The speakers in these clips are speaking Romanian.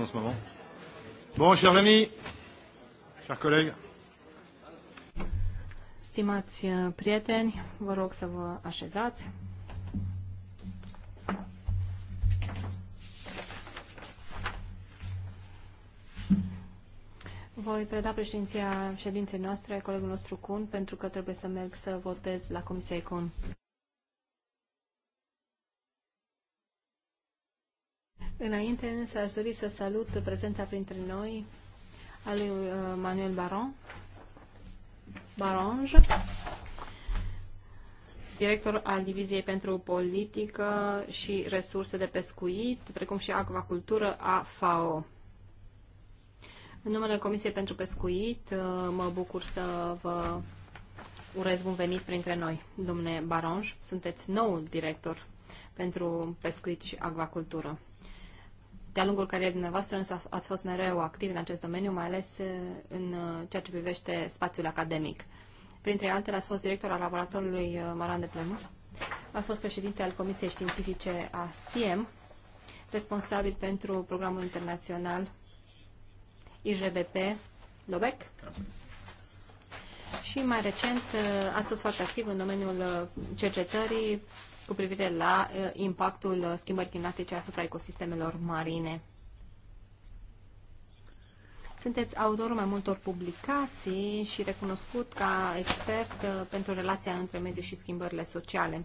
en ce moment. Bon, chers amis, chers collègues. Stimați uh, prieteni, vă rog să vă așezați. Voi preda președinția ședinței noastre colegul nostru Cun, pentru că trebuie să merg să votez la Comisia Econ. Înainte însă aș dori să salut prezența printre noi a lui uh, Manuel Baron, Baronj, director al Diviziei pentru Politică și Resurse de Pescuit, precum și Acvacultură a FAO. În numele Comisiei pentru Pescuit, uh, mă bucur să vă urez bun venit printre noi. Domnule Baronj. sunteți noul director pentru pescuit și acvacultură. De-a lungul carierei dumneavoastră însă ați fost mereu activ în acest domeniu, mai ales uh, în uh, ceea ce privește spațiul academic. Printre altele, ați fost director al laboratorului uh, Maran de Plemus, a fost președinte al Comisiei Științifice a SIEM, responsabil pentru programul internațional IJBP Lobec și mai recent ați fost foarte activ în domeniul cercetării cu privire la impactul uh, schimbării climatice asupra ecosistemelor marine. Sunteți autorul mai multor publicații și recunoscut ca expert uh, pentru relația între mediu și schimbările sociale.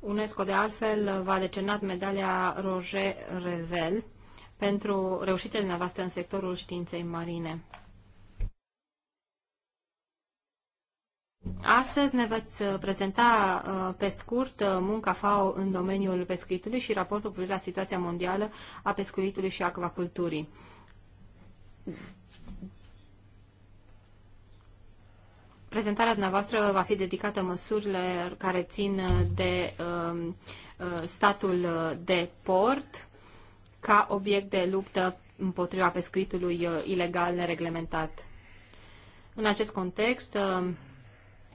UNESCO, de altfel, uh, v-a decernat medalia Roger Revel pentru reușitele dumneavoastră în sectorul științei marine. Astăzi ne veți prezenta uh, pe scurt uh, munca FAO în domeniul pescuitului și raportul privind la situația mondială a pescuitului și acvaculturii. Prezentarea dumneavoastră va fi dedicată măsurile care țin de um, uh, statul de port ca obiect de luptă împotriva pescuitului ilegal nereglementat. În acest context,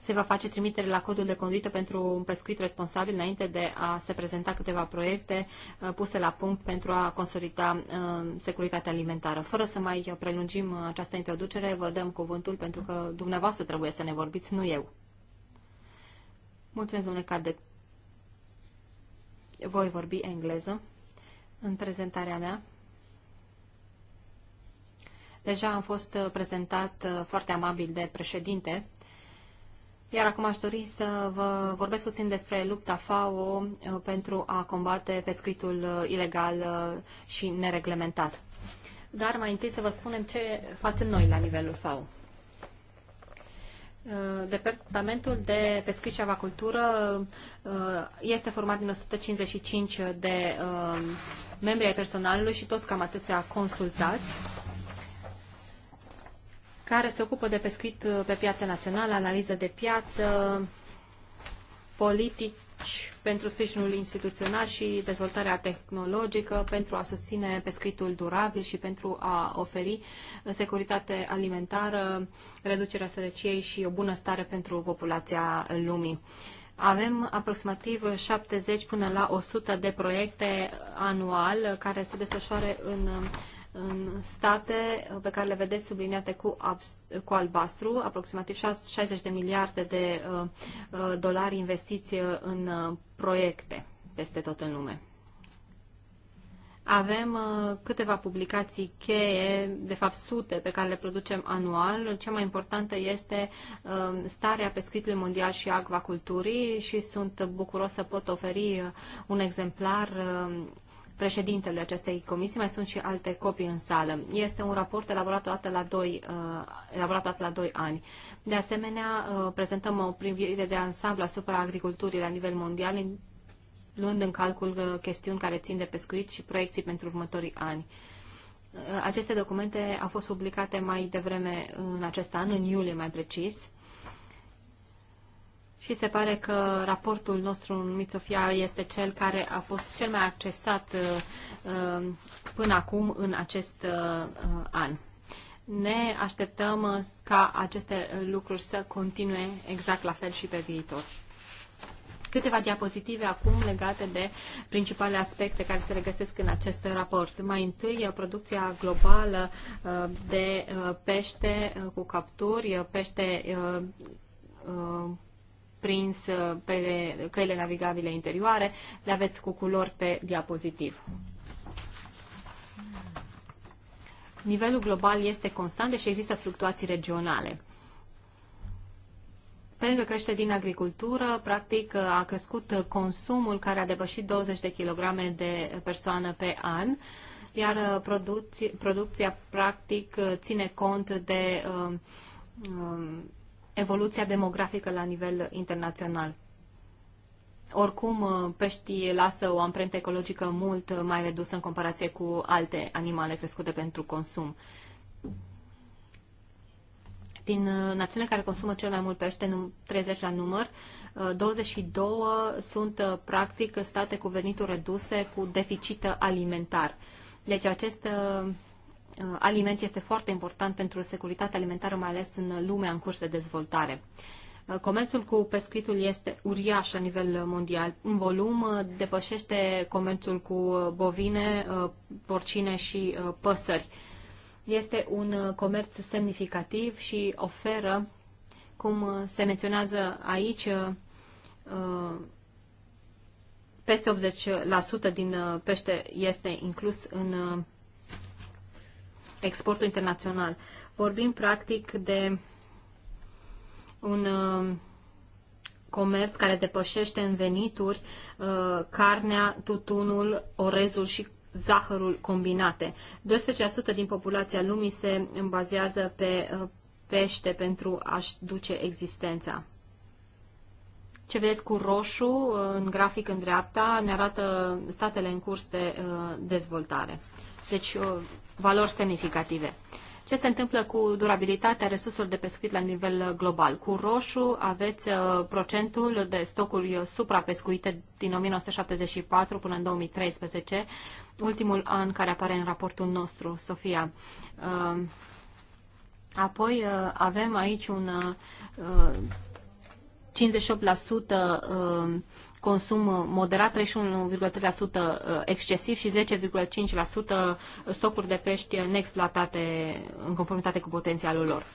se va face trimitere la codul de conduită pentru un pescuit responsabil înainte de a se prezenta câteva proiecte uh, puse la punct pentru a consolida uh, securitatea alimentară. Fără să mai prelungim uh, această introducere, vă dăm cuvântul pentru că dumneavoastră trebuie să ne vorbiți, nu eu. Mulțumesc, domnule Cadet. Voi vorbi engleză în prezentarea mea. Deja am fost prezentat foarte amabil de președinte iar acum aș dori să vă vorbesc puțin despre lupta FAO uh, pentru a combate pescuitul uh, ilegal uh, și nereglementat. Dar mai întâi să vă spunem ce facem noi la nivelul FAO. Departamentul de pescuit și avacultură este format din 155 de membri ai personalului și tot cam atâția consultați care se ocupă de pescuit uh, pe piața națională, analiză de piață, politici pentru sprijinul instituțional și dezvoltarea tehnologică pentru a susține pescuitul durabil și pentru a oferi uh, securitate alimentară, reducerea sărăciei și o bună stare pentru populația lumii. Avem aproximativ 70 până la 100 de proiecte anual care se desfășoare în uh, în state pe care le vedeți subliniate cu, cu albastru, aproximativ 60 de miliarde de uh, uh, dolari investiți în uh, proiecte peste tot în lume. Avem câteva publicații cheie, de fapt sute, pe care le producem anual. Cea mai importantă este starea pescuitului mondial și acvaculturii și sunt bucuros să pot oferi un exemplar președintele acestei comisii, mai sunt și alte copii în sală. Este un raport elaborat odată la uh, elaborat odată la doi ani. De asemenea, uh, prezentăm o privire de ansamblu asupra agriculturii la nivel mondial, luând în calcul uh, chestiuni care țin de pescuit și proiecții pentru următorii ani. Uh, aceste documente au fost publicate mai devreme în acest an, în iulie mai precis, și se pare că raportul nostru în Mitsofia este cel care a fost cel mai accesat uh, uh, până acum în acest uh, an. Ne așteptăm ca aceste lucruri să continue exact la fel și pe viitor. Câteva diapozitive acum legate de principalele aspecte care se regăsesc în acest raport. Mai întâi, producția globală de pește cu capturi, pește prins uh, pe căile navigabile interioare, le aveți cu culori pe diapozitiv. Nivelul global este constant, deși există fluctuații regionale. Pentru că crește din agricultură, practic a crescut consumul care a depășit 20 de kilograme de persoană pe an, iar uh, producția, producția practic uh, ține cont de um, evoluția demografică la nivel internațional. Oricum, uh, peștii lasă o amprentă ecologică mult uh, mai redusă în comparație cu alte animale crescute pentru consum. Din uh, națiunile care consumă cel mai mult pește, 30 la număr, 22 sunt practic state cu venituri reduse, cu deficit alimentar. Deci acest Uh, aliment este foarte important pentru securitatea alimentară, mai ales în lumea în curs de dezvoltare. Uh, comerțul cu pescuitul este uriaș la nivel mondial. În volum uh, depășește comerțul cu bovine, porcine și păsări. Este un comerț semnificativ și oferă, cum se menționează aici, peste 80% din pește este inclus în exportul internațional. Vorbim practic de un uh, comerț care depășește în venituri uh, carnea, tutunul, orezul și zahărul combinate. 12% din populația lumii se bazează pe uh, pește pentru a-și duce existența. Ce vedeți cu roșu în grafic în dreapta ne arată statele în curs de dezvoltare. Deci valori semnificative. Ce se întâmplă cu durabilitatea resurselor de pescuit la nivel global? Cu roșu aveți uh, procentul de stocuri suprapescuite din 1974 până în 2013, ultimul an care apare în raportul nostru, Sofia. Uh, apoi uh, avem aici un 58% consum moderat, 31,3% uh, excesiv și 10,5% stocuri de pești neexploatate în conformitate cu potențialul lor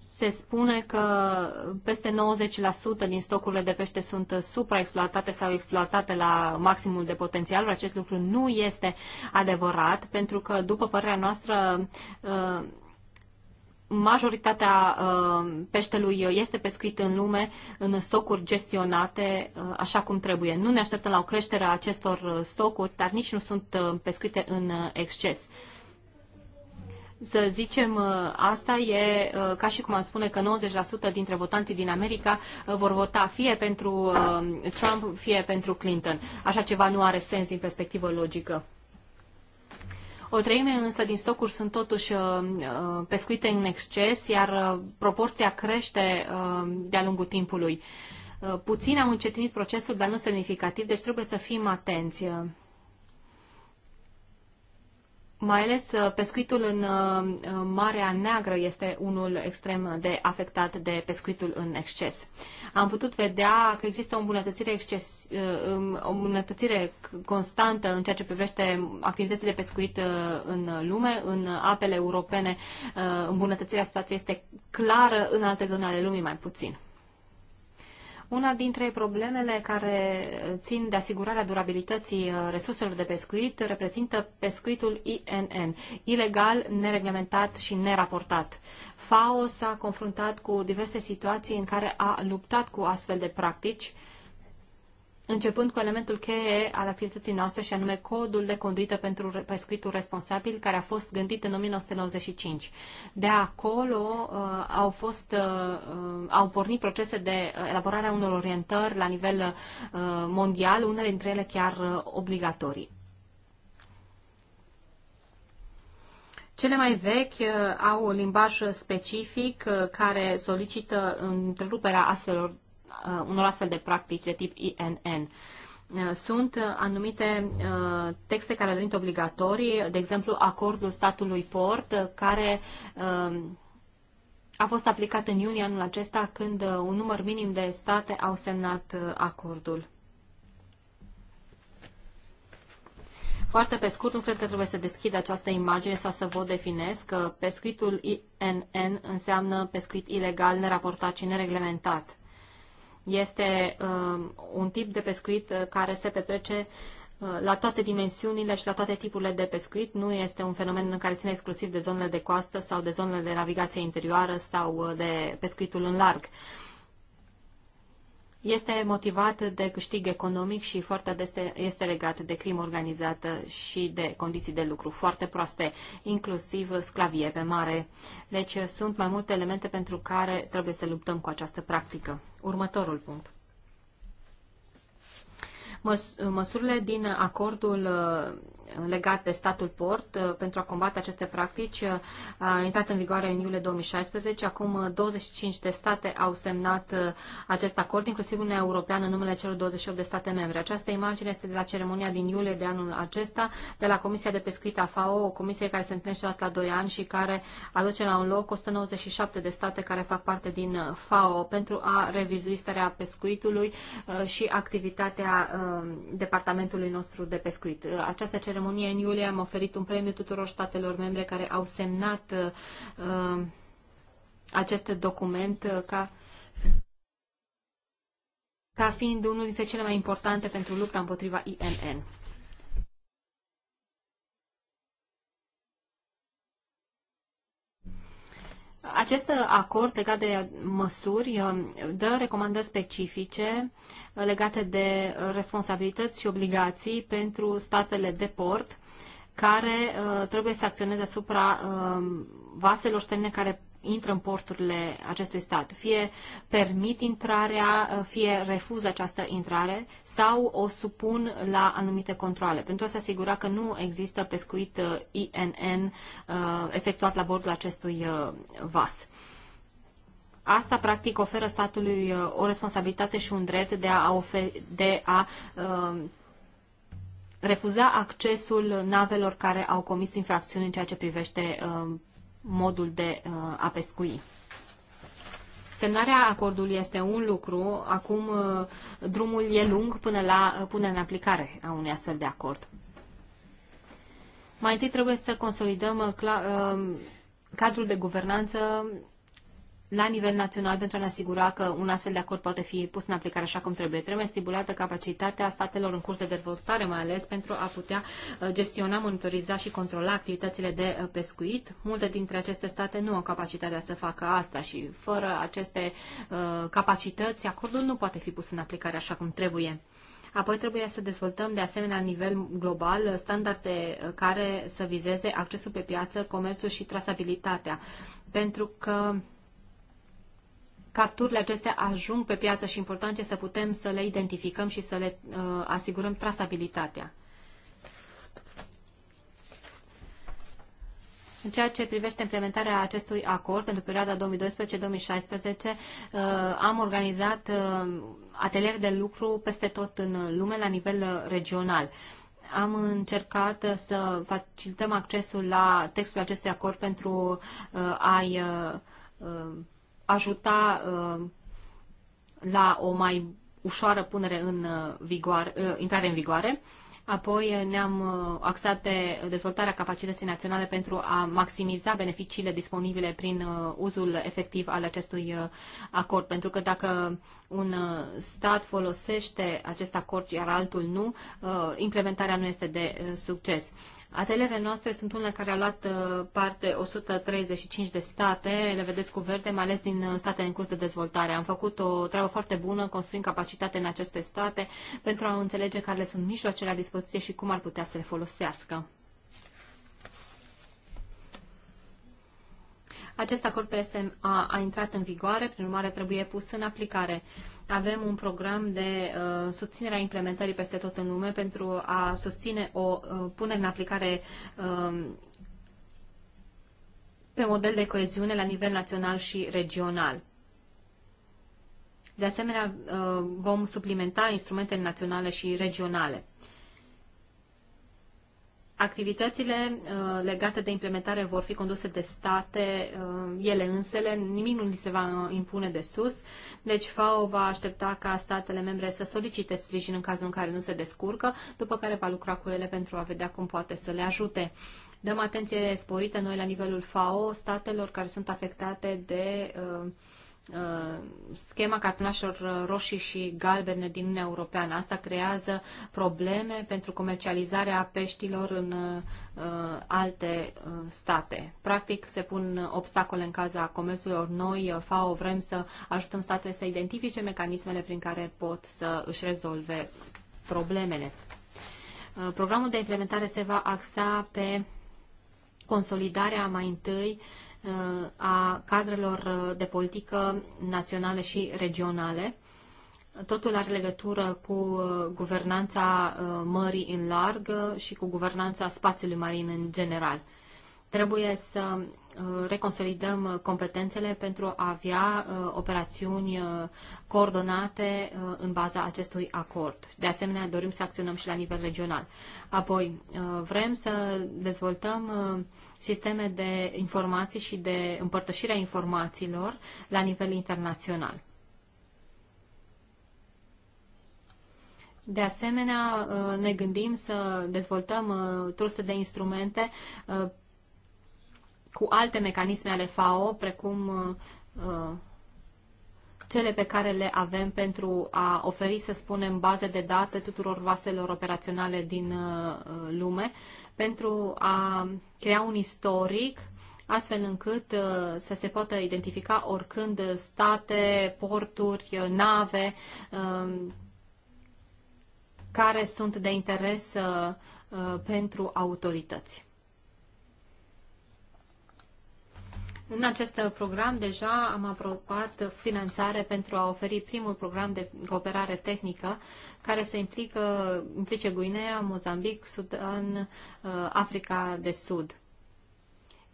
se spune că peste 90% din stocurile de pește sunt supraexploatate sau exploatate la maximul de potențial. Acest lucru nu este adevărat, pentru că, după părerea noastră, uh, majoritatea uh, peștelui este pescuit în lume în stocuri gestionate uh, așa cum trebuie. Nu ne așteptăm la o creștere a acestor uh, stocuri, dar nici nu sunt pescuite în exces. Să zicem, asta e ca și cum am spune că 90% dintre votanții din America vor vota fie pentru Trump, fie pentru Clinton. Așa ceva nu are sens din perspectivă logică. O treime însă din stocuri sunt totuși uh, uh, pescuite în exces, iar uh, proporția crește de-a lungul timpului. Puțin am încetinit procesul, dar nu semnificativ, deci trebuie să fim atenți mai ales uh, pescuitul în uh, uh, Marea Neagră este unul extrem de afectat de pescuitul în exces. Am putut vedea că există o îmbunătățire, exces, um, o îmbunătățire constantă în ceea ce privește activitățile de pescuit în lume, în apele europene. Îmbunătățirea situației este clară, în alte zone ale lumii mai puțin. Una dintre problemele care țin de asigurarea durabilității uh, resurselor de pescuit reprezintă pescuitul INN, ilegal, nereglementat și neraportat. FAO s-a confruntat cu diverse situații în care a luptat cu astfel de practici, începând cu elementul cheie al activității noastre și anume codul de conduită pentru pescuitul responsabil care a fost gândit în 1995. De acolo uh, au fost uh, uh au pornit procese de uh, elaborare a unor orientări la nivel uh, mondial, unele dintre ele chiar uh, obligatorii. Cele mai vechi uh, au un limbaj specific care solicită întreruperea astfelor Uh, unor astfel de practici de tip INN. Uh, sunt uh, anumite texte care devin obligatorii, de exemplu acordul statului port, care a fost aplicat în iunie anul acesta, când un număr minim de state au semnat acordul. Foarte pe scurt, nu cred că trebuie să deschid această imagine sau să vă definez că pescuitul INN înseamnă pescuit ilegal, neraportat și nereglementat. Este um, un tip de pescuit uh, care se petrece uh, la toate dimensiunile și la toate tipurile de pescuit. Nu este un fenomen în care ține exclusiv de zonele de coastă sau de zonele de navigație interioară sau uh, de pescuitul în larg. Uh, este motivat de câștig economic și foarte des este legat de crimă organizată și de condiții de lucru foarte proaste, inclusiv sclavie pe mare. Deci sunt mai multe elemente pentru care trebuie să luptăm cu această practică. Următorul punct. Măs- măsurile din acordul legat de statul port uh, pentru a combate aceste practici uh, a intrat în vigoare în iulie 2016. Acum 25 uh, de state au semnat acest acord, inclusiv Uniunea Europeană în numele celor 28 de state membre. Această imagine este de la ceremonia din iulie de anul acesta, de la Comisia de Pescuit a FAO, o comisie care se întâlnește la 2 ani și care aduce la un loc 197 de state care fac parte din FAO pentru a revizui starea pescuitului și activitatea departamentului nostru de pescuit. Această ceremonie ceremonie în iulie am oferit un premiu tuturor statelor membre care au semnat uh, uh acest document uh, ca ca fiind unul dintre cele mai importante pentru lupta împotriva INN. Acest acord legat de măsuri uh, dă recomandări specifice uh, legate de responsabilități și obligații pentru statele de port care uh, trebuie să acționeze asupra vaselor străine care intră în porturile acestui stat. Fie permit intrarea, fie refuză această intrare sau o supun la anumite controle pentru a se asigura că nu există pescuit uh, INN uh, efectuat la bordul acestui uh, vas. Asta, practic, oferă statului o responsabilitate și un drept de a, ofer, de a refuza accesul navelor care au comis infracțiuni în ceea ce privește uh, modul de uh, a pescui. Semnarea acordului este un lucru, acum uh, drumul e lung până la uh, punerea în aplicare a unui astfel de acord. Mai întâi trebuie să consolidăm cadrul de guvernanță la nivel național pentru a ne asigura că un astfel de acord poate fi pus în aplicare așa cum trebuie. Trebuie stimulată capacitatea statelor în curs de dezvoltare, mai ales pentru a putea uh, gestiona, monitoriza și controla activitățile de uh, pescuit. Multe dintre aceste state nu au capacitatea să facă asta și fără aceste uh, capacități, acordul nu poate fi pus în aplicare așa cum trebuie. Apoi trebuie să dezvoltăm de asemenea la nivel global standarde care să vizeze accesul pe piață, comerțul și trasabilitatea. Pentru că capturile acestea ajung pe piață și important este să putem să le identificăm și să le uh, asigurăm trasabilitatea. În ceea ce privește implementarea acestui acord pentru perioada 2012-2016, uh, am organizat uh, atelier de lucru peste tot în lume la nivel uh, regional. Am încercat să facilităm accesul la textul acestui acord pentru a-i ajuta uh, la o mai ușoară punere în uh, vigoare, uh, intrare în vigoare. Apoi ne-am axat pe dezvoltarea capacității naționale pentru a maximiza beneficiile disponibile prin uzul efectiv al acestui acord. Pentru că dacă un stat folosește acest acord, iar altul nu, implementarea nu este de succes. Atelierele noastre sunt unele care au luat uh, parte 135 de state, le vedeți cu verde, mai ales din uh, state în curs de dezvoltare. Am făcut o treabă foarte bună, construind capacitate în aceste state pentru a înțelege care le sunt mijloacele la dispoziție și cum ar putea să le folosească. Acest acord PSMA a intrat în vigoare, prin urmare trebuie pus în aplicare avem un program de uh, susținere a implementării peste tot în lume pentru a susține o uh, punere în aplicare uh, pe model de coeziune la nivel național și regional. De asemenea, uh, vom suplimenta instrumentele naționale și regionale. Activitățile uh, legate de implementare vor fi conduse de state, uh, ele însele, nimic nu li se va uh, impune de sus, deci FAO va aștepta ca statele membre să solicite sprijin în cazul în care nu se descurcă, după care va lucra cu ele pentru a vedea cum poate să le ajute. Dăm atenție sporită noi la nivelul FAO statelor care sunt afectate de uh, Uh, schema cartonașelor roșii și galbene din Uniunea Europeană. Asta creează probleme pentru comercializarea peștilor în uh, alte uh, state. Practic se pun obstacole în caza comerțurilor noi. FAO vrem să ajutăm statele să identifice mecanismele prin care pot să își rezolve problemele. Programul de implementare se va axa pe consolidarea mai întâi uh, Uh, a cadrelor uh, de politică naționale și regionale. Totul are legătură cu uh, guvernanța mării în larg și cu guvernanța spațiului marin în general. Trebuie să reconsolidăm competențele pentru a avea operațiuni coordonate în baza acestui acord. De asemenea, dorim să acționăm și la nivel regional. Apoi, vrem să dezvoltăm sisteme de informații și de împărtășirea informațiilor la nivel internațional. De asemenea, uh, ne gândim să dezvoltăm uh, truse de instrumente uh, cu alte mecanisme ale FAO, precum cele pe care le avem pentru a oferi, să spunem, baze de date tuturor vaselor operaționale din lume, pentru a crea un istoric astfel încât uh, să se poată identifica oricând state, porturi, uh, nave um, care sunt de interes uh, pentru autorități. În acest program deja am aprobat finanțare pentru a oferi primul program de cooperare tehnică care se implică, implice Guinea, Mozambic, Sudan, uh, Africa de Sud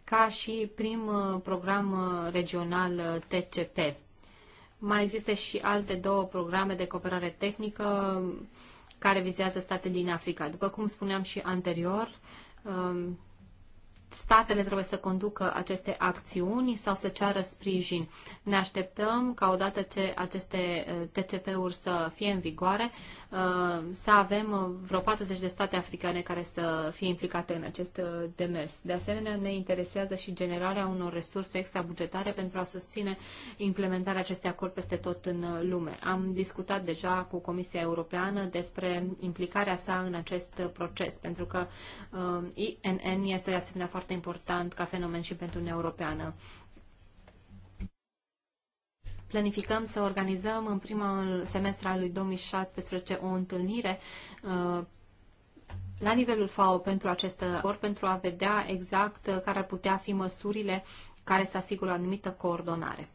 ca și prim uh, program uh, regional TCP. Mai există și alte două programe de cooperare tehnică care vizează state din Africa. După cum spuneam și anterior, um, statele trebuie să conducă aceste acțiuni sau să ceară sprijin. Ne așteptăm ca odată ce aceste eh, TCP-uri să fie în vigoare, Uh, să avem uh, vreo 40 de state africane care să fie implicate în acest uh, demers. De asemenea, ne interesează și generarea unor resurse extrabugetare pentru a susține implementarea acestui acord peste tot în lume. Am discutat deja cu Comisia Europeană despre implicarea sa în acest proces, pentru că INN este de asemenea foarte important ca fenomen și pentru Uniunea Europeană. Planificăm să organizăm în primul semestru al lui 2017 o întâlnire uh, la nivelul FAO pentru acest acord, pentru a vedea exact uh, care ar putea fi măsurile care să asigură o anumită coordonare.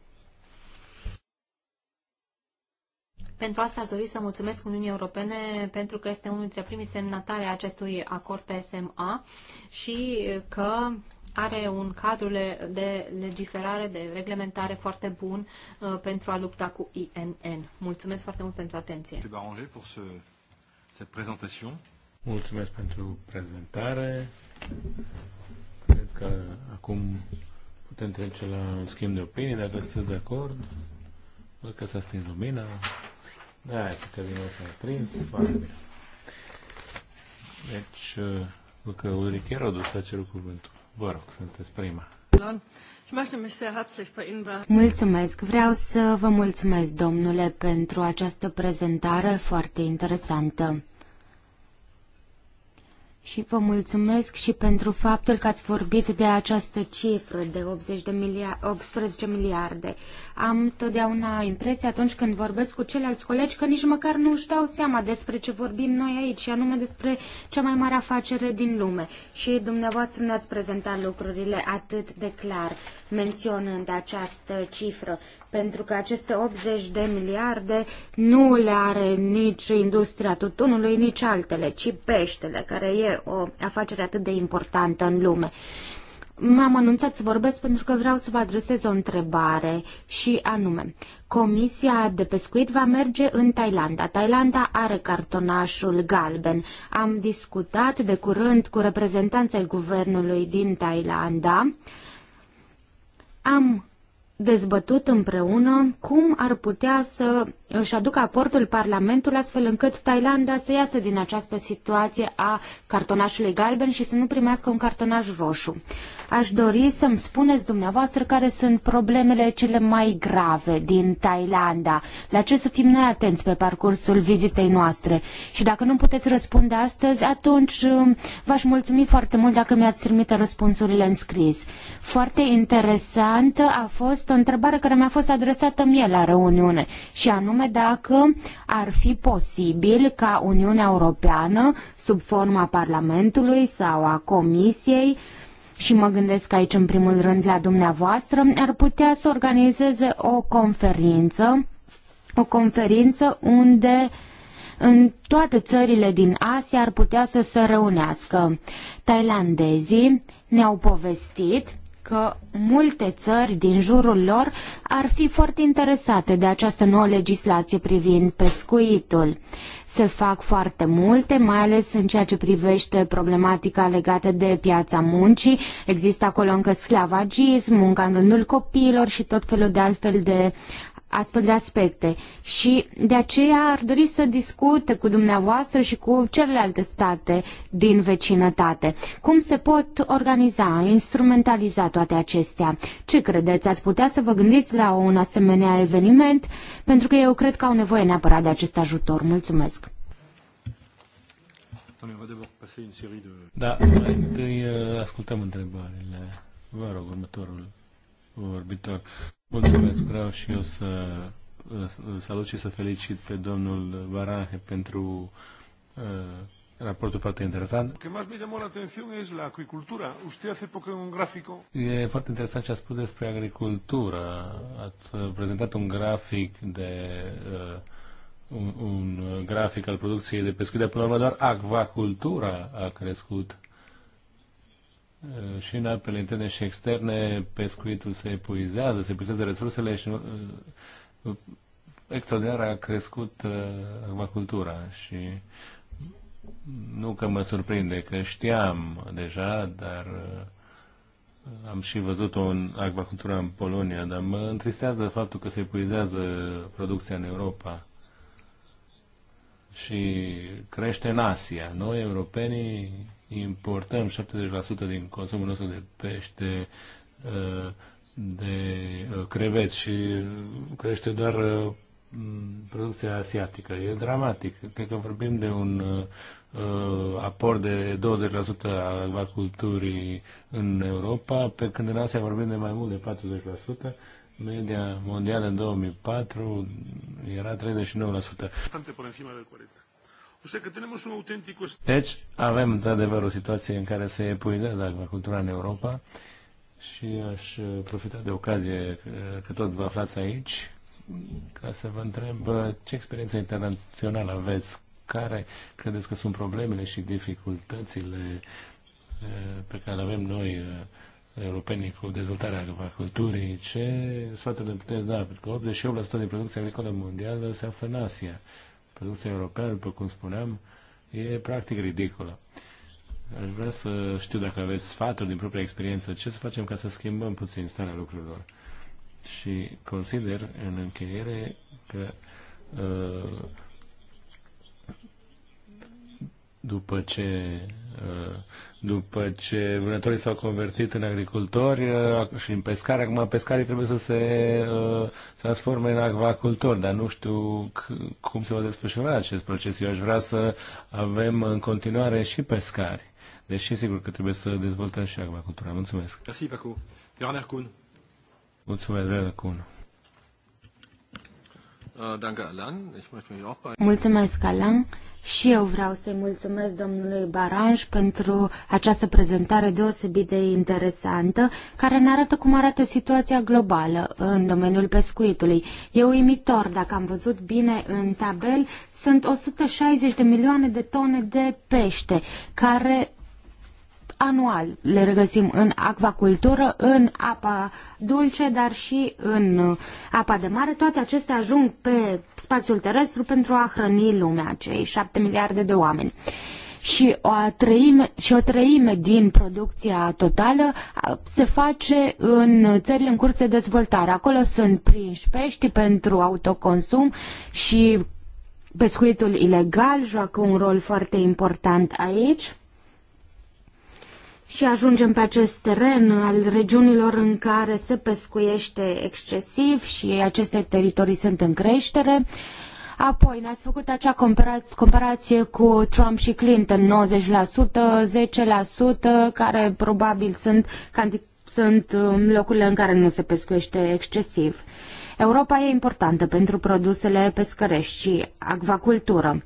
Pentru asta aș dori să mulțumesc Uniunii Europene pentru că este unul dintre primii semnatari acestui acord PSMA și că are un cadru de legiferare, de reglementare foarte bun uh, pentru a lupta cu INN. Mulțumesc foarte mult pentru atenție. Mulțumesc pentru prezentare. Cred că acum putem trece la un schimb de opinii, dacă sunt de acord. Văd că s-a stins lumina. Da, că din nou s-a prins. Deci, uh, văd că Ulrich Erodu s-a cerut cuvântul. Vă rog, sunteți prima. Mulțumesc. Vreau să vă mulțumesc, domnule, pentru această prezentare foarte interesantă. Și vă mulțumesc și pentru faptul că ați vorbit de această cifră de 80 de miliard, 18 miliarde. Am totdeauna impresia atunci când vorbesc cu ceilalți colegi că nici măcar nu își dau seama despre ce vorbim noi aici, și anume despre cea mai mare afacere din lume. Și dumneavoastră ne-ați prezentat lucrurile atât de clar, menționând această cifră pentru că aceste 80 de miliarde nu le are nici industria tutunului, nici altele, ci peștele, care e o afacere atât de importantă în lume. M-am anunțat să vorbesc pentru că vreau să vă adresez o întrebare și anume, Comisia de pescuit va merge în Thailanda. Thailanda are cartonașul galben. Am discutat de curând cu reprezentanții guvernului din Thailanda. Am dezbătut împreună cum ar putea să își aducă aportul Parlamentul astfel încât Thailanda să iasă din această situație a cartonașului galben și să nu primească un cartonaș roșu. Aș dori să-mi spuneți dumneavoastră care sunt problemele cele mai grave din Thailanda, la ce să fim noi atenți pe parcursul vizitei noastre. Și dacă nu puteți răspunde astăzi, atunci um, v-aș mulțumi foarte mult dacă mi-ați trimite răspunsurile în scris. Foarte interesantă a fost o întrebare care mi-a fost adresată mie la reuniune, și anume dacă ar fi posibil ca Uniunea Europeană, sub forma Parlamentului sau a Comisiei, și mă gândesc aici în primul rând la dumneavoastră, ar putea să organizeze o conferință, o conferință unde în toate țările din Asia ar putea să se reunească. Tailandezii ne-au povestit că multe țări din jurul lor ar fi foarte interesate de această nouă legislație privind pescuitul. Se fac foarte multe, mai ales în ceea ce privește problematica legată de piața muncii. Există acolo încă sclavagism, munca în rândul copiilor și tot felul de altfel de astfel de aspecte și de aceea ar dori să discute cu dumneavoastră și cu celelalte state din vecinătate. Cum se pot organiza, instrumentaliza toate acestea? Ce credeți? Ați putea să vă gândiți la un asemenea eveniment? Pentru că eu cred că au nevoie neapărat de acest ajutor. Mulțumesc! Da, mai întâi uh, ascultăm întrebările. Vă rog, următorul vorbitor. Mulțumesc, vreau și eu să salut și să felicit pe domnul Barahe pentru uh, raportul foarte interesant. Ce mai mi llamó la atención este la agricultura. Uște hace poco un grafic. E foarte interesant ce a spus despre agricultură. Ați uh, prezentat un grafic de uh, un, un grafic al producției de pescuit, dar până la urmă doar acvacultura a crescut. Uh, Eh, și în apele interne și externe pescuitul se epuizează, se epuizează resursele și eh, extraordinar a crescut eh, acvacultura și nu că mă surprinde, că știam deja, dar am și văzut-o în acvacultura în Polonia, dar mă întristează faptul că se epuizează producția în Europa și crește în Asia. Noi, europenii, importăm 70% din consumul nostru de pește, uh, de uh, creveți și crește doar uh, producția asiatică. E dramatic. Cred că vorbim de un aport de 20% al acvaculturii în Europa, pe când în Asia vorbim de mai mult de 40%. Media mondială în 2004 era 39%. Bastante por encima del 40%. Deci, avem într-adevăr o situație în care se epuizează agricultura în Europa și aș uh, profita de ocazie uh, că tot vă aflați aici ca să vă întreb uh, ce experiență internațională aveți, care credeți că sunt problemele și dificultățile pe care le avem noi europenii cu dezvoltarea agriculturii, ce sfaturi ne puteți da? Pentru că 88% din producția agricolă mondială se află în Asia producția europeană, după cum spuneam, e practic ridicolă. Aș vrea să știu dacă aveți sfaturi din propria experiență, ce să facem ca să schimbăm puțin starea lucrurilor. Și consider în încheiere că uh, după ce uh, după ce vânătorii s-au convertit în agricultori uh, și în pescari, acum pescarii trebuie să se uh, transforme în acvacultori, dar nu știu cum se va desfășura acest proces. Eu aș vrea să avem în continuare și pescari, deși sigur că trebuie să dezvoltăm și acvacultura. Mulțumesc! Mulțumesc. Mulțumesc, Äh, mulțumesc, Alan. Și eu vreau să-i mulțumesc domnului Baranj pentru această prezentare deosebit de interesantă, care ne arată cum arată situația globală în domeniul pescuitului. E uimitor, dacă am văzut bine în tabel, sunt 160 de milioane de tone de pește care anual. Le regăsim în acvacultură, în apa dulce, dar și în uh, apa de mare. Toate acestea ajung pe spațiul terestru pentru a hrăni lumea, cei 7 miliarde de oameni și o, treime, și o treime din producția totală uh, se face în țările în curs de dezvoltare. Acolo sunt prinși pești pentru autoconsum și pescuitul ilegal joacă un rol foarte important aici și ajungem pe acest teren al regiunilor în care se pescuiește excesiv și aceste teritorii sunt în creștere. Apoi, ne-ați făcut acea comparație cu Trump și Clinton, 90%, 10%, care probabil sunt, sunt um, locurile în care nu se pescuiește excesiv. Europa e importantă pentru produsele pescărești și acvacultură.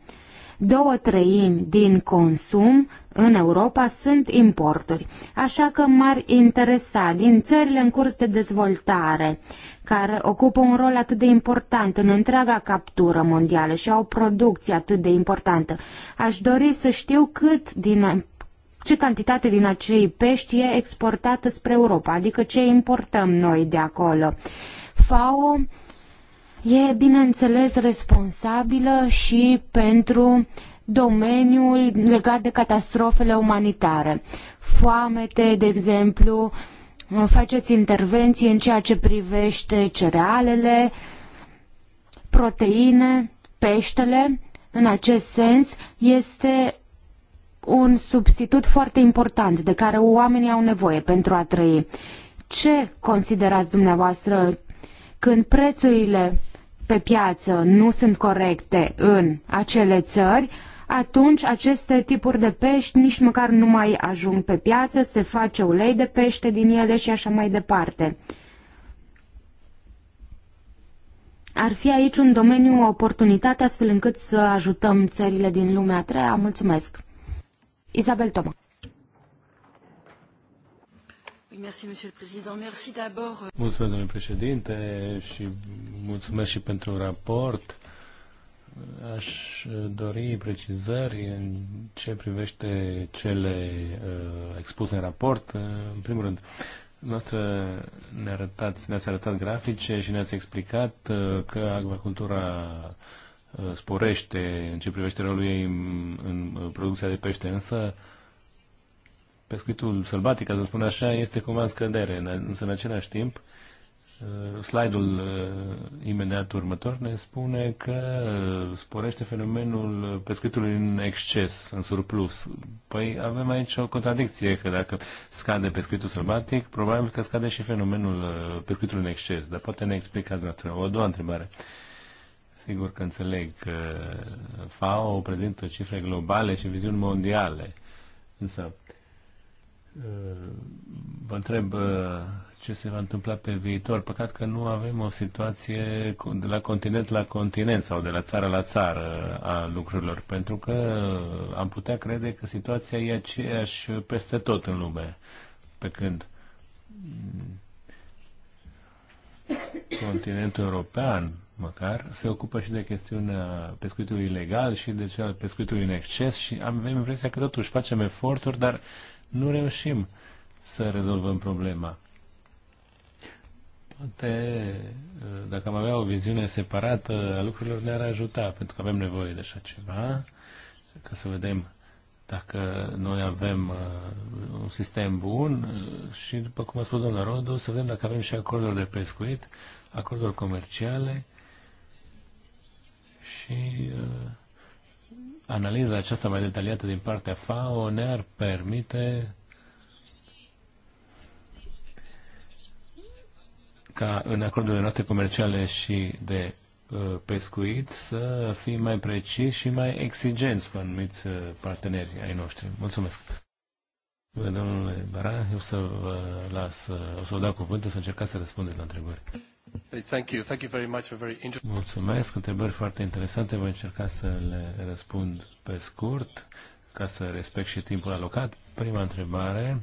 Două treimi din consum în Europa sunt importuri, așa că m-ar interesa din țările în curs de dezvoltare, care ocupă un rol atât de important în întreaga captură mondială și au producție atât de importantă. Aș dori să știu cât din ce cantitate din acei pești e exportată spre Europa, adică ce importăm noi de acolo. FAO e, bineînțeles, responsabilă și pentru domeniul legat de catastrofele umanitare. Foamete, de exemplu, faceți intervenții în ceea ce privește cerealele, proteine, peștele. În acest sens, este un substitut foarte important de care oamenii au nevoie pentru a trăi. Ce considerați dumneavoastră când prețurile pe piață nu sunt corecte în acele țări, atunci aceste tipuri de pești nici măcar nu mai ajung pe piață, se face ulei de pește din ele și așa mai departe. Ar fi aici un domeniu, o oportunitate, astfel încât să ajutăm țările din lumea a treia. Mulțumesc! Isabel Toma Euh, mulțumesc, domnule președinte, și mulțumesc și pentru raport. Aș uh, dori precizări în ce privește cele uh, expuse în raport. Uh, în primul rând, noastră ne arătați, ne-ați arătat grafice și ne-ați explicat uh, că agricultura uh, sporește în ce privește rolul ei în, în producția de pește, însă uh, pescuitul sălbatic, ca să spun așa, este cumva în scădere, însă în același timp uh, Slide-ul uh, imediat următor ne spune că uh, sporește fenomenul pescuitului în exces, în surplus. Păi avem aici o contradicție, că dacă scade pescuitul sălbatic, probabil că scade și fenomenul pescuitului în exces. Dar poate ne explicați noastră. O doua întrebare. Sigur că înțeleg că FAO prezintă cifre globale și viziuni mondiale. Însă, vă întreb uh, ce se va întâmpla pe viitor. Păcat că nu avem o situație de la continent la continent sau de la țară la țară a lucrurilor, pentru că am putea crede că situația e aceeași peste tot în lume, pe când continentul european, măcar, se ocupă și de chestiunea pescuitului ilegal și de cel pescuitului în exces și avem impresia că totuși facem eforturi, dar nu reușim să rezolvăm problema. Poate, dacă am avea o viziune separată a lucrurilor, ne-ar ajuta, pentru că avem nevoie de așa ceva, ca să vedem dacă noi avem uh, un sistem bun uh, și, după cum a spus doamna Rodu, să vedem dacă avem și acorduri de pescuit, acorduri comerciale și uh, analiza aceasta mai detaliată din partea FAO ne-ar permite ca în acordurile noastre comerciale și de uh, pescuit să fim mai preciși și mai exigenți cu anumiți uh, parteneri ai noștri. Mulțumesc! Domnule Bara, eu să vă las, uh, o să vă dau cuvântul să încercați să răspundeți la întrebări. Mulțumesc, întrebări foarte interesante. Voi încerca să le răspund pe scurt, ca să respect și timpul alocat. Prima întrebare,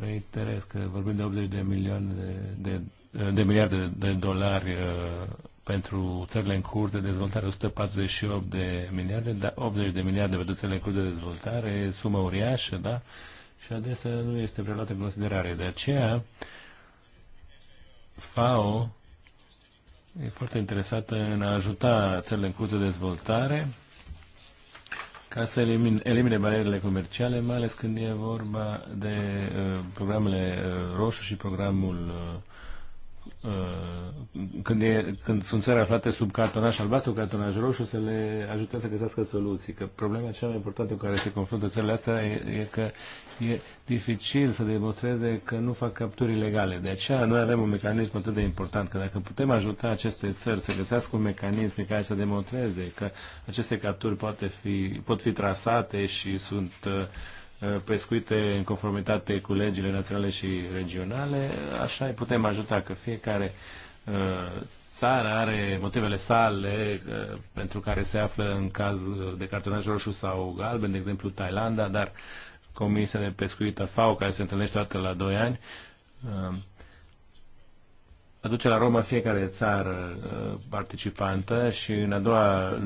reiterez că vorbim de 80 de milioane de, de, de miliarde de dolari uh, pentru țările în curs de dezvoltare, 148 de miliarde, dar 80 de miliarde pentru țările în curs de dezvoltare, sumă uriașă, da? Și adesea nu este preluată în considerare. De aceea, uh, FAO e foarte interesată în a ajuta țările în curs de dezvoltare ca să elimine, elimine barierele comerciale, mai ales când e vorba de uh, programele uh, roșu și programul uh, Uh, când, e, când sunt țări aflate sub cartonaș albastru, cartonaș roșu, să le ajutăm să găsească soluții. Că problema cea mai importantă cu care se confruntă țările astea e, e că e dificil să demonstreze că nu fac capturi ilegale. De aceea noi avem un mecanism atât de important, că dacă putem ajuta aceste țări să găsească un mecanism pe care să demonstreze că aceste capturi poate fi, pot fi trasate și sunt uh, Uh, pescuite în conformitate cu legile naționale și regionale, așa îi putem ajuta că fiecare uh, țară are motivele sale uh, pentru care se află în caz de cartonaj roșu sau galben, de exemplu Thailanda, dar Comisia de Pescuit a FAO, care se întâlnește toată la 2 ani, aduce la Roma fiecare țară uh, participantă și în a doua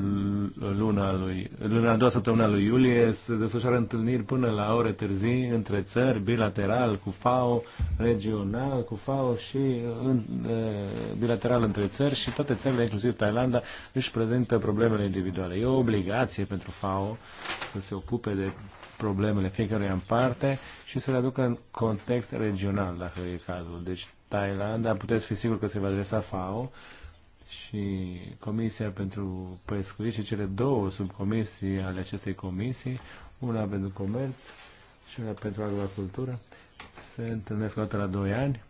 lună lui, în a doua săptămână lui iulie se desfășoară întâlniri până la ore târzii între țări, bilateral cu FAO, regional cu FAO și uh, în, uh, bilateral între țări și toate țările, inclusiv Thailanda, își prezintă problemele individuale. E o obligație pentru FAO să se ocupe de problemele fiecăruia în parte și să le aducă în context regional, dacă e cazul. Deci dar puteți fi sigur că se va adresa FAO și Comisia pentru Pescuit și cele două subcomisii ale acestei comisii, una pentru comerț și una pentru agricultură, se întâlnesc o dată la 2 ani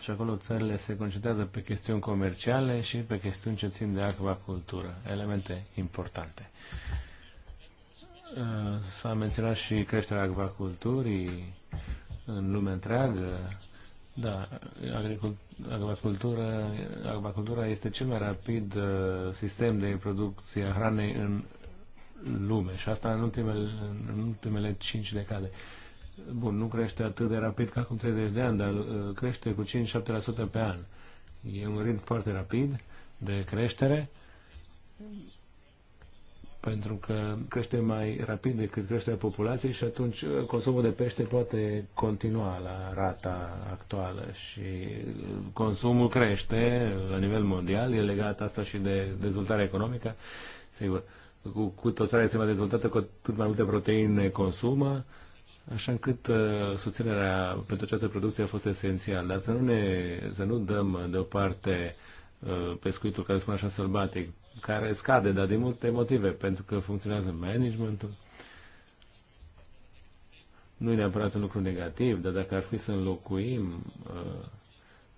și acolo țările se concentrează pe chestiuni comerciale și pe chestiuni ce țin de acvacultură, elemente importante. S-a menționat și creșterea acvaculturii în lumea întreagă, da, agricultura, agricultura este cel mai rapid uh, sistem de producție a hranei în lume și asta în ultimele, în ultimele 5 decade. Bun, nu crește atât de rapid ca acum 30 de ani, dar uh, crește cu 5-7% pe an. E un ritm foarte rapid de creștere pentru că crește mai rapid decât creșterea populației și atunci uh, consumul de pește poate continua la rata actuală și uh, consumul crește la nivel mondial, e legat asta și de dezvoltarea economică, sigur. Cu, cu tot țara este mai dezvoltată, cu atât mai multe proteine consumă, Așa încât uh, susținerea pentru această producție a fost esențială, dar să nu, ne, să nu dăm deoparte uh, pescuitul, care spune așa, sălbatic, care scade, dar din multe motive, pentru că funcționează managementul. Nu e neapărat un lucru negativ, dar dacă ar fi să înlocuim uh,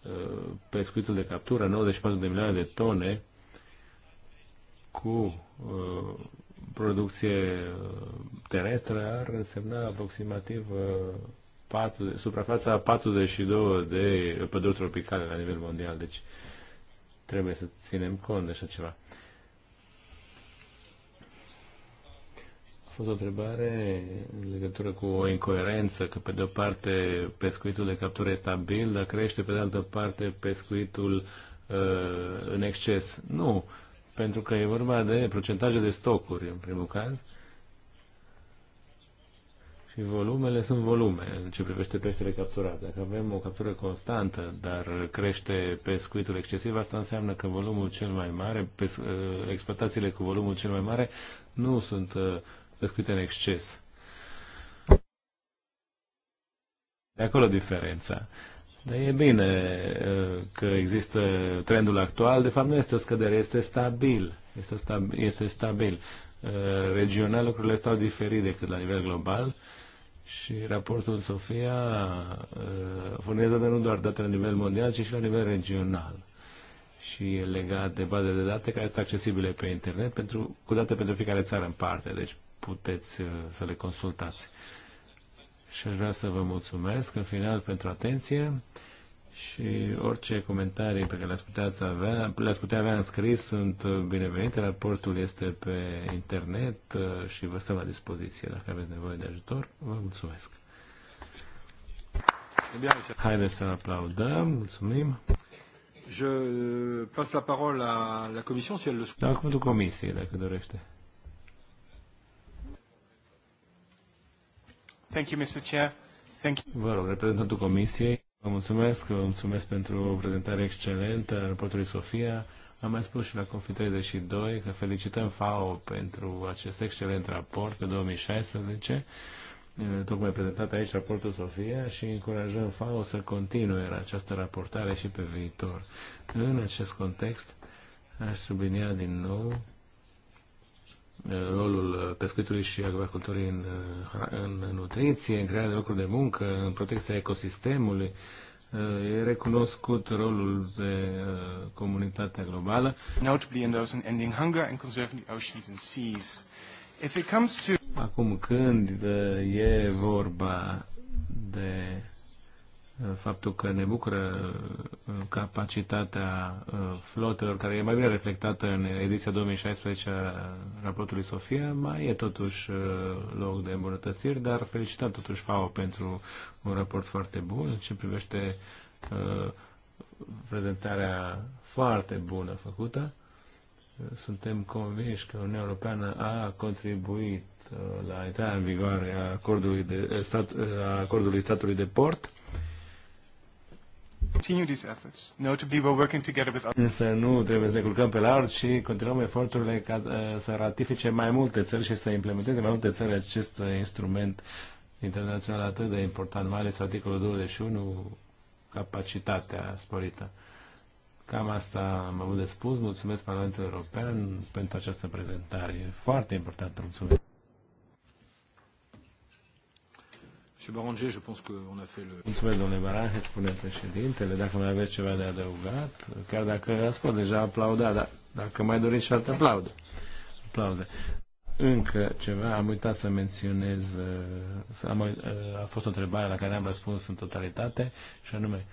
uh, pescuitul de captură, 94 de milioane de tone, cu uh, producție uh, terestră, ar însemna aproximativ 40, uh, suprafața 42 de păduri tropicale la nivel mondial. Deci trebuie să ținem cont de așa ceva. fost o întrebare în legătură cu o incoerență, că pe de o parte pescuitul de captură e stabil, dar crește pe de altă parte pescuitul uh, în exces. Nu, pentru că e vorba de procentaje de stocuri, în primul caz. Și volumele sunt volume în ce privește peștele capturat. Dacă avem o captură constantă, dar crește pescuitul excesiv, asta înseamnă că volumul cel mai mare, uh, exploatațiile cu volumul cel mai mare nu sunt uh, crescute în exces. De acolo diferența. Dar e bine ă, că există trendul actual. De fapt, nu este o scădere, este stabil. Este, stabil, este stabil. Ă, regional lucrurile stau diferit decât la nivel global și raportul Sofia ă, furnizează nu doar date la nivel mondial, ci și la nivel regional. Și e legat de baze de date care sunt accesibile pe internet pentru, cu date pentru fiecare țară în parte. Deci puteți uh, să le consultați. Și aș vrea să vă mulțumesc în final pentru atenție și orice comentarii pe care le-ați putea avea, le-ați putea avea în scris sunt uh, binevenite. Raportul este pe internet uh, și vă stăm la dispoziție dacă aveți nevoie de ajutor. Vă mulțumesc! Haideți să aplaudăm, mulțumim! Je passe la parole à la Commission si elle le souhaite. Dar cuvântul Comisiei, dacă dorește. Thank you, Mr. Chair. Thank you. Vă rog, reprezentantul Comisiei, vă mulțumesc, vă mulțumesc pentru o prezentare excelentă a raportului Sofia. Am mai spus și la Confi32 că felicităm FAO pentru acest excelent raport pe 2016, tocmai prezentat aici raportul Sofia și încurajăm FAO să continue această raportare și pe viitor. În acest context, aș sublinia din nou rolul uh, pescuitului și agriculturii uh, în, în nutriție, în crearea de locuri de muncă, în protecția ecosistemului. Uh, e recunoscut rolul de comunitatea globală. Notably in those in ending hunger and conserving the oceans and seas. If it comes to... Acum când e vorba de faptul că ne bucură uh, capacitatea uh, flotelor, care e mai bine reflectată în ediția 2016 a raportului Sofia, mai e totuși uh, loc de îmbunătățiri, dar felicitat totuși FAO pentru un raport foarte bun ce privește prezentarea foarte bună făcută. Suntem convinși că Uniunea Europeană a contribuit la intrarea în vigoare a acordului, de, stat, a acordului statului de port Însă nu trebuie să ne culcăm pe lauri, ci continuăm eforturile ca uh, să ratifice mai multe țări și să implementeze mai multe țări acest uh, instrument internațional atât de important, mai ales articolul 21, capacitatea sporită. Cam asta am avut de spus. Mulțumesc Parlamentul European pentru această prezentare. foarte important, Mulțumesc. Baranje, je pense qu'on a fait le... Mulțumesc, domnule Baranje, spune președintele, dacă mai aveți ceva de adăugat, chiar dacă ați fost deja aplaudat, dar dacă mai doriți și alte aplaude. aplaude. Încă ceva, am uitat să menționez, am, a fost o întrebare la care am răspuns în totalitate, și anume,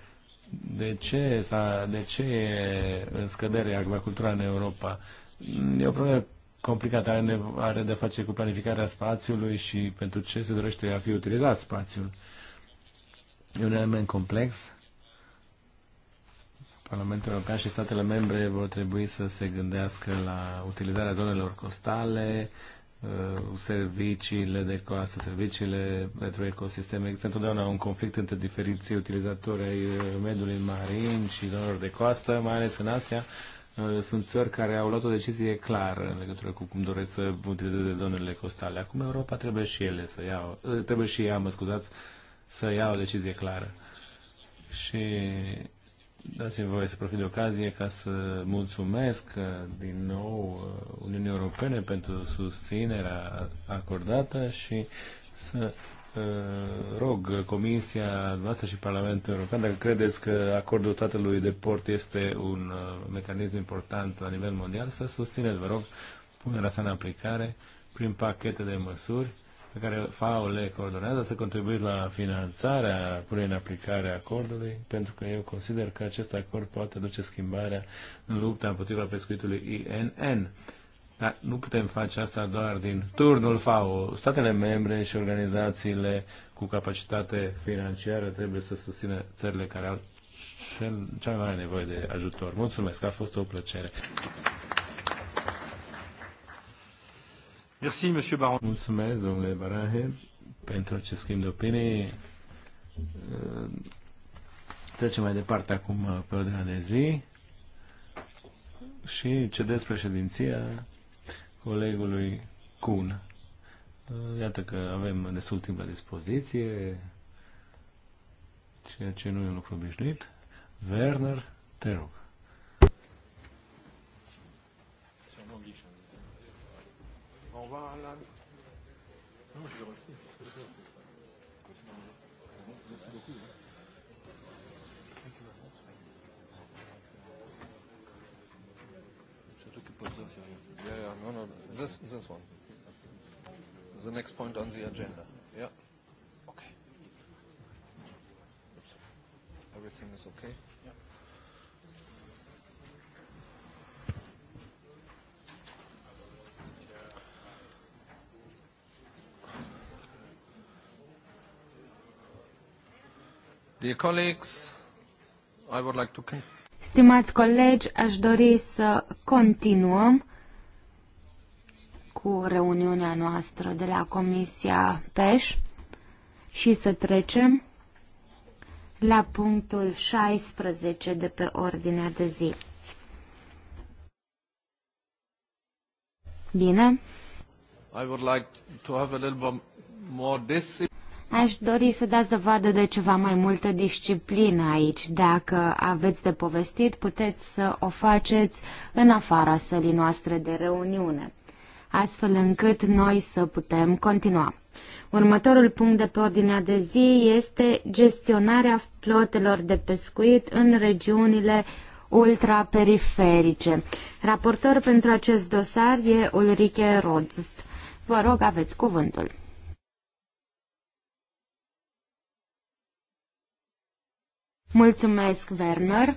de ce, de ce e în scădere agricultura în Europa? E o problemă complicat, are, are de face cu planificarea spațiului și pentru ce se dorește a fi utilizat spațiul. E un element complex. Parlamentul European și statele membre vor trebui să se gândească la utilizarea zonelor costale, uh, serviciile de coastă, serviciile pentru ecosisteme. Există întotdeauna un conflict între diferiții utilizatori ai uh, mediului marin și zonelor de coastă, mai ales în Asia Uh, sunt țări care au luat o decizie clară în legătură cu cum doresc să utilizeze zonele costale. Acum Europa trebuie și ele să iau, uh, trebuie și ea, mă scuzați, să ia o decizie clară. Și dați-mi voie să profit de ocazie ca să mulțumesc uh, din nou Uniunii Europene pentru susținerea acordată și să Eh, rog Comisia noastră și Parlamentul European dacă credeți că acordul tatălui de port este un eh, mecanism important la nivel mondial, să susțineți, vă rog, punerea sa în aplicare prin pachete de măsuri pe care FAO le coordonează să contribuiți la finanțarea, punerea în aplicare a acordului, pentru că eu consider că acest acord poate duce schimbarea în lupta împotriva pescuitului INN. Dar nu putem face asta doar din turnul FAO. Statele membre și organizațiile cu capacitate financiară trebuie să susțină țările care au cel, cea mai mare nevoie de ajutor. Mulțumesc, a fost o plăcere. Merci, monsieur Baron. Mulțumesc, domnule Barahe, pentru ce schimb de opinii. Trecem mai departe acum pe ordinea de zi și despre președinția colegului Kun. Uh, iată că avem destul timp la dispoziție, ceea ce nu e un lucru obișnuit. Werner, te rog. On va à la... No, no, this, this one. The next point on the agenda. Yeah. Okay. Oops. Everything is okay? Dear colleagues, I would like to Stimați colegi, aș dori să continuăm cu reuniunea noastră de la Comisia PEș și să trecem la punctul 16 de pe ordinea de zi. Bine. I would like to have a little more discipline. Aș dori să dați dovadă de ceva mai multă disciplină aici. Dacă aveți de povestit, puteți să o faceți în afara sălii noastre de reuniune astfel încât noi să putem continua. Următorul punct de pe ordinea de zi este gestionarea flotelor de pescuit în regiunile ultraperiferice. Raportor pentru acest dosar e Ulrike Rodst. Vă rog, aveți cuvântul. Mulțumesc, Werner.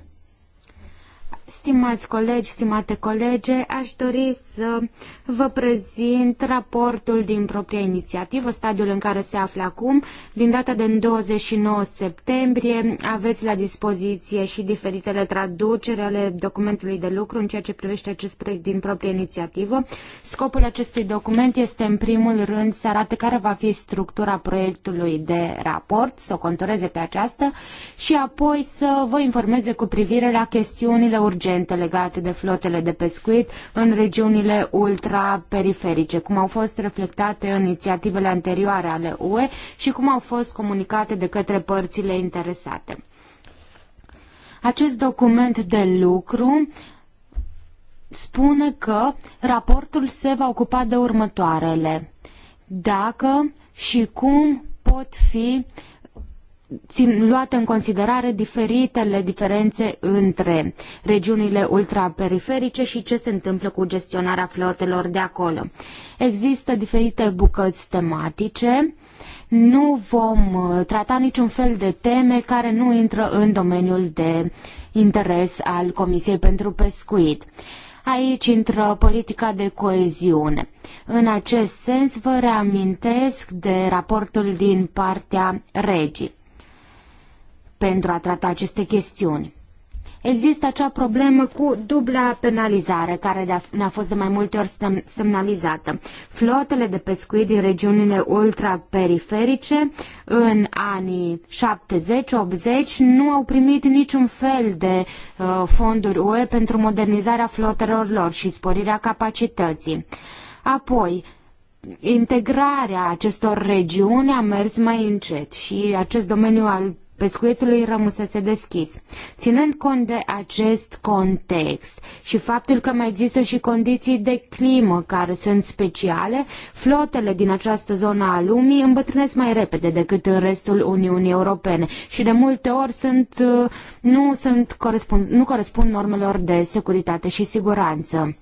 Stimați colegi, stimate colege, aș dori să vă prezint raportul din propria inițiativă, stadiul în care se află acum. Din data de 29 septembrie aveți la dispoziție și diferitele traduceri ale documentului de lucru în ceea ce privește acest proiect din propria inițiativă. Scopul acestui document este în primul rând să arate care va fi structura proiectului de raport, să o contureze pe aceasta și apoi să vă informeze cu privire la chestiunile urgente urgente legate de flotele de pescuit în regiunile ultraperiferice, cum au fost reflectate în inițiativele anterioare ale UE și cum au fost comunicate de către părțile interesate. Acest document de lucru spune că raportul se va ocupa de următoarele. Dacă și cum pot fi țin, luate în considerare diferitele diferențe între regiunile ultraperiferice și ce se întâmplă cu gestionarea flotelor de acolo. Există diferite bucăți tematice. Nu vom uh, trata niciun fel de teme care nu intră în domeniul de interes al Comisiei pentru Pescuit. Aici intră politica de coeziune. În acest sens vă reamintesc de raportul din partea regii pentru a trata aceste chestiuni. Există acea problemă cu dubla penalizare, care ne-a fost de mai multe ori semnalizată. Flotele de pescuit din regiunile ultraperiferice în anii 70-80 nu au primit niciun fel de uh, fonduri UE pentru modernizarea flotelor lor și sporirea capacității. Apoi, integrarea acestor regiuni a mers mai încet și acest domeniu al pescuitului rămusese deschis. Ținând cont de acest context și faptul că mai există și condiții de climă care sunt speciale, flotele din această zonă a lumii îmbătrânesc mai repede decât în restul Uniunii Europene și de multe ori sunt, uh, nu, sunt, corespund, nu corespund normelor de securitate și siguranță.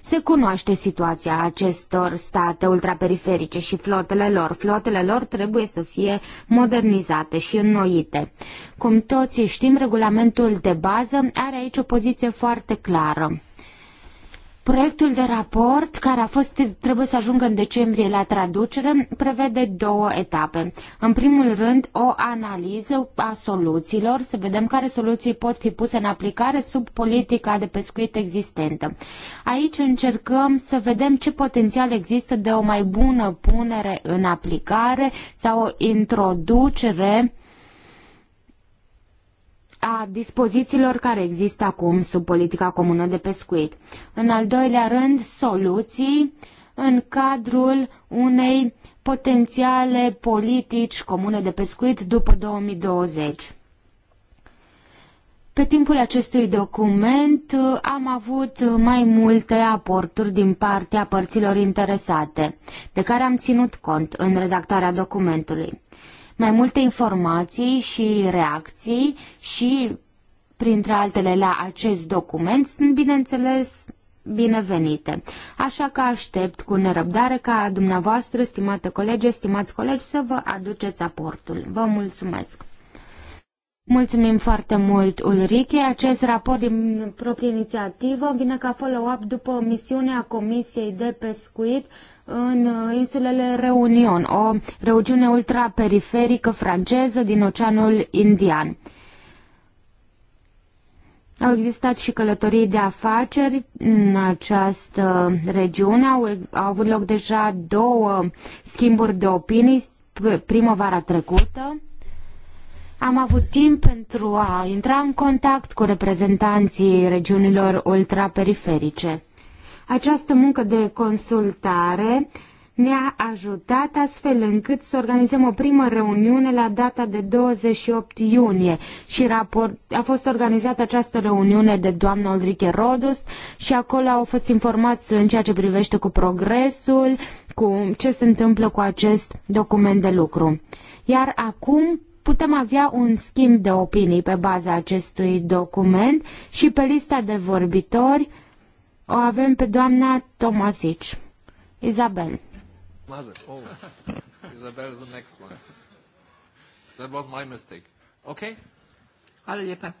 Se cunoaște situația acestor state ultraperiferice și flotele lor. Flotele lor trebuie să fie modernizate și înnoite. Cum toți știm, regulamentul de bază are aici o poziție foarte clară. Proiectul de raport, care a fost, trebuie să ajungă în decembrie la traducere, prevede două etape. În primul rând, o analiză a soluțiilor, să vedem care soluții pot fi puse în aplicare sub politica de pescuit existentă. Aici încercăm să vedem ce potențial există de o mai bună punere în aplicare sau o introducere a dispozițiilor care există acum sub politica comună de pescuit. În al doilea rând, soluții în cadrul unei potențiale politici comune de pescuit după 2020. Pe timpul acestui document uh, am avut mai multe aporturi din partea părților interesate, de care am ținut cont în redactarea documentului mai multe informații și reacții și, printre altele, la acest document sunt, bineînțeles, binevenite. Așa că aștept cu nerăbdare ca dumneavoastră, stimate colegi, stimați colegi, să vă aduceți aportul. Vă mulțumesc! Mulțumim foarte mult, Ulrike. Acest raport din proprie inițiativă vine ca follow-up după misiunea Comisiei de Pescuit în uh, insulele Reunion, o regiune ultraperiferică franceză din Oceanul Indian. Au existat și călătorii de afaceri în această regiune. Au, au avut loc deja două schimburi de opinii primăvara trecută. Am avut timp pentru a intra în contact cu reprezentanții regiunilor ultraperiferice. Această muncă de consultare ne-a ajutat astfel încât să organizăm o primă reuniune la data de 28 iunie și raport, a fost organizată această reuniune de doamna Ulrike Rodus și acolo au fost informați în ceea ce privește cu progresul, cu ce se întâmplă cu acest document de lucru. Iar acum putem avea un schimb de opinii pe baza acestui document și pe lista de vorbitori o avem pe doamna Tomasici. Isabel. Oh. Isabel is the next one. That was my mistake. Okay? Hvala lijepa.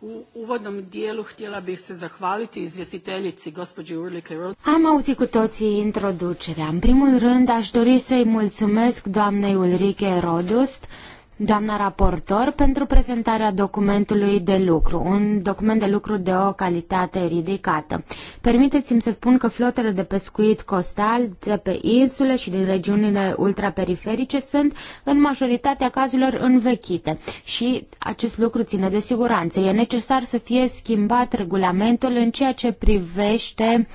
U uvodnom dijelu htjela bih se zahvaliti izvjestiteljici gospođi Urlike Rod. Am auzit cu toții introducerea. În primul rând aș dori să-i mulțumesc doamnei Ulrike Rodust doamna raportor pentru prezentarea documentului de lucru, un document de lucru de o calitate ridicată. Permiteți-mi să spun că flotele de pescuit costal de pe insule și din regiunile ultraperiferice sunt în majoritatea cazurilor învechite și acest lucru ține de siguranță. E necesar să fie schimbat regulamentul în ceea ce privește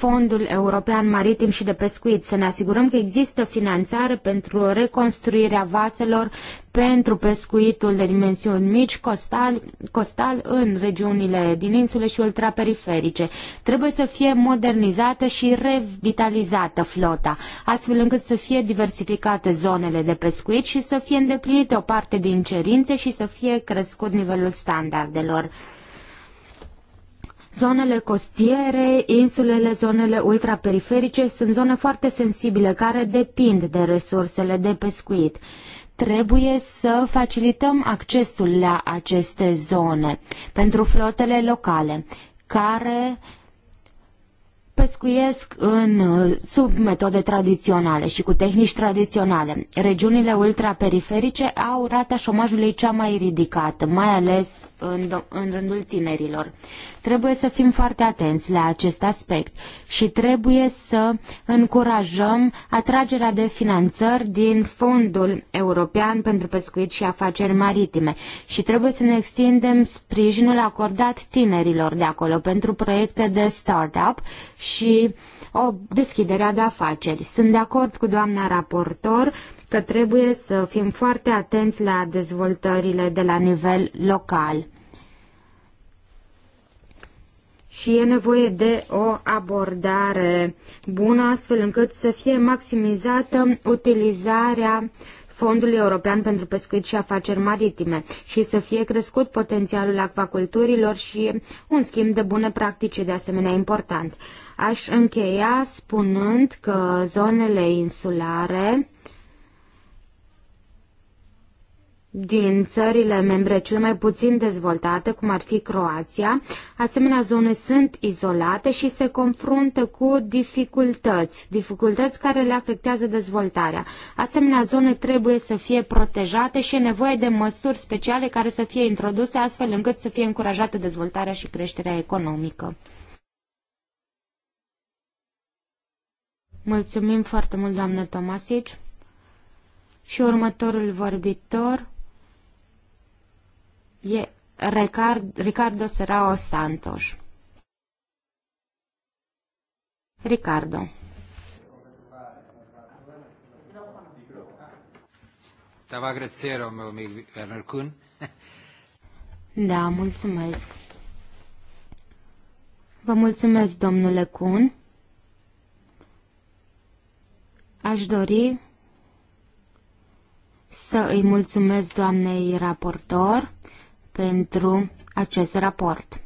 Fondul European Maritim și de Pescuit, să ne asigurăm că există finanțare pentru reconstruirea vaselor pentru pescuitul de dimensiuni mici costal, costal în regiunile din insule și ultraperiferice. Trebuie să fie modernizată și revitalizată flota, astfel încât să fie diversificate zonele de pescuit și să fie îndeplinite o parte din cerințe și să fie crescut nivelul standardelor. Zonele costiere, insulele, zonele ultraperiferice sunt zone foarte sensibile care depind de resursele de pescuit. Trebuie să facilităm accesul la aceste zone pentru flotele locale care pescuiesc în, uh, sub metode tradiționale și cu tehnici tradiționale. Regiunile ultraperiferice au rata șomajului cea mai ridicată, mai ales în, în rândul tinerilor. Trebuie să fim foarte atenți la acest aspect și trebuie să încurajăm atragerea de finanțări din Fondul European pentru Pescuit și Afaceri Maritime și trebuie să ne extindem sprijinul acordat tinerilor de acolo pentru proiecte de start-up și și o deschiderea de afaceri. Sunt de acord cu doamna raportor că trebuie să fim foarte atenți la dezvoltările de la nivel local. Și e nevoie de o abordare bună, astfel încât să fie maximizată utilizarea Fondului European pentru Pescuit și Afaceri Maritime și să fie crescut potențialul acvaculturilor și un schimb de bune practici de asemenea important. Aș încheia spunând că zonele insulare din țările membre cele mai puțin dezvoltate, cum ar fi Croația, asemenea zone sunt izolate și se confruntă cu dificultăți, dificultăți care le afectează dezvoltarea. Asemenea zone trebuie să fie protejate și e nevoie de măsuri speciale care să fie introduse astfel încât să fie încurajată dezvoltarea și creșterea economică. Mulțumim foarte mult, doamnă Tomasici. Și următorul vorbitor e Ricard, Ricardo Serao Santos. Ricardo. Tava graziero, meu amic Werner Kuhn. Da, mulțumesc. Vă mulțumesc, domnule Kuhn. Aș dori să îi mulțumesc doamnei raportor pentru acest raport.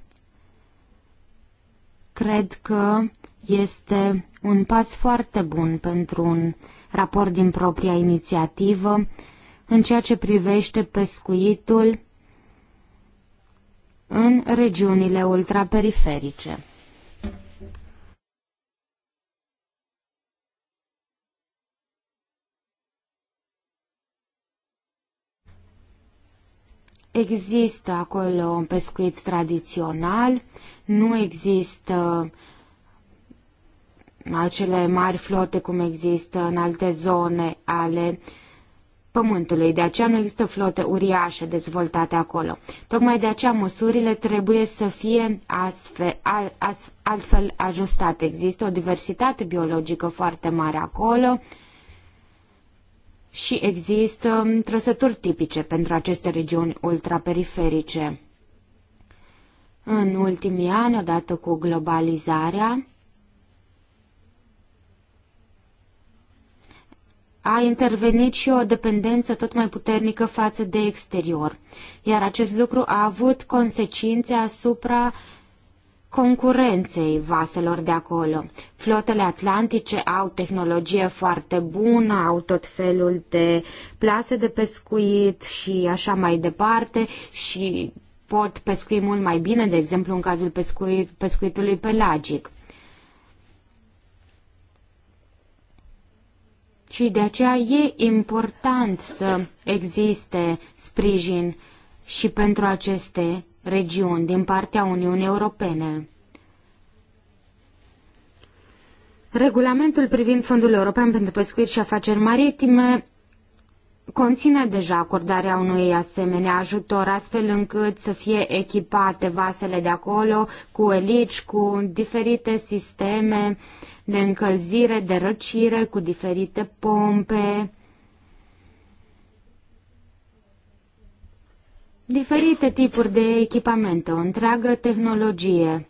Cred că este un pas foarte bun pentru un raport din propria inițiativă în ceea ce privește pescuitul în regiunile ultraperiferice. Există acolo un pescuit tradițional, nu există acele mari flote cum există în alte zone ale pământului. De aceea nu există flote uriașe dezvoltate acolo. Tocmai de aceea măsurile trebuie să fie astfel, altfel ajustate. Există o diversitate biologică foarte mare acolo și există um, trăsături tipice pentru aceste regiuni ultraperiferice. În ultimii ani, odată cu globalizarea, a intervenit și o dependență tot mai puternică față de exterior, iar acest lucru a avut consecințe asupra concurenței vaselor de acolo. Flotele atlantice au tehnologie foarte bună, au tot felul de plase de pescuit și așa mai departe și pot pescui mult mai bine, de exemplu în cazul pescuit, pescuitului pelagic. Și de aceea e important să existe sprijin și pentru aceste regiuni din partea Uniunii Europene. Regulamentul privind Fondul European pentru Pescuit și Afaceri Maritime conține deja acordarea unui asemenea ajutor, astfel încât să fie echipate vasele de acolo cu elici, cu diferite sisteme de încălzire, de răcire, cu diferite pompe diferite tipuri de echipamente, o întreagă tehnologie.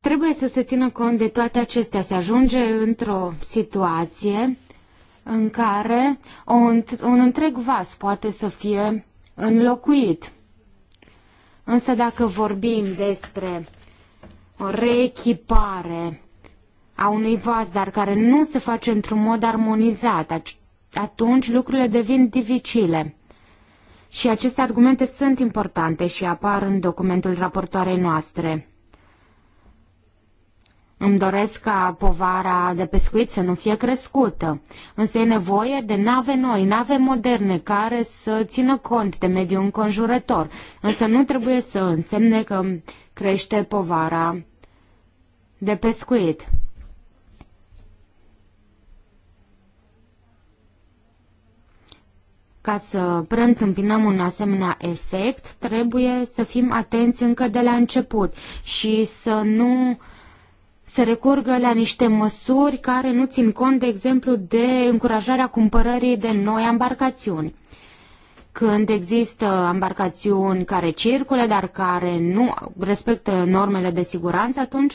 Trebuie să se țină cont de toate acestea, se ajunge într-o situație în care un, un întreg vas poate să fie înlocuit. Însă dacă vorbim despre o reechipare a unui vas, dar care nu se face într-un mod armonizat, atunci lucrurile devin dificile. Și aceste argumente sunt importante și apar în documentul raportoarei noastre. Îmi doresc ca povara de pescuit să nu fie crescută, însă e nevoie de nave noi, nave moderne, care să țină cont de mediul înconjurător, însă nu trebuie să însemne că crește povara de pescuit. Ca să preîntâmpinăm un asemenea efect, trebuie să fim atenți încă de la început și să nu se recurgă la niște măsuri care nu țin cont, de exemplu, de încurajarea cumpărării de noi embarcațiuni când există embarcațiuni care circulă, dar care nu respectă normele de siguranță, atunci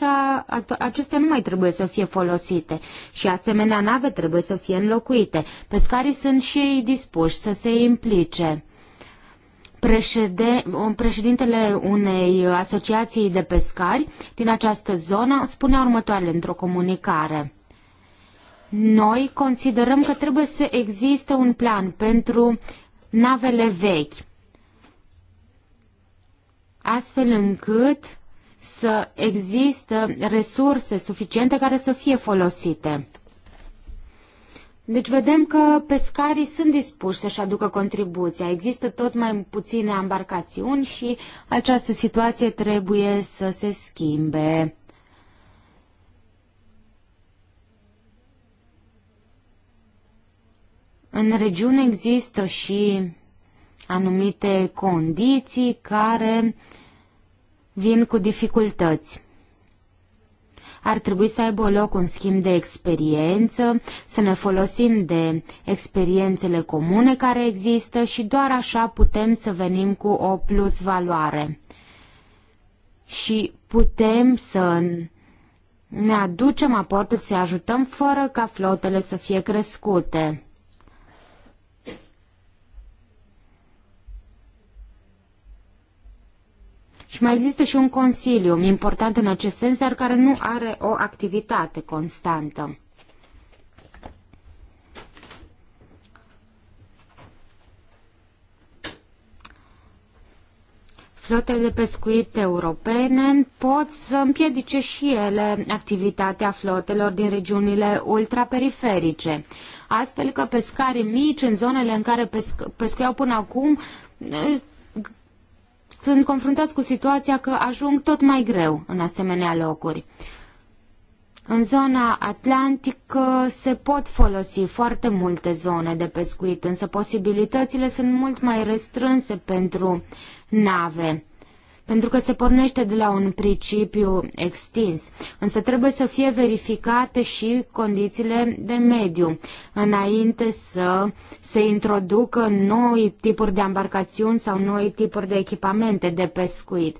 acestea nu mai trebuie să fie folosite și asemenea nave trebuie să fie înlocuite. Pescarii sunt și ei dispuși să se implice. Președe, președintele unei asociații de pescari din această zonă spunea următoarele într-o comunicare. Noi considerăm că trebuie să existe un plan pentru navele vechi, astfel încât să există resurse suficiente care să fie folosite. Deci vedem că pescarii sunt dispuși să-și aducă contribuția. Există tot mai puține embarcațiuni și această situație trebuie să se schimbe. În regiune există și anumite condiții care vin cu dificultăți. Ar trebui să aibă loc un schimb de experiență, să ne folosim de experiențele comune care există și doar așa putem să venim cu o plus valoare. Și putem să ne aducem aportul, să ajutăm fără ca flotele să fie crescute. Și mai există și un consiliu important în acest sens, dar care nu are o activitate constantă. flotele de pescuit europene pot să împiedice și ele activitatea flotelor din regiunile ultraperiferice, astfel că pescarii mici în zonele în care pesc- pescuiau până acum sunt confruntați cu situația că ajung tot mai greu în asemenea locuri. În zona atlantică se pot folosi foarte multe zone de pescuit, însă posibilitățile sunt mult mai restrânse pentru nave pentru că se pornește de la un principiu extins, însă trebuie să fie verificate și condițiile de mediu înainte să se introducă noi tipuri de embarcațiuni sau noi tipuri de echipamente de pescuit.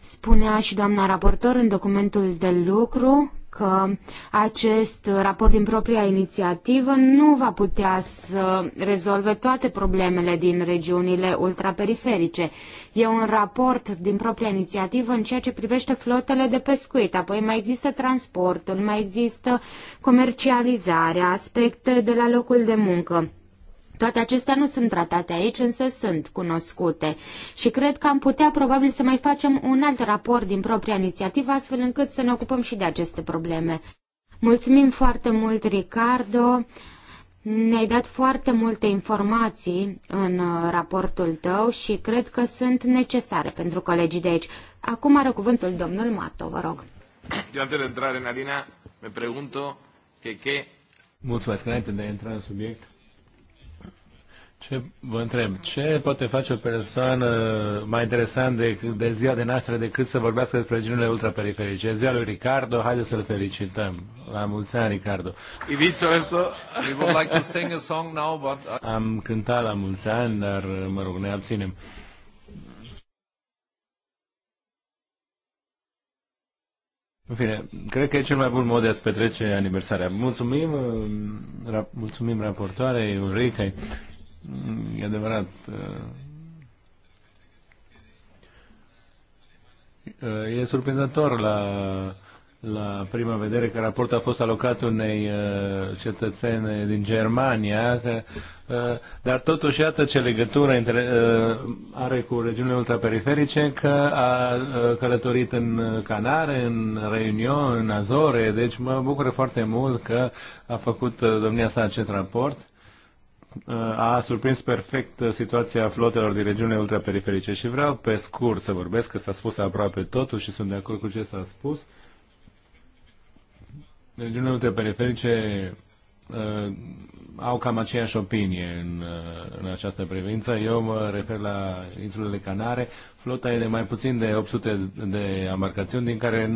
Spunea și doamna raportor în documentul de lucru că acest raport din propria inițiativă nu va putea să rezolve toate problemele din regiunile ultraperiferice. E un raport din propria inițiativă în ceea ce privește flotele de pescuit, apoi mai există transportul, mai există comercializarea, aspecte de la locul de muncă. Toate acestea nu sunt tratate aici, însă sunt cunoscute. Și cred că am putea probabil să mai facem un alt raport din propria inițiativă, astfel încât să ne ocupăm și de aceste probleme. Mulțumim foarte mult, Ricardo. Ne-ai dat foarte multe informații în uh, raportul tău și cred că sunt necesare pentru colegii de aici. Acum are cuvântul domnul Mato, vă rog. Eu, antes de intrare în arena, me pregunto que, que... Mulțumesc, înainte de a intra în subiect, ce vă întreb, ce poate face o persoană mai interesant de, de ziua de naștere decât să vorbească despre regiunile ultraperiferice? Ziua lui Ricardo, haideți să-l felicităm. La mulți ani, Ricardo. would like to sing a song now, but... Uh, Am cântat la mulți ani, dar, mă rog, ne abținem. În fine, cred că e cel mai bun mod de a-ți petrece aniversarea. Mulțumim, uh, rap, mulțumim raportoarei Ulricei e adevărat, uh, uh, e surprinzător la, la prima vedere că raportul a fost alocat unei uh, cetățene din Germania, că, dar totuși iată ce legătură între, are cu regiunile ultraperiferice că a călătorit în Canare, în Reunion, în Azore, deci mă bucură foarte mult că a făcut domnia sa acest raport a surprins perfect situația flotelor din regiunile ultraperiferice și vreau pe scurt să vorbesc, că s-a spus aproape totul și sunt de acord cu ce s-a spus. Regiunile ultraperiferice uh, au cam aceeași opinie în, uh, în această privință. Eu mă refer la insulele Canare. Flota e de mai puțin de 800 de embarcațiuni, din care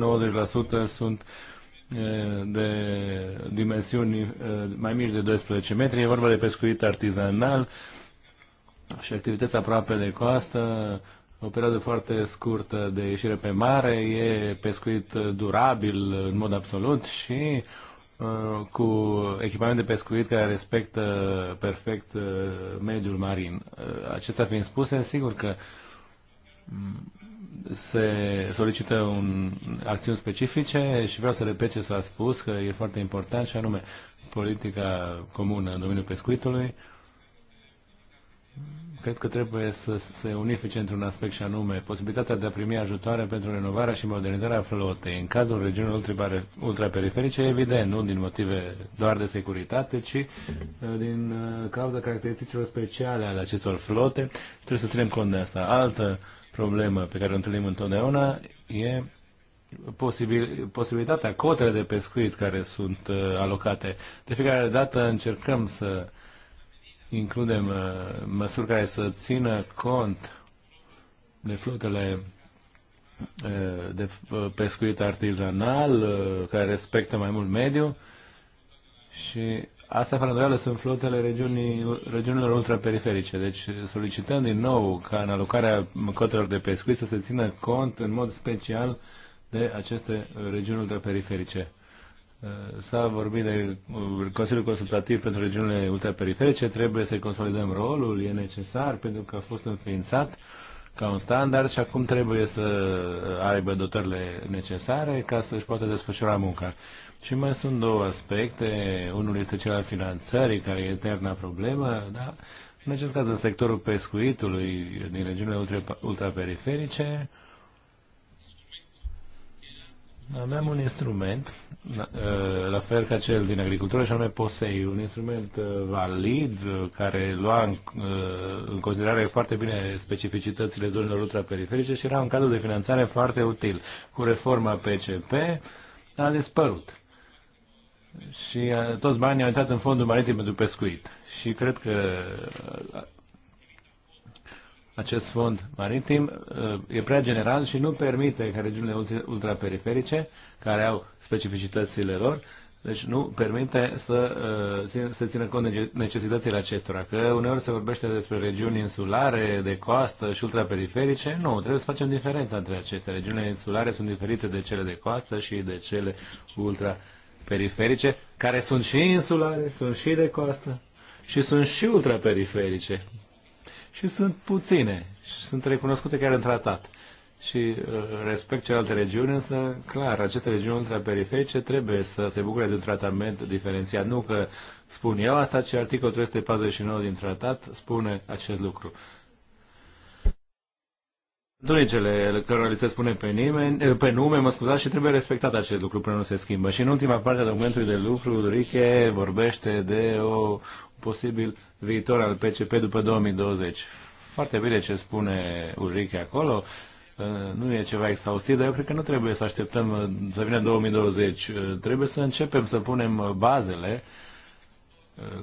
90% sunt uh, de dimensiuni mai mici de 12 metri, e vorba de pescuit artizanal și activități aproape de coastă, o perioadă foarte scurtă de ieșire pe mare, e pescuit durabil în mod absolut și cu echipament de pescuit care respectă perfect mediul marin. Acestea fiind spuse, sigur că se solicită un, acțiuni specifice și vreau să repet ce s-a spus, că e foarte important și anume politica comună în domeniul pescuitului. Cred că trebuie să se unifice într-un aspect și anume posibilitatea de a primi ajutoare pentru renovarea și modernizarea flotei. În cazul regiunilor ultraperiferice, evident, nu din motive doar de securitate, ci uh, din uh, cauza caracteristicilor speciale ale acestor flote. Trebuie să ținem cont de asta. Altă uh, problemă pe care o întâlnim întotdeauna e posibil, posibilitatea, cotele de pescuit care sunt uh, alocate. De fiecare dată încercăm să includem uh, măsuri care să țină cont de flotele uh, de uh, pescuit artizanal, uh, care respectă mai mult mediu și Asta, fără îndoială, sunt flotele regiunii, regiunilor ultraperiferice. Deci solicităm din nou ca în alocarea cotelor de pescuit să se țină cont în mod special de aceste regiuni ultraperiferice. Uh, s-a vorbit de uh, Consiliul Consultativ pentru regiunile ultraperiferice, trebuie să consolidăm rolul, e necesar pentru că a fost înființat ca un standard și acum trebuie să aibă dotările necesare ca să își poată desfășura munca. Și mai sunt două aspecte. Unul este cel al finanțării, care e eterna problemă, dar în acest caz în sectorul pescuitului din regiunile ultraperiferice, ultra Aveam un instrument, ă, la fel ca cel din agricultură, și anume POSEI, un instrument ă, valid ă, care lua în considerare foarte bine specificitățile zonelor ultraperiferice și era un cadru de finanțare foarte util. Cu reforma PCP a dispărut. Și toți banii au intrat în fondul maritim pentru pescuit. Și cred că acest fond maritim uh, e prea general și nu permite ca regiunile ultraperiferice, care au specificitățile lor, deci nu permite să uh, se țină cont de necesitățile acestora. Că uneori se vorbește despre regiuni insulare, de coastă și ultraperiferice. Nu, trebuie să facem diferența între acestea. Regiunile insulare sunt diferite de cele de coastă și de cele ultraperiferice, care sunt și insulare, sunt și de coastă și sunt și ultraperiferice și sunt puține și sunt recunoscute chiar în tratat. Și uh, respect celelalte regiuni, însă, clar, aceste regiuni ultraperiferice trebuie să se bucure de un tratament diferențiat. Nu că spun eu asta, ci articolul 349 din tratat spune acest lucru. Dunicele cărora li se spune pe, nimeni, eh, pe nume, mă scuzați, și trebuie respectat acest lucru până nu se schimbă. Și în ultima parte a documentului de lucru, Rike vorbește de o posibil viitor al PCP după 2020. Foarte bine ce spune Ulrike acolo, uh, nu e ceva exhaustiv, dar eu cred că nu trebuie să așteptăm uh, să vină 2020. Uh, trebuie să începem să punem bazele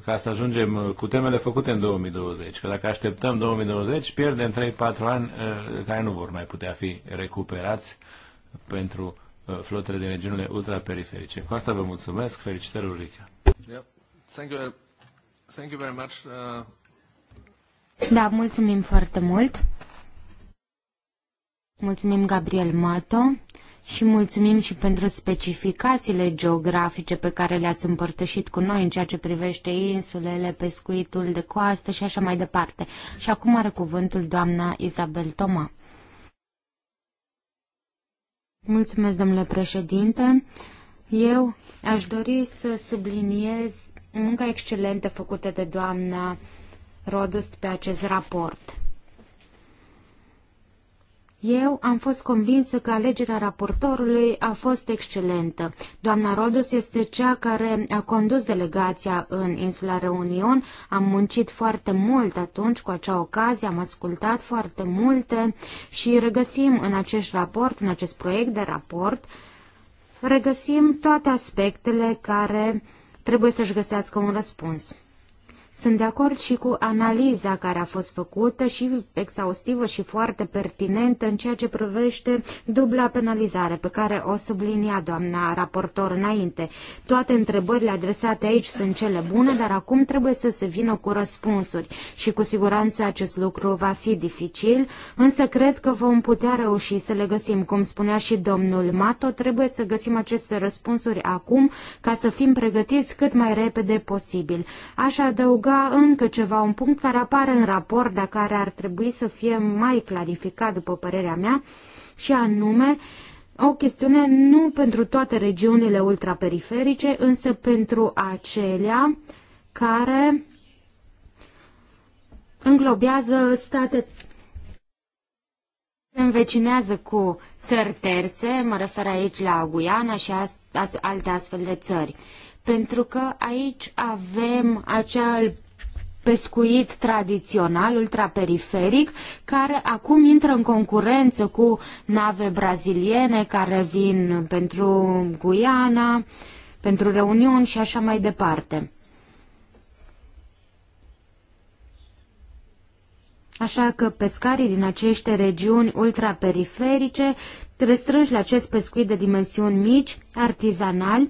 ca să ajungem cu temele făcute în 2020. Că dacă așteptăm 2020, pierdem 3-4 ani care nu vor mai putea fi recuperați pentru flotele din regiunile ultraperiferice. Cu asta vă mulțumesc. Felicitări, Ulrica. Yep. Thank you. Thank you very much. Uh, da, mulțumim foarte mult. Mulțumim, Gabriel Mato, și mulțumim și pentru specificațiile geografice pe care le-ați împărtășit cu noi în ceea ce privește insulele, pescuitul de coastă și așa mai departe. Și acum are cuvântul doamna Isabel Toma. Mulțumesc, domnule președinte. Eu aș dori să subliniez Mm-hmm. munca excelentă făcută de doamna Rodust pe acest raport. Eu am fost convinsă că alegerea raportorului a fost excelentă. Doamna Rodus este cea care a condus delegația în insula Reunion. Am muncit foarte mult atunci cu acea ocazie, am ascultat foarte multe și regăsim în acest raport, în acest proiect de raport, regăsim toate aspectele care uh, trebuie să-și găsească un răspuns. Sunt de acord și cu analiza care a fost făcută și exhaustivă și foarte pertinentă în ceea ce privește dubla penalizare pe care o sublinia doamna raportor înainte. Toate întrebările adresate aici sunt cele bune, dar acum trebuie să se vină cu răspunsuri și cu siguranță acest lucru va fi dificil, însă cred că vom putea reuși să le găsim. Cum spunea și domnul Mato, trebuie să găsim aceste răspunsuri acum ca să fim pregătiți cât mai repede posibil. Așa adăuga adăuga încă ceva, un punct care apare în raport, dar care ar trebui să fie mai clarificat, după părerea mea, și anume o chestiune nu pentru toate regiunile ultraperiferice, însă pentru acelea care înglobează state învecinează cu țări terțe, mă refer aici la Guiana și alte astfel de țări pentru că aici avem acel pescuit tradițional, ultraperiferic, care acum intră în concurență cu nave braziliene care vin pentru Guiana, pentru reuniuni și așa mai departe. Așa că pescarii din aceste regiuni ultraperiferice, restrânși la acest pescuit de dimensiuni mici, artizanal,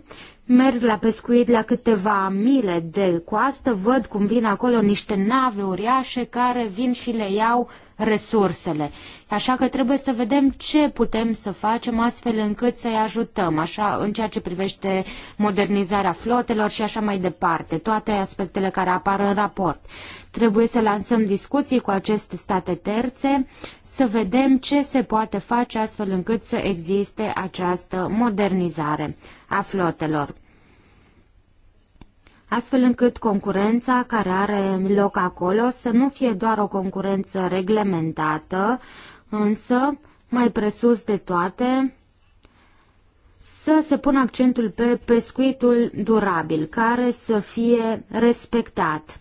Merg la pescuit la câteva mile de coastă, văd cum vin acolo niște nave uriașe care vin și le iau resursele. Așa că trebuie să vedem ce putem să facem astfel încât să-i ajutăm, așa în ceea ce privește modernizarea flotelor și așa mai departe, toate aspectele care apar în raport. Trebuie să lansăm discuții cu aceste state terțe, să vedem ce se poate face astfel încât să existe această modernizare a flotelor astfel încât concurența care are loc acolo să nu fie doar o concurență reglementată, însă, mai presus de toate, să se pună accentul pe pescuitul durabil, care să fie respectat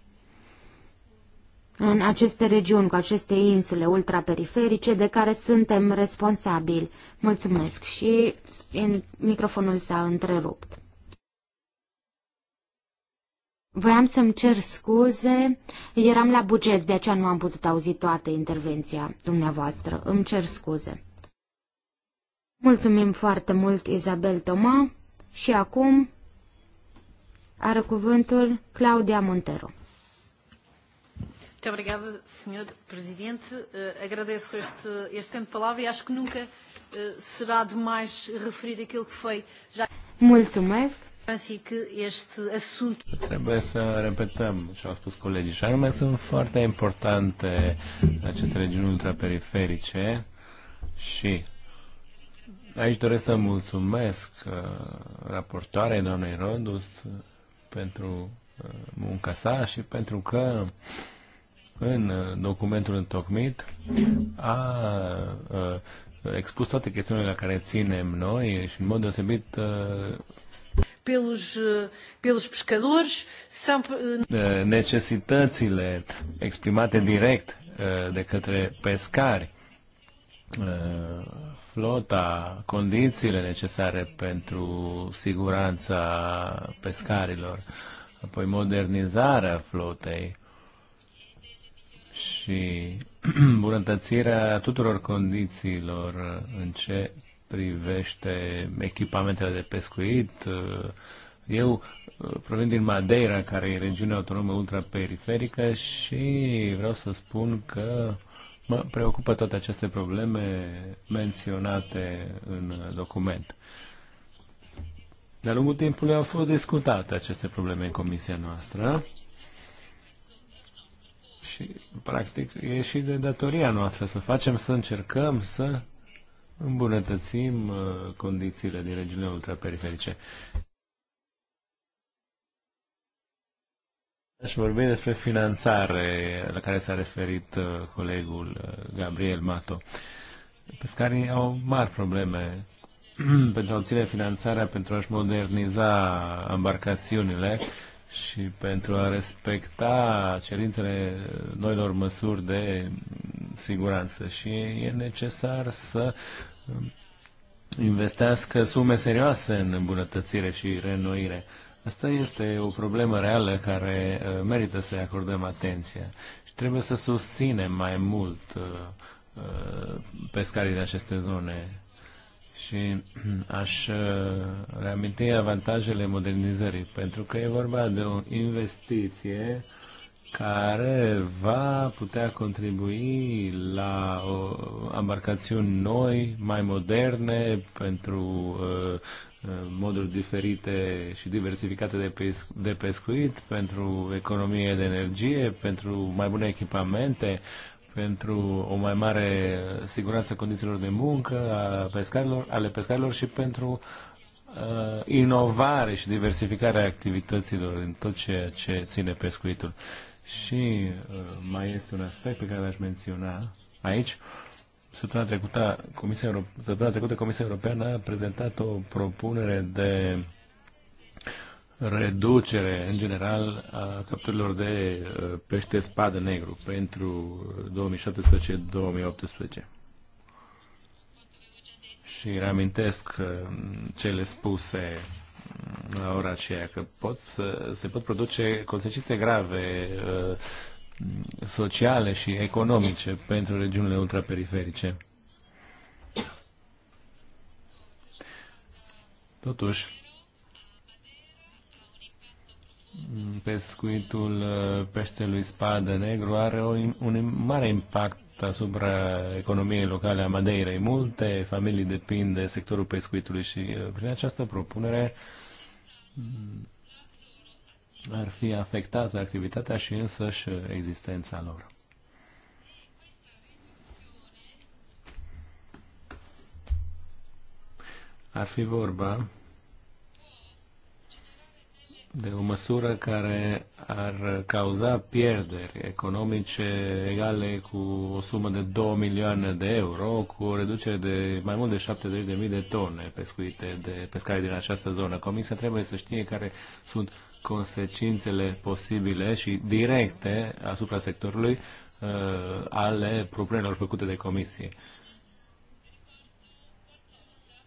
în aceste regiuni, cu aceste insule ultraperiferice de care suntem responsabili. Mulțumesc și microfonul s-a întrerupt. Voiam să-mi cer scuze, eram la buget, de aceea nu am putut auzi toată intervenția dumneavoastră. Îmi cer scuze. Mulțumim foarte mult, Izabel Toma. Și acum are cuvântul Claudia Montero. Muito obrigada, Sr. Presidente. Uh, agradeço este, este tempo de palavra e acho que nunca uh, será demais referir aquilo que foi já. Mulțumesc. este assunto... Trebuie să repetăm ce au spus colegii și anume sunt foarte importante aceste regiuni ultraperiferice și aici doresc să mulțumesc uh, raportoarei doamnei Rodus pentru munca sa și pentru că uh, în uh, documentul întocmit a uh, expus toate chestiunile la care ținem noi și în mod deosebit uh, pelos, pelos pescadores são necesitățile exprimate direct de către pescari flota, condițiile necesare pentru siguranța pescarilor, apoi modernizarea flotei, și bunătățirea tuturor condițiilor în ce privește echipamentele de pescuit. Eu uh, provin din Madeira, care e regiunea autonomă ultraperiferică și vreau să spun că mă preocupă toate aceste probleme menționate în document. De-a lungul timpului au fost discutate aceste probleme în comisia noastră și, practic, e și de datoria noastră să facem, să încercăm să îmbunătățim uh, condițiile din regiunile ultraperiferice. Aș vorbi despre finanțare la care s-a referit uh, colegul uh, Gabriel Mato. Pescarii au mari probleme pentru a obține finanțarea pentru a-și moderniza embarcațiunile și pentru a respecta cerințele noilor măsuri de siguranță. Și e necesar să investească sume serioase în îmbunătățire și renoire. Asta este o problemă reală care uh, merită să-i acordăm atenție și trebuie să susținem mai mult uh, uh, pescarii de aceste zone și aș uh, reaminti avantajele modernizării, pentru că e vorba de o investiție care va putea contribui la o, embarcațiuni noi, mai moderne, pentru uh, uh, moduri diferite și diversificate de, pesc de pescuit, pentru economie de energie, pentru mai bune echipamente, pentru o mai mare siguranță condițiilor de muncă a pescarilor, ale pescarilor și pentru uh, inovare și diversificarea activităților în tot ceea ce ține pescuitul. Și uh, mai este un aspect pe care l-aș menționa aici. Săptămâna trecută, Comisia, Euro- Săptămâna trecută Comisia Europeană a prezentat o propunere de reducere, în general, a capturilor de uh, pește spadă negru pentru 2017-2018. Și reamintesc uh, cele spuse mm, la ora aceea, că pot să, se pot produce consecințe grave uh, sociale și economice pentru regiunile ultraperiferice. Totuși, pescuitul uh, peștelui spadă negru are o, un mare impact asupra economiei locale a Madeirei. Multe familii depind de sectorul pescuitului și uh, prin această propunere mm, ar fi afectată activitatea și însăși existența lor. Ar fi vorba de o măsură care ar cauza pierderi economice egale cu o sumă de 2 milioane de euro, cu o reducere de mai mult de 70.000 de tone pescuite de pescari din această zonă. Comisia trebuie să știe care sunt consecințele posibile și directe asupra sectorului uh, ale propunerilor făcute de comisie.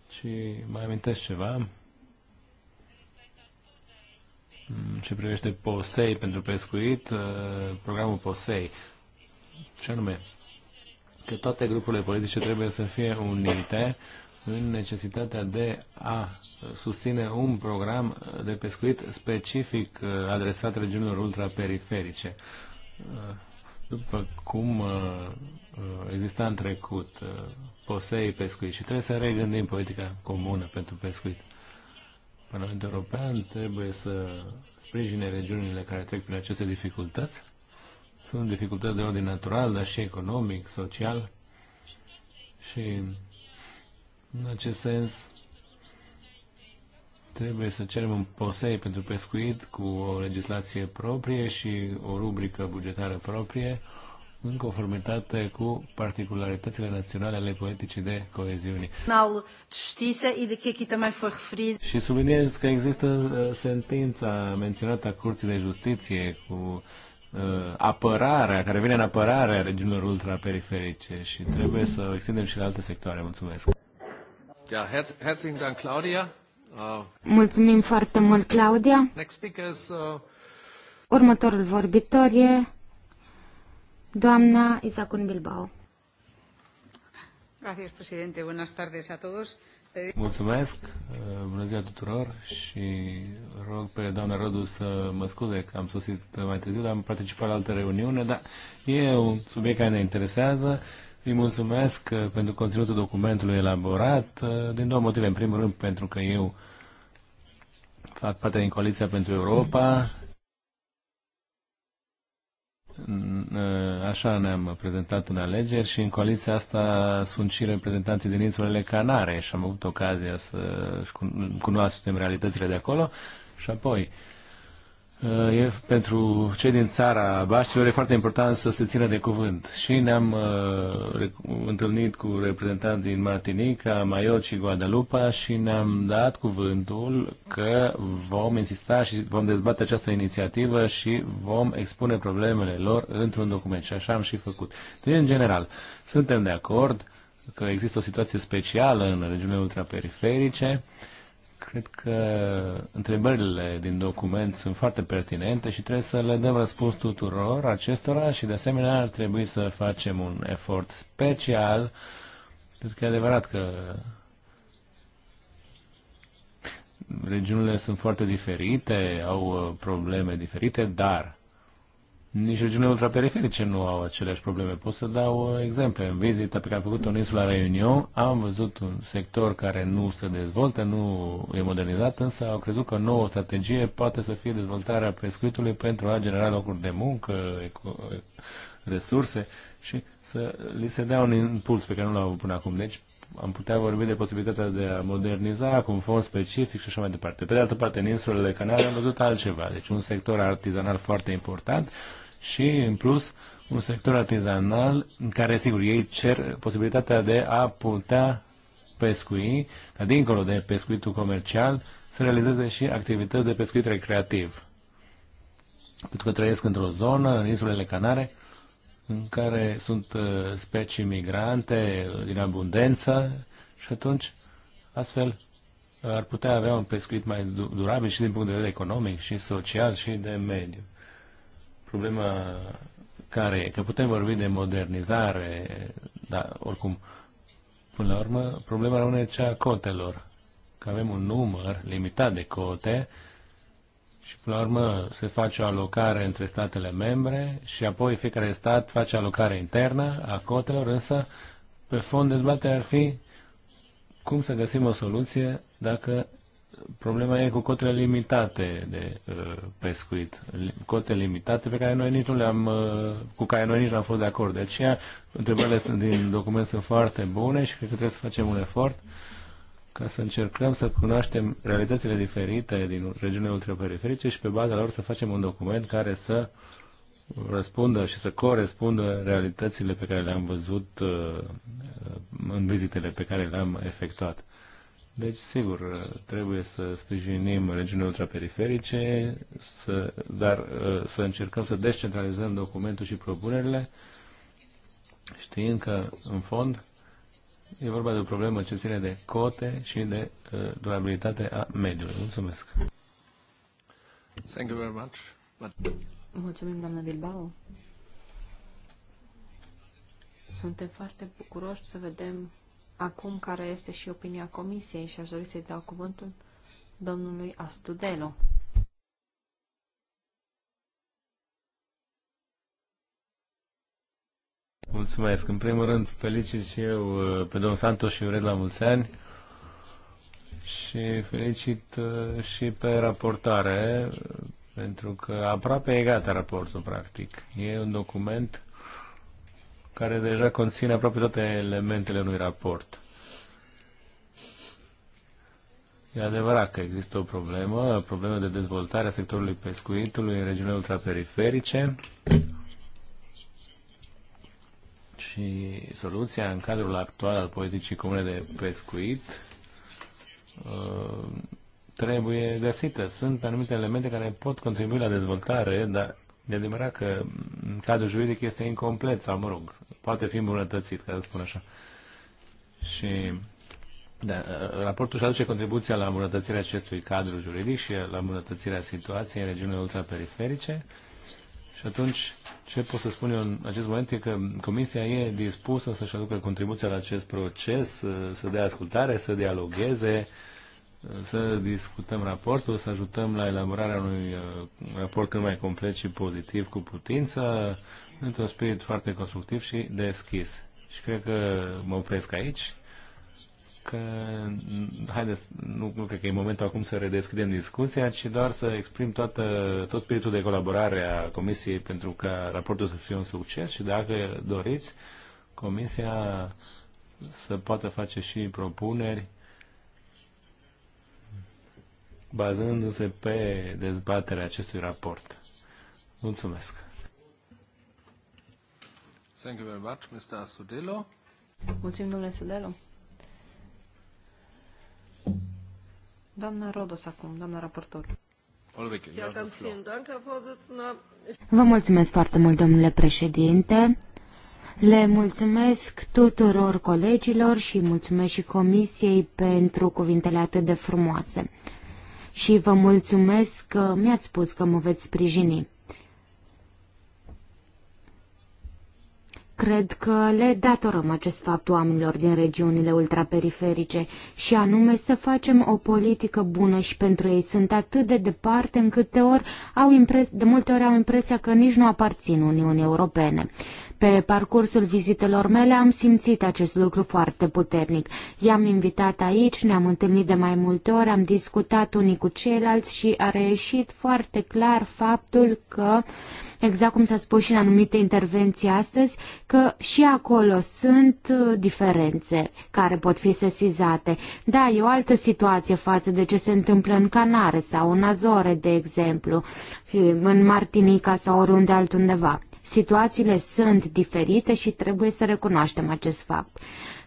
Și mai amintesc ceva? ce privește POSEI pentru pescuit, uh, programul POSEI. Ce anume? Că toate grupurile politice trebuie să fie unite în necesitatea de a susține un program de pescuit specific uh, adresat regiunilor ultraperiferice. Uh, după cum exista în trecut POSEI pescuit și trebuie să regândim politica comună pentru pescuit. Parlamentul European trebuie să sprijine regiunile care trec prin aceste dificultăți. Sunt dificultăți de ordin natural, dar și economic, social. Și în acest sens trebuie să cerem un posei pentru pescuit cu o legislație proprie și o rubrică bugetară proprie în conformitate cu particularitățile naționale ale politicii de coeziune. de Justiție și de aici Și subliniez că există uh, sentința menționată a Curții de Justiție cu uh, apărarea, care vine în apărarea regiunilor ultraperiferice și trebuie să o extindem și la alte sectoare. Mulțumesc! Ja, herz, herzlichen Dank, Claudia. Uh, Mulțumim foarte mult, Claudia. Next speaker is, uh... Următorul vorbitor e Doamna Isacun Bilbao. Gracias, presidente. Buenas tardes a todos. Mulțumesc, uh, bună ziua tuturor și rog pe doamna Rodu să mă scuze că am sosit mai târziu, dar am participat la altă reuniune, dar e un subiect care ne interesează. Îi mulțumesc uh, pentru conținutul documentului elaborat, uh, din două motive. În primul rând, pentru că eu fac parte din Coaliția pentru Europa așa ne-am prezentat în alegeri și în coaliția asta sunt și reprezentanții din insulele Canare și am avut ocazia să cunoaștem realitățile de acolo și apoi uh, Uh, e pentru cei din țara Baștilor e foarte important să se țină de cuvânt. Și ne-am uh, întâlnit cu reprezentanți din Martinica, Maior și Guadalupa și ne-am dat cuvântul că vom insista și vom dezbate această inițiativă și vom expune problemele lor într-un document. Și așa am și făcut. Deci, în general, suntem de acord că există o situație specială în regiunile ultraperiferice. Uh, Cred că întrebările din document sunt foarte pertinente și trebuie să le dăm răspuns tuturor acestora și de asemenea ar trebui să facem un efort special pentru că e adevărat că regiunile sunt foarte diferite, au uh, probleme diferite, dar nici regiunile ultraperiferice nu au aceleași probleme. Pot să dau exemple. În vizita pe care am făcut-o în insula Reunion, am văzut un sector care nu se dezvoltă, nu e modernizat, însă au crezut că o nouă strategie poate să fie dezvoltarea pescuitului pentru a genera locuri de muncă, resurse și să li se dea un impuls pe care nu l-au avut până acum. Deci am putea vorbi de posibilitatea de a moderniza cu un fond specific și așa mai departe. Pe de altă parte, în insulele Canare am văzut altceva, deci un sector artizanal foarte important și, în plus, un sector artizanal în care, sigur, ei cer posibilitatea de a putea pescui, ca dincolo de pescuitul comercial, să realizeze și activități de pescuit recreativ. Pentru că trăiesc într-o zonă, în insulele Canare, în care sunt uh, specii migrante uh, din abundență și atunci, astfel, ar putea avea un pescuit mai durabil și din punct de vedere economic și social și de mediu. Problema care e? Că putem vorbi de modernizare, dar oricum, până la urmă, problema rămâne cea a cotelor. Că avem un număr limitat de cote și, până la urmă, se face o alocare între statele membre și apoi fiecare stat face alocare internă a cotelor, însă, pe fond, dezbaterea ar fi cum să găsim o soluție dacă problema e cu cotele limitate de uh, pescuit. Cote limitate pe care noi nici nu le-am, uh, cu care noi nici nu am fost de acord. De aceea, întrebările din document sunt foarte bune și cred că trebuie să facem un efort ca să încercăm să cunoaștem realitățile diferite din regiunile ultraperiferice și pe baza lor să facem un document care să răspundă și să corespundă realitățile pe care le-am văzut uh, în vizitele pe care le-am efectuat. Deci, sigur, trebuie să sprijinim regiunile ultraperiferice, să, dar uh, să încercăm să descentralizăm documentul și propunerile, știind că, în fond, e vorba de o problemă ce ține de cote și de uh, durabilitate a mediului. Mulțumesc! Thank you very much. But... Mulțumim, doamnă Bilbao. Suntem foarte bucuroși să vedem acum care este și opinia comisiei și aș dori să-i dau cuvântul domnului Astudelo. Mulțumesc. În primul rând, felicit și eu uh, pe domnul Santos și urez la mulți ani și felicit uh, și pe raportare, uh, pentru că aproape e gata raportul, practic. E un document care deja conține aproape toate elementele unui raport. E adevărat că există o problemă, o problemă de dezvoltare a sectorului pescuitului în regiunile ultraperiferice și soluția în cadrul actual al politicii comune de pescuit uh, trebuie găsită. Sunt anumite elemente care pot contribui la dezvoltare, dar E adevărat că cadrul juridic este incomplet sau, mă rog, poate fi îmbunătățit, ca să spun așa. Și da, raportul își aduce contribuția la îmbunătățirea acestui cadru juridic și la îmbunătățirea situației în regiunile ultraperiferice. Și atunci, ce pot să spun eu în acest moment e că Comisia e dispusă să-și aducă contribuția la acest proces, să dea ascultare, să dialogueze, să discutăm raportul, să ajutăm la elaborarea unui uh, raport cât mai complet și pozitiv cu putință, într-un spirit foarte constructiv și deschis. Și cred că mă opresc aici, că haideți, nu, nu cred că e momentul acum să redeschidem discuția, ci doar să exprim toată, tot spiritul de colaborare a Comisiei pentru ca raportul să fie un succes și dacă doriți, Comisia să poată face și propuneri bazându-se pe dezbaterea acestui raport. Mulțumesc! Thank you very much, Mr. Astudillo. Mulțumim, domnule Sudelo. Doamna Rodos acum, doamna raportor. Da. Vă mulțumesc foarte mult, domnule președinte. Le mulțumesc tuturor colegilor și mulțumesc și comisiei pentru cuvintele atât de frumoase și vă mulțumesc că mi-ați spus că mă veți sprijini. Cred că le datorăm acest fapt oamenilor din regiunile ultraperiferice și anume să facem o politică bună și pentru ei sunt atât de departe încât de, ori au impres- de multe ori au impresia că nici nu aparțin Uniunii Europene. Pe parcursul vizitelor mele am simțit acest lucru foarte puternic. I-am invitat aici, ne-am întâlnit de mai multe ori, am discutat unii cu ceilalți și a reieșit foarte clar faptul că, exact cum s-a spus și în anumite intervenții astăzi, că și acolo sunt uh, diferențe care pot fi sesizate. Da, e o altă situație față de ce se întâmplă în Canare sau în Azore, de exemplu, în Martinica sau oriunde altundeva. Situațiile sunt diferite și trebuie să recunoaștem acest fapt.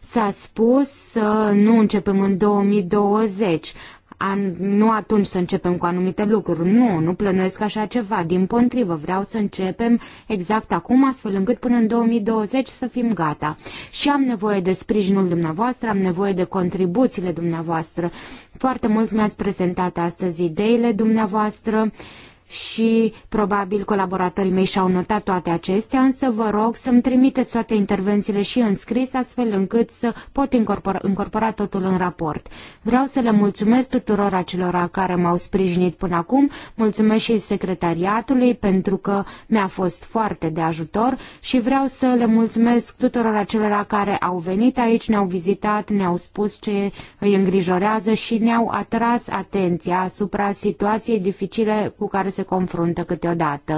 S-a spus să nu începem în 2020, an, nu atunci să începem cu anumite lucruri. Nu, nu plănuiesc așa ceva. Din potrivă, vreau să începem exact acum, astfel încât până în 2020 să fim gata. Și am nevoie de sprijinul dumneavoastră, am nevoie de contribuțiile dumneavoastră. Foarte mulți mi-ați prezentat astăzi ideile dumneavoastră. Uh, și probabil colaboratorii mei și-au notat toate acestea, însă vă rog să-mi trimiteți toate intervențiile și în scris, astfel încât să pot incorpora, incorpora totul în raport. Vreau să le mulțumesc tuturor acelora care m-au sprijinit până acum, mulțumesc și secretariatului pentru că mi-a fost foarte de ajutor și vreau să le mulțumesc tuturor acelora care au venit aici, ne-au vizitat, ne-au spus ce îi îngrijorează și ne-au atras atenția asupra situației dificile cu care se confruntă câteodată.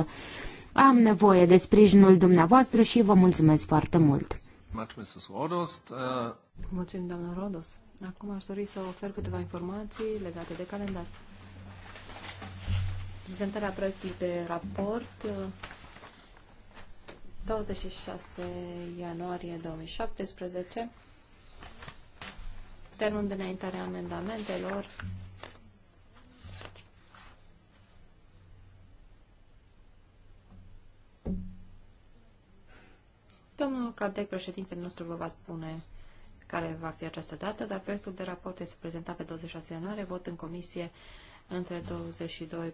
Am nevoie de sprijinul dumneavoastră și vă mulțumesc foarte mult. Uh, Mulțumim, doamna Rodos. Acum aș dori să ofer câteva informații legate de calendar. Prezentarea proiectului de raport 26 uh, ianuarie 2017 Termin de înaintare a amendamentelor Domnul Cadec, președintele nostru, vă va spune care va fi această dată, dar proiectul de raport este prezentat pe 26 ianuarie, vot în comisie între 22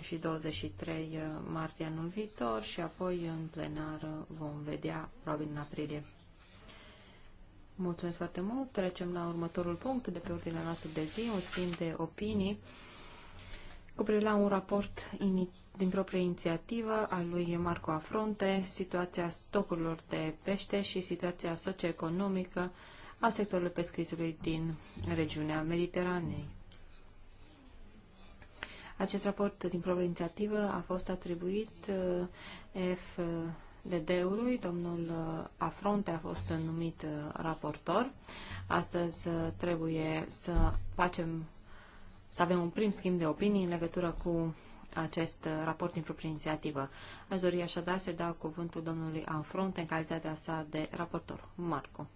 și 23 uh, martie anul viitor și apoi în plenar uh, vom vedea, probabil în aprilie. Mulțumesc foarte mult. Trecem la următorul punct de pe ordinea noastră de zi, un schimb de opinii cu privire la un raport inițial din proprie inițiativă a lui Marco Afronte, situația stocurilor de pește și situația socioeconomică a sectorului pescuitului din regiunea Mediteranei. Acest raport din proprie inițiativă a fost atribuit eh, FDD-ului. Domnul eh, Afronte a fost numit eh, raportor. Astăzi trebuie să facem să avem un prim schimb de opinii în legătură cu acest uh, raport din proprie inițiativă. Aș dori așadar să dau cuvântul domnului Anfront în calitatea sa de raportor. Marco.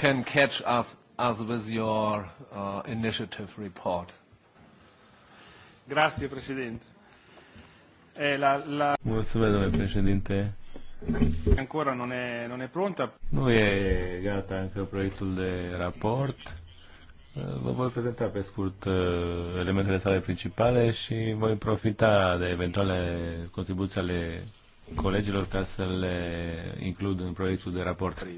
Can catch up as with your uh, initiative report. Grazie, Presidente. Eh, la, la... Mulțumesc, domnule președinte. Ancora non è, non è pronta. Nu e gata încă proiectul de raport Vă voi prezenta pe scurt uh, elementele sale principale și voi profita de eventuale contribuții ale colegilor ca să le includ în proiectul de raport. Eh,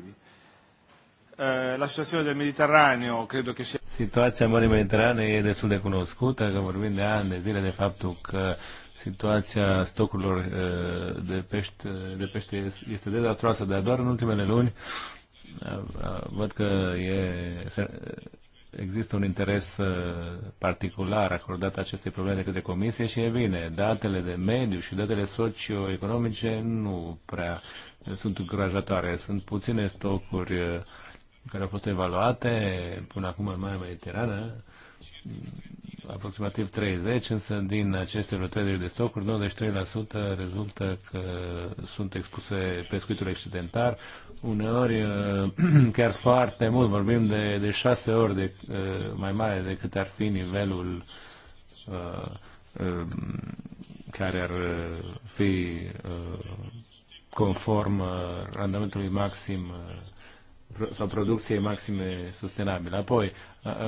La situația del Mediterraneo, cred că se... Situația Mării Mediterane e destul de cunoscută, că vorbim de ani de zile de faptul că situația stocurilor eh, de pește, de pește este dezastroasă, dar doar în ultimele luni eh, văd că e, există un interes uh, particular acordat acestei probleme decât de comisie și e bine, datele de mediu și datele socioeconomice nu prea sunt încurajatoare. Sunt puține stocuri uh, care au fost evaluate până acum în Marea Mediterană, aproximativ 30, însă din aceste vreo de stocuri, 93% rezultă că sunt expuse pescuitul excedentar, uneori eh, chiar foarte mult, vorbim de, de șase ori de, eh, mai mare decât ar fi nivelul eh, care ar fi conform randamentului maxim sau producției maxime sustenabile. Apoi,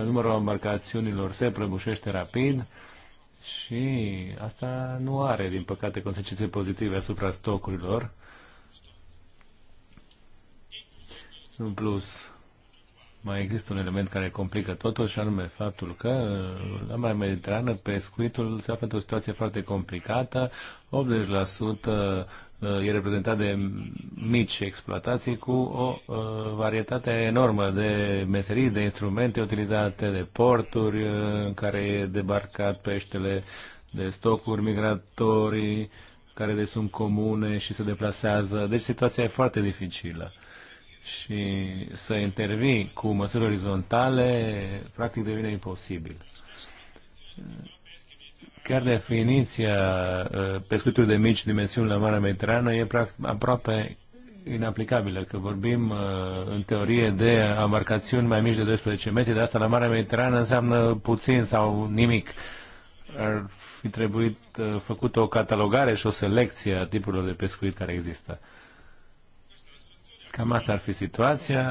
numărul embarcațiunilor se prăbușește rapid și asta nu are, din păcate, consecințe pozitive asupra stocurilor În plus, mai există un element care complică totul și anume faptul că la Marea Mediterană pescuitul se află într-o situație foarte complicată. 80% uh, e reprezentat de mici exploatații cu o uh, varietate enormă de meserii, de instrumente utilizate, de porturi uh, în care e debarcat peștele, de stocuri migratorii care le sunt comune și se deplasează. Deci situația e foarte dificilă și să intervii cu măsuri orizontale practic devine imposibil. Chiar definiția uh, pescuitului de mici dimensiuni la Marea Mediterană e aproape inaplicabilă, că vorbim uh, în teorie de embarcațiuni mai mici de 12 metri, dar asta la Marea Mediterană înseamnă puțin sau nimic. Ar fi trebuit uh, făcută o catalogare și o selecție a tipurilor de pescuit care există. Cam asta ar fi situația.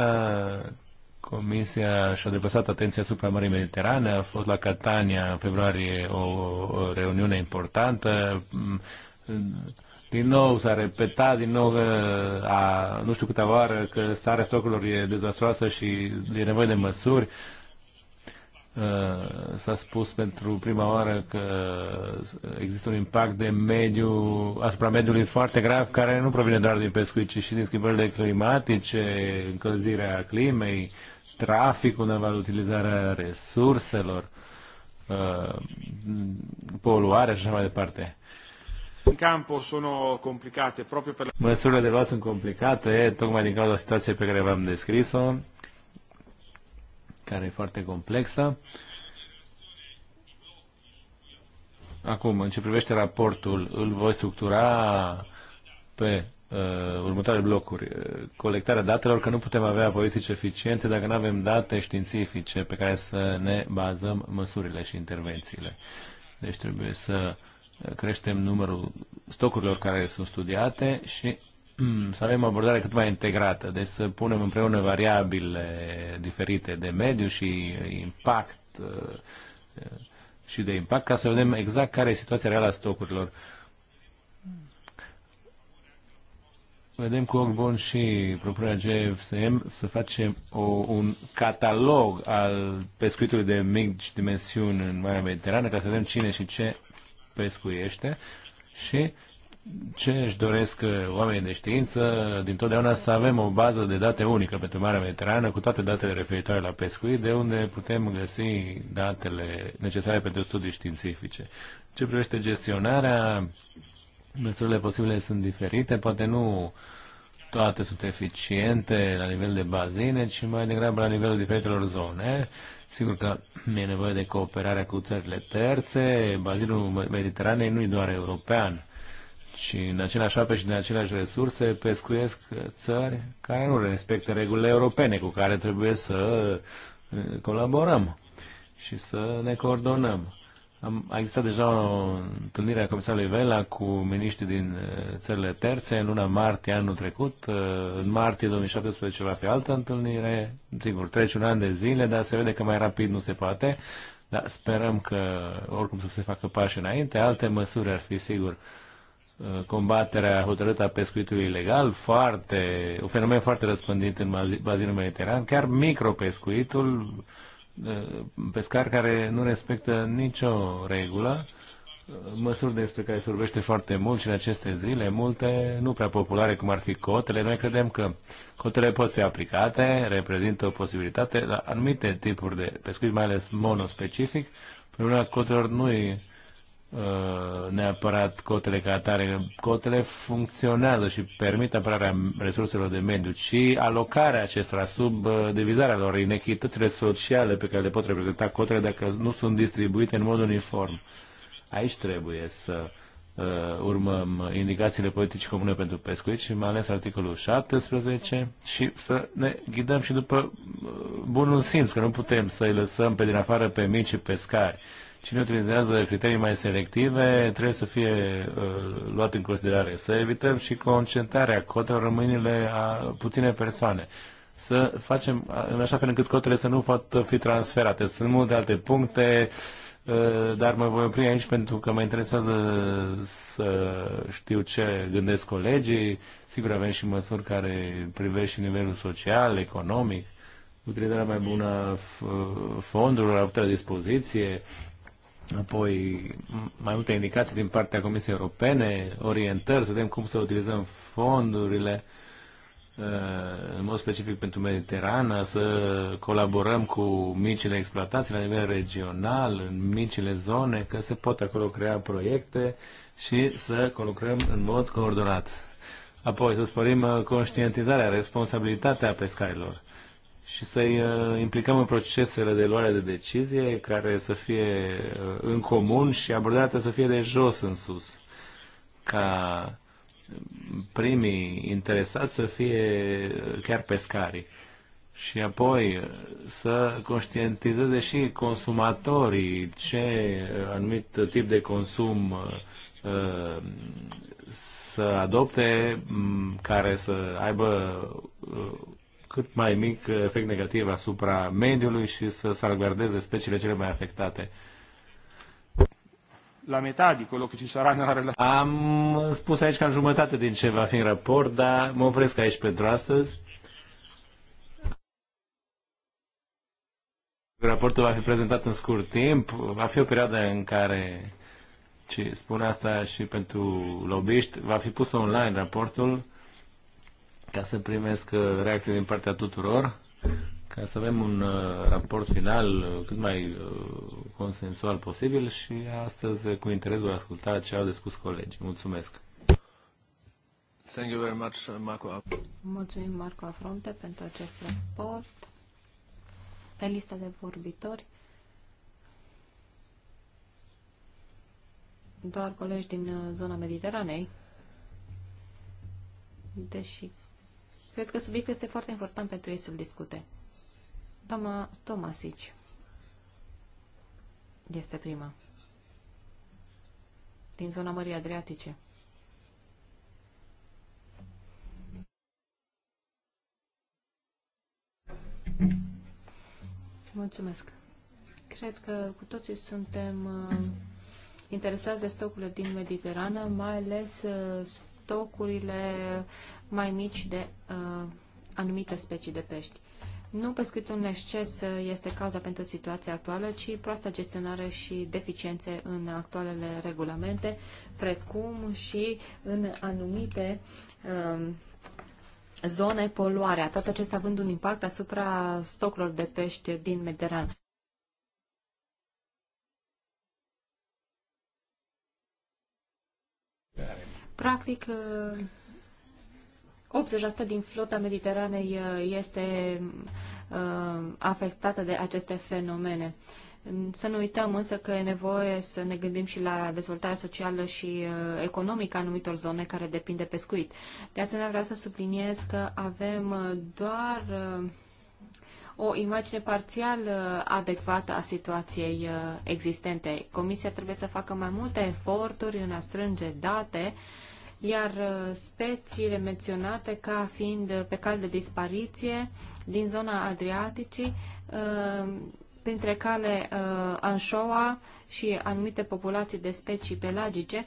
Comisia și-a depăsat atenția asupra Mării Mediterane, a fost la Catania în februarie o, o reuniune importantă. Din nou s-a repetat, din nou uh, a, nu știu câte oară, că starea socurilor e dezastroasă și e nevoie de măsuri. Uh, s-a spus pentru prima oară că există un impact de mediu, asupra mediului foarte grav, care nu provine doar din pescuit, ci și din schimbările climatice, încălzirea climei, traficul naval, utilizarea resurselor, uh, poluarea și așa mai departe. În campo sunt complicate proprio per... Măsurile de luat sunt complicate, tocmai din cauza situației pe care v-am descris-o care e foarte complexă. Acum, în ce privește raportul, îl voi structura pe uh, următoarele blocuri. Colectarea datelor, că nu putem avea politici eficiente dacă nu avem date științifice pe care să ne bazăm măsurile și intervențiile. Deci trebuie să creștem numărul stocurilor care sunt studiate și Hmm, să avem o abordare cât mai integrată, deci să punem împreună variabile diferite de mediu și impact uh, și de impact ca să vedem exact care e situația reală a stocurilor. Vedem cu ochi bun și propunerea GFSM să facem o, un catalog al pescuitului de mici dimensiuni în Marea Mediterană ca să vedem cine și ce pescuiește și uh, ce își doresc uh, oamenii de știință, din să avem o bază de date unică pentru Marea Mediterană, cu toate datele referitoare la pescuit, de unde putem găsi datele necesare pentru studii științifice. Ce privește gestionarea, măsurile posibile sunt diferite, poate nu toate sunt eficiente la nivel de bazine, ci mai degrabă la nivelul diferitelor zone. Sigur că e nevoie de cooperarea cu țările terțe, bazinul Mediteranei nu e doar european, și în același ape și din aceleași resurse pescuiesc țări care nu respectă regulile europene cu care trebuie să eh, colaborăm și să ne coordonăm. Am, a existat deja o întâlnire a comisarului Vela cu miniștrii din eh, țările terțe în luna martie anul trecut. Eh, în martie 2017 va fi altă întâlnire. Sigur, trece un an de zile, dar se vede că mai rapid nu se poate. Dar sperăm că oricum să se facă pași înainte. Alte măsuri ar fi, sigur, uh, Uh, combaterea hotărâtă a pescuitului ilegal, foarte, un fenomen foarte răspândit în bazinul mediteran, chiar micropescuitul, uh, pescar care nu respectă nicio regulă, uh, măsuri despre care se vorbește foarte mult și în aceste zile, multe nu prea populare, cum ar fi cotele. Noi credem că cotele pot fi aplicate, reprezintă o posibilitate la anumite tipuri de pescuit, mai ales monospecific. Problema cotelor nu e Uh, neapărat cotele ca atare. Cotele funcționează și permit apărarea resurselor de mediu, și alocarea acestora sub uh, divizarea lor, inechitățile sociale pe care le pot reprezenta cotele dacă nu sunt distribuite în mod uniform. Aici trebuie să uh, urmăm indicațiile politicii comune pentru pescuit și mai ales articolul 17 și să ne ghidăm și după uh, bunul simț, că nu putem să-i lăsăm pe din afară pe mici pescari. Cine utilizează criterii mai selective trebuie să fie uh, luat în considerare. Să evităm și concentrarea cotelor în mâinile a puține persoane. Să facem în așa fel încât cotele să nu pot fi transferate. Sunt multe alte puncte, uh, dar mă voi opri aici pentru că mă interesează să știu ce gândesc colegii. Sigur avem și măsuri care privesc și nivelul social, economic, utilizarea mai bună a fondurilor la dispoziție, Apoi, mai multe indicații din partea Comisiei Europene, orientări, să vedem cum să utilizăm fondurile, uh, în mod specific pentru Mediterana, să colaborăm cu micile exploatații la nivel regional, în micile zone, că se pot acolo crea proiecte și să lucrăm în mod coordonat. Apoi, să sporim uh, conștientizarea, responsabilitatea pescarilor și să-i uh, implicăm în procesele de luare de decizie care să fie uh, în comun și abordate să fie de jos în sus, ca primii interesați să fie uh, chiar pescarii. Și apoi să conștientizeze și consumatorii ce anumit tip de consum să adopte, care să aibă cât mai mic efect negativ asupra mediului și să salvardeze speciile cele mai afectate. La metà di quello che ci sarà nella relazione. Am spus aici cam jumătate din ce va fi în raport, dar mă opresc aici pentru astăzi. Raportul va fi prezentat în scurt timp, va fi o perioadă în care, ce spun asta și pentru lobbyști, va fi pus online raportul ca să primesc uh, reacții din partea tuturor, ca să avem un uh, raport final uh, cât mai consensual posibil și astăzi cu interes voi asculta ce au de spus colegii. Mulțumesc! Thank you very much, Marco. Mulțumim, Marco Afronte, pentru acest raport. Pe lista de vorbitori, doar colegi din zona Mediteranei, deși Cred că subiectul este foarte important pentru ei să-l discute. Doamna Tomasici este prima. Din zona Mării Adriatice. Mulțumesc. Cred că cu toții suntem uh, interesați de stocurile din Mediterană, mai ales uh, stocurile mai mici de uh, anumite specii de pești. Nu pescuitul în exces uh, este cauza pentru situația actuală, ci proasta gestionare și deficiențe în actualele regulamente, precum și în anumite uh, zone poluare. toate acestea având un impact asupra stocurilor de pești din Mediterană. Practic, uh, 80% din flota Mediteranei uh, este uh, afectată de aceste fenomene. Să nu uităm însă că e nevoie să ne gândim și la dezvoltarea socială și uh, economică a anumitor zone care depind de pescuit. De asemenea, vreau să subliniez că avem doar o imagine parțial adecvată a situației existente. Comisia trebuie să facă mai multe eforturi în a strânge date uh, iar uh, speciile menționate ca fiind uh, pe cal de dispariție din zona Adriaticii, uh, printre care anșoa și anumite populații de specii pelagice,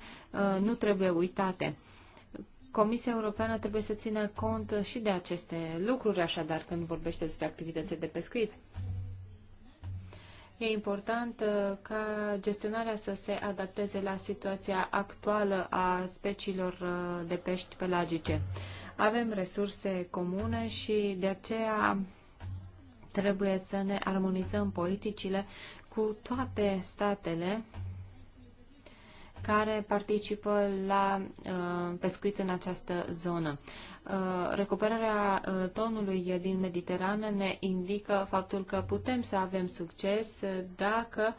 nu trebuie uitate. Comisia Europeană trebuie să țină cont și de aceste lucruri, așadar, când vorbește despre activitățile de pescuit. E important uh, ca gestionarea să se adapteze la situația actuală a speciilor uh, de pești pelagice. Avem resurse comune și de aceea trebuie să ne armonizăm politicile cu toate statele care participă la uh, pescuit în această zonă. Uh, recuperarea uh, tonului din Mediterană ne indică faptul că putem să avem succes uh, dacă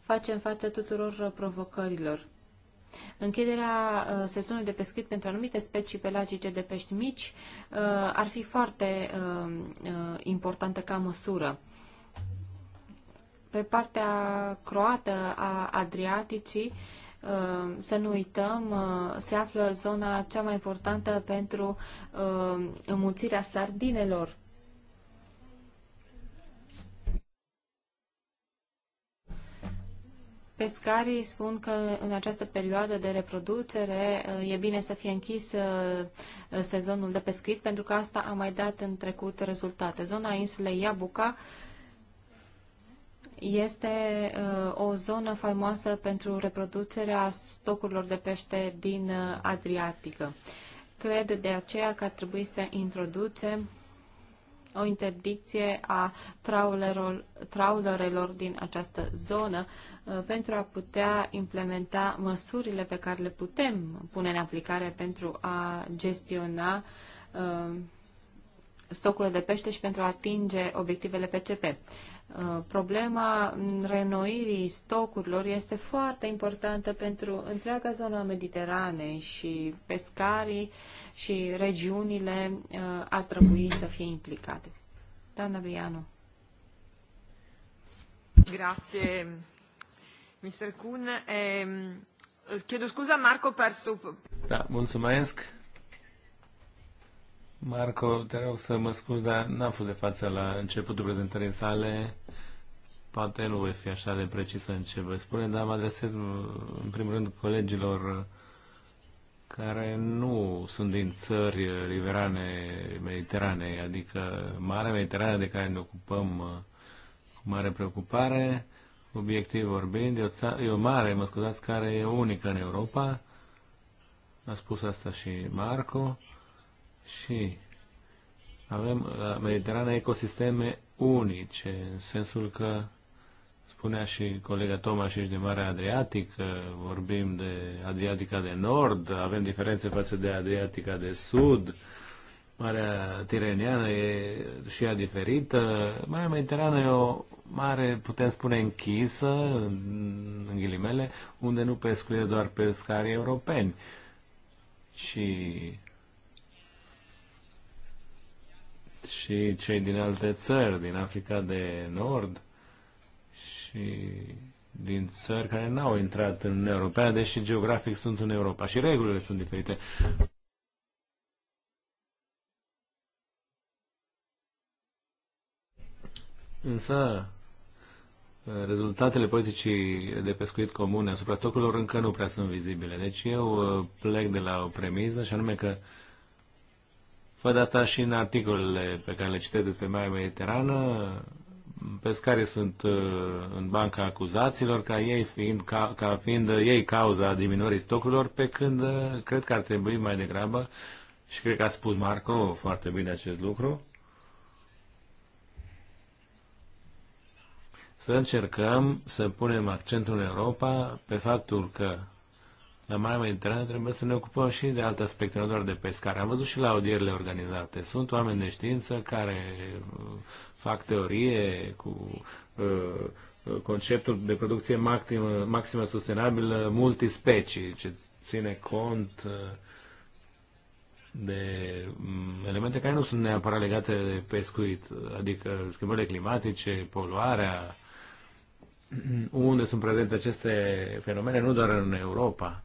facem față tuturor provocărilor. Închiderea sezonului de pescuit pentru anumite specii pelagice de pești mici ar fi foarte importantă ca măsură. Pe partea croată a Adriaticii, Uh, să nu uităm, uh, se află zona cea mai importantă pentru uh, înmulțirea sardinelor. Pescarii spun că în această perioadă de reproducere e bine să fie închis sezonul de pescuit pentru că asta a mai dat în trecut rezultate. Zona insulei Iabuca este uh, o zonă faimoasă pentru reproducerea stocurilor de pește din uh, Adriatică. Cred de aceea că ar trebui să introducem o interdicție a traulerelor, traulerelor din această zonă uh, pentru a putea implementa măsurile pe care le putem pune în aplicare pentru a gestiona stocurile de pește și pentru a atinge obiectivele PCP. Uh, problema renoirii stocurilor este foarte importantă pentru întreaga zona Mediteranei și pescarii și regiunile uh, ar trebui să fie implicate. Doamna Bianu. Grazie, Mr. Kuhn. Ehm, chiedo scuza, Marco, per... Da, mulțumesc. Marco, te rog să mă scuzi, dar n-am fost de față la începutul prezentării sale. Poate nu voi fi așa de precis în ce vă spune, dar mă adresez în primul rând colegilor care nu sunt din țări riverane mediterane, adică Marea Mediterană de care ne ocupăm uh, cu mare preocupare, obiectiv vorbind, e o, e o mare, mă scuzați, care e unică în Europa, a spus asta și Marco, și avem la Mediterana ecosisteme unice, în sensul că spunea și colega Toma și de Marea Adriatică, vorbim de Adriatica de Nord, avem diferențe față de Adriatica de Sud, Marea Tireniană e și ea diferită, Marea Mediterană e o mare, putem spune, închisă, în ghilimele, unde nu pescuie doar pescari europeni, ci și cei din alte țări, din Africa de Nord și din țări care n-au intrat în Uniunea Europeană, deși geografic sunt în Europa și regulile sunt diferite. Însă, rezultatele politicii de pescuit comune asupra tocurilor încă nu prea sunt vizibile. Deci eu uh, plec de la o premiză și anume că uh, Văd asta și în articolele pe care le citesc despre Marea Mediterană. care sunt uh, în banca acuzaților ca ei fiind, ca, ca fiind uh, ei cauza diminuării stocurilor, pe când uh, cred că ar trebui mai degrabă, și cred că a spus Marco foarte bine acest lucru, să încercăm să punem accentul în Europa pe faptul că la Marea Mediterană trebuie să ne ocupăm și de alte aspecte, nu doar de pescare. Am văzut și la audierile organizate. Sunt oameni de știință care uh, fac teorie cu uh, uh, conceptul de producție maximă, maximă sustenabilă multispecii, ce ține cont de mm, elemente care nu sunt neapărat legate de pescuit, adică schimbările climatice, poluarea, unde sunt prezente aceste fenomene, nu doar în Europa.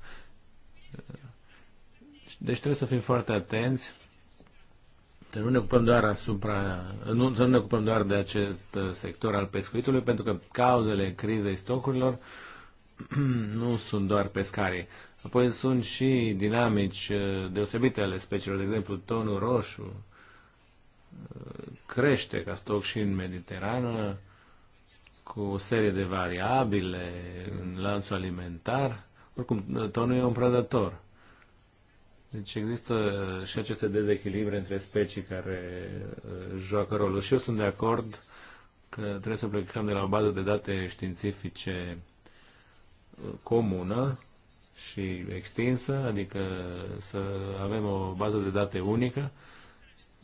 Deci trebuie să fim foarte atenți să nu ne ocupăm doar asupra, nu, să nu ne ocupăm doar de acest uh, sector al pescuitului, pentru că cauzele crizei stocurilor nu sunt doar pescarii. Apoi sunt și dinamici uh, deosebite ale speciilor, de exemplu tonul roșu uh, crește ca stoc și în Mediterană, cu o serie de variabile în lanțul alimentar. Oricum, tonul e un prădător. Deci există și aceste dezechilibre între specii care uh, joacă rolul. Și eu sunt de acord că trebuie să plecăm de la o bază de date științifice uh, comună și extinsă, adică să avem o bază de date unică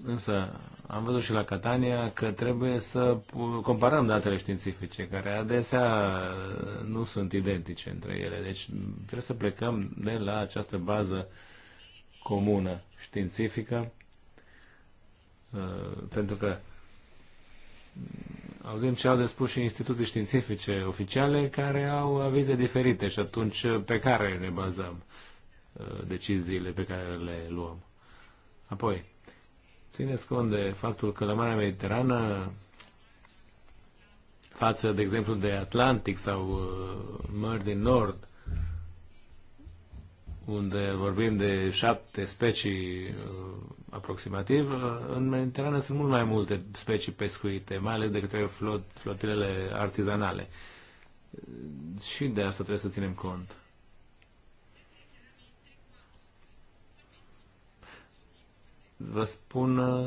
Însă am văzut și la Catania că trebuie să comparăm datele științifice, care adesea nu sunt identice între ele. Deci trebuie să plecăm de la această bază comună științifică, uh, pentru că auzim ce au de spus și instituții științifice oficiale care au avize diferite și atunci pe care ne bazăm uh, deciziile pe care le luăm. Apoi, Țineți cont de faptul că la Marea Mediterană, față, de exemplu, de Atlantic sau uh, Mări din Nord, unde vorbim de șapte specii uh, aproximativ, uh, în Mediterană sunt mult mai multe specii pescuite, mai ales de către flot, flotilele artizanale. Și de asta trebuie să ținem cont. vă spun uh,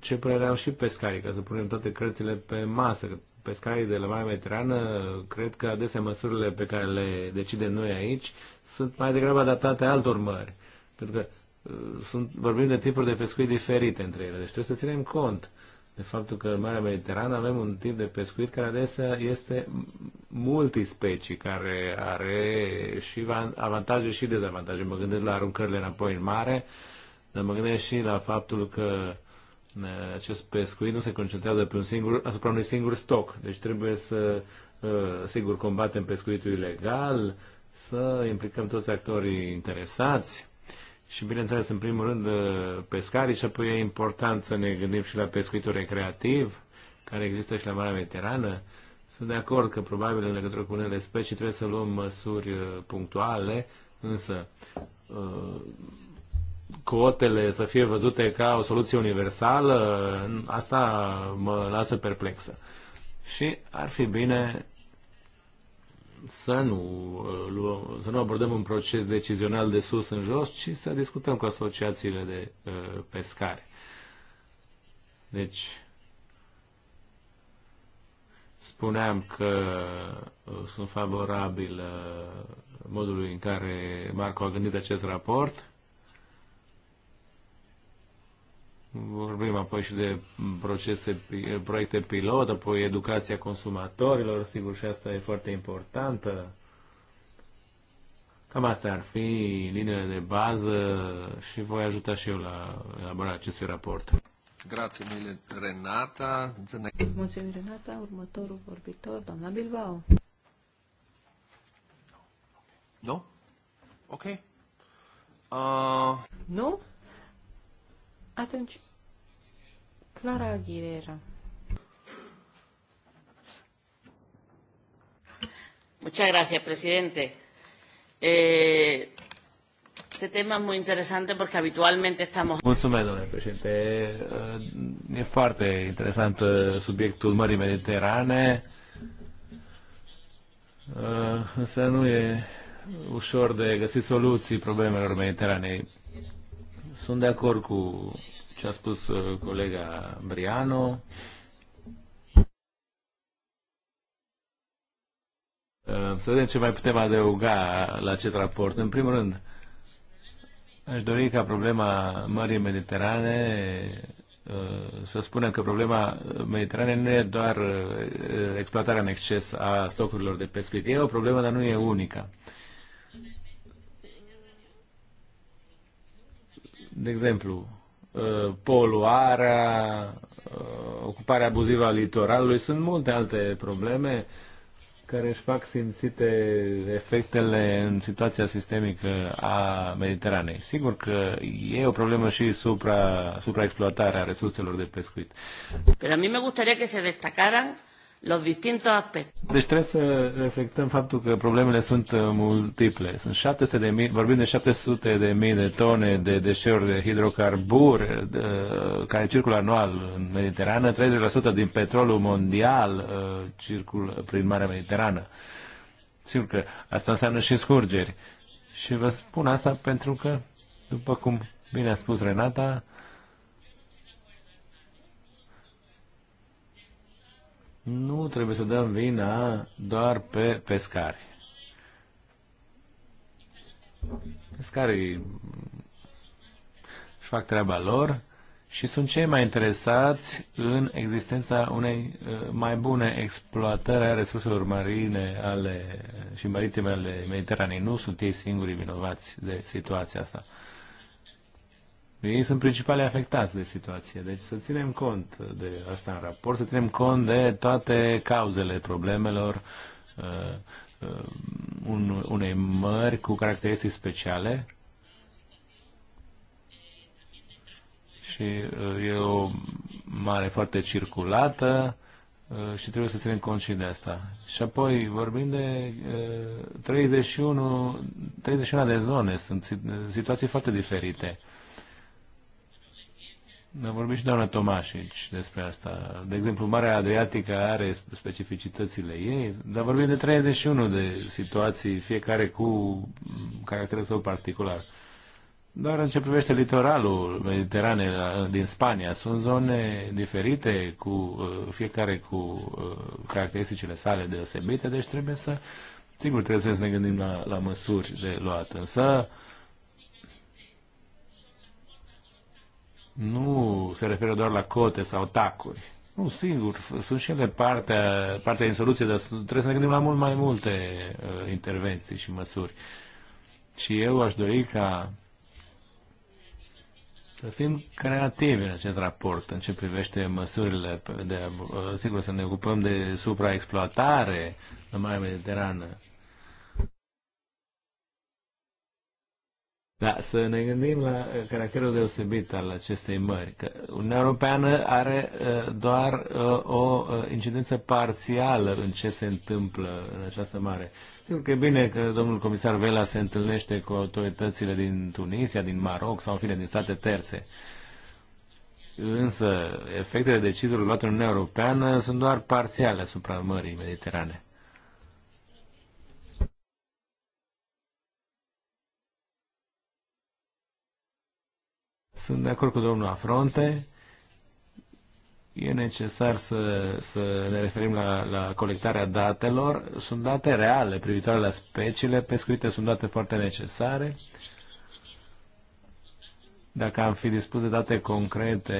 ce părere au și pescarii, ca să punem toate cărțile pe masă. Pescarii de la Marea Mediterană, cred că adesea măsurile pe care le decidem noi aici sunt mai degrabă adaptate altor mări. Pentru că uh, sunt, vorbim de tipuri de pescuit diferite între ele. Deci trebuie să ținem cont de faptul că în Marea Mediterană avem un tip de pescuit care adesea este multispecii, care are și avantaje și dezavantaje. Mă gândesc la aruncările înapoi în mare, uh, dar mă gândesc și la faptul că eh, acest pescuit nu se concentrează pe un singur, asupra unui singur stoc. Deci trebuie să, eh, sigur, combatem pescuitul ilegal, să implicăm toți actorii interesați și, bineînțeles, în primul rând, eh, pescarii și apoi e important să ne gândim și la pescuitul recreativ, care există și la Marea Mediterană. Sunt de acord că, probabil, în legătură cu unele specii trebuie să luăm măsuri punctuale, însă cotele să fie văzute ca o soluție universală, asta mă lasă perplexă. Și ar fi bine să nu, uh, să nu abordăm un proces decizional de sus în jos, ci să discutăm cu asociațiile de uh, pescare. Deci, spuneam că uh, sunt favorabil modului în care Marco a gândit acest raport Vorbim apoi și de procese, proiecte pilot, apoi educația consumatorilor, sigur, și asta e foarte importantă. Cam astea ar fi liniile de bază și voi ajuta și eu la elaborarea acestui raport. Grație mille, Renata. Mulțumim, Renata. Următorul vorbitor, doamna Bilbao. Nu? Ok. Uh... Nu? Atunci, Clara Aguilera. Muchas gracias, presidente. Eh, este tema es muy interesante porque habitualmente estamos... Mulțumesc, domnule președinte. Eh, e foarte interesant eh, subiectul Mării Mediterane, eh, însă nu e ușor de găsit soluții problemelor mediteranei. Sunt de acord cu ce a spus uh, colega Briano. Uh, să vedem ce mai putem adăuga la acest raport. În primul rând, aș dori ca problema Mării Mediterane uh, să spunem că problema mediterane nu e doar exploatarea în exces a stocurilor de pescuit. E o problemă, dar nu e unica. De exemplu, uh, poluarea, uh, ocuparea abuzivă a litoralului, sunt multe alte probleme care își fac simțite efectele în situația sistemică a Mediteranei. Sigur că e o problemă și supra, supraexploatarea resurselor de pescuit. Pero a mí me gustaría que se destacaran los distintos aspectos. Deci trebuie să reflectăm faptul că problemele sunt uh, multiple. Sunt 700 de mii, vorbim de 700 de mii de tone de deșeuri de hidrocarburi de, uh, care circulă anual în Mediterană, 30% din petrolul mondial uh, circulă prin Marea Mediterană. Sigur că asta înseamnă și scurgeri. Și vă spun asta pentru că, după cum bine a spus Renata, nu trebuie să dăm vina doar pe pescari. Pescarii își fac treaba lor și sunt cei mai interesați în existența unei uh, mai bune exploatări a resurselor marine ale, și maritime ale Mediteranei. Nu sunt ei singurii vinovați de situația asta. Ei sunt principale afectați de situație. Deci să ținem cont de asta în raport, să ținem cont de toate cauzele problemelor uh, uh, unei mări cu caracteristici speciale și uh, e o mare foarte circulată și trebuie să ținem cont și de asta. Și apoi vorbim de 31, 31 de zone, sunt situații foarte diferite. Ne vorbim și doamna Tomașici despre asta. De exemplu, Marea Adriatică are specificitățile ei, dar vorbim de 31 de situații, fiecare cu caracterul său particular. Doar în ce privește litoralul Mediteranei din Spania, sunt zone diferite, cu uh, fiecare cu uh, caracteristicile sale deosebite, deci trebuie să, sigur, trebuie să ne gândim la, la măsuri de luat. Însă, nu se referă doar la cote sau tacuri. Nu, sigur, sunt și ele partea, partea din soluție, dar trebuie să ne gândim la mult mai multe uh, intervenții și măsuri. Și eu aș dori ca să fim creativi în acest raport în ce privește măsurile de, uh, sigur, să ne ocupăm de supraexploatare în Marea Mediterană. Da, să ne gândim la uh, caracterul deosebit al acestei mări, că Uniunea Europeană are uh, doar uh, o incidență parțială în ce se întâmplă în această mare. Sigur că e bine că domnul comisar Vela se întâlnește cu autoritățile din Tunisia, din Maroc sau, în fine, din state terțe. Însă, efectele deciziilor luate în Uniunea Europeană sunt doar parțiale asupra mării mediterane. Sunt de acord cu domnul Afronte. E necesar să, să ne referim la, la colectarea datelor. Sunt date reale privitoare la speciile pescuite, sunt date foarte necesare. Uh, dacă am fi dispus de date concrete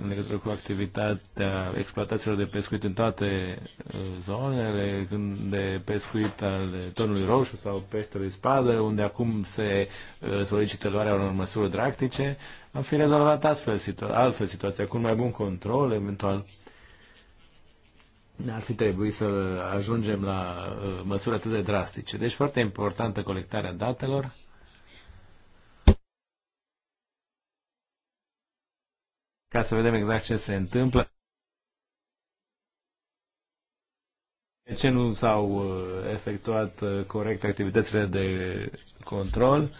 în legătură cu activitatea exploatațiilor de pescuit în toate uh, zonele, de pescuit al tonului roșu sau peștelui spadă, unde acum se uh, solicită luarea unor măsuri drastice, am fi rezolvat astfel, situa- altfel situația, cu un mai bun control, eventual ar fi trebuit să ajungem la uh, măsuri atât de drastice. Deci foarte importantă colectarea datelor ca să vedem exact ce se întâmplă. De ce nu s-au uh, efectuat uh, corect activitățile de control?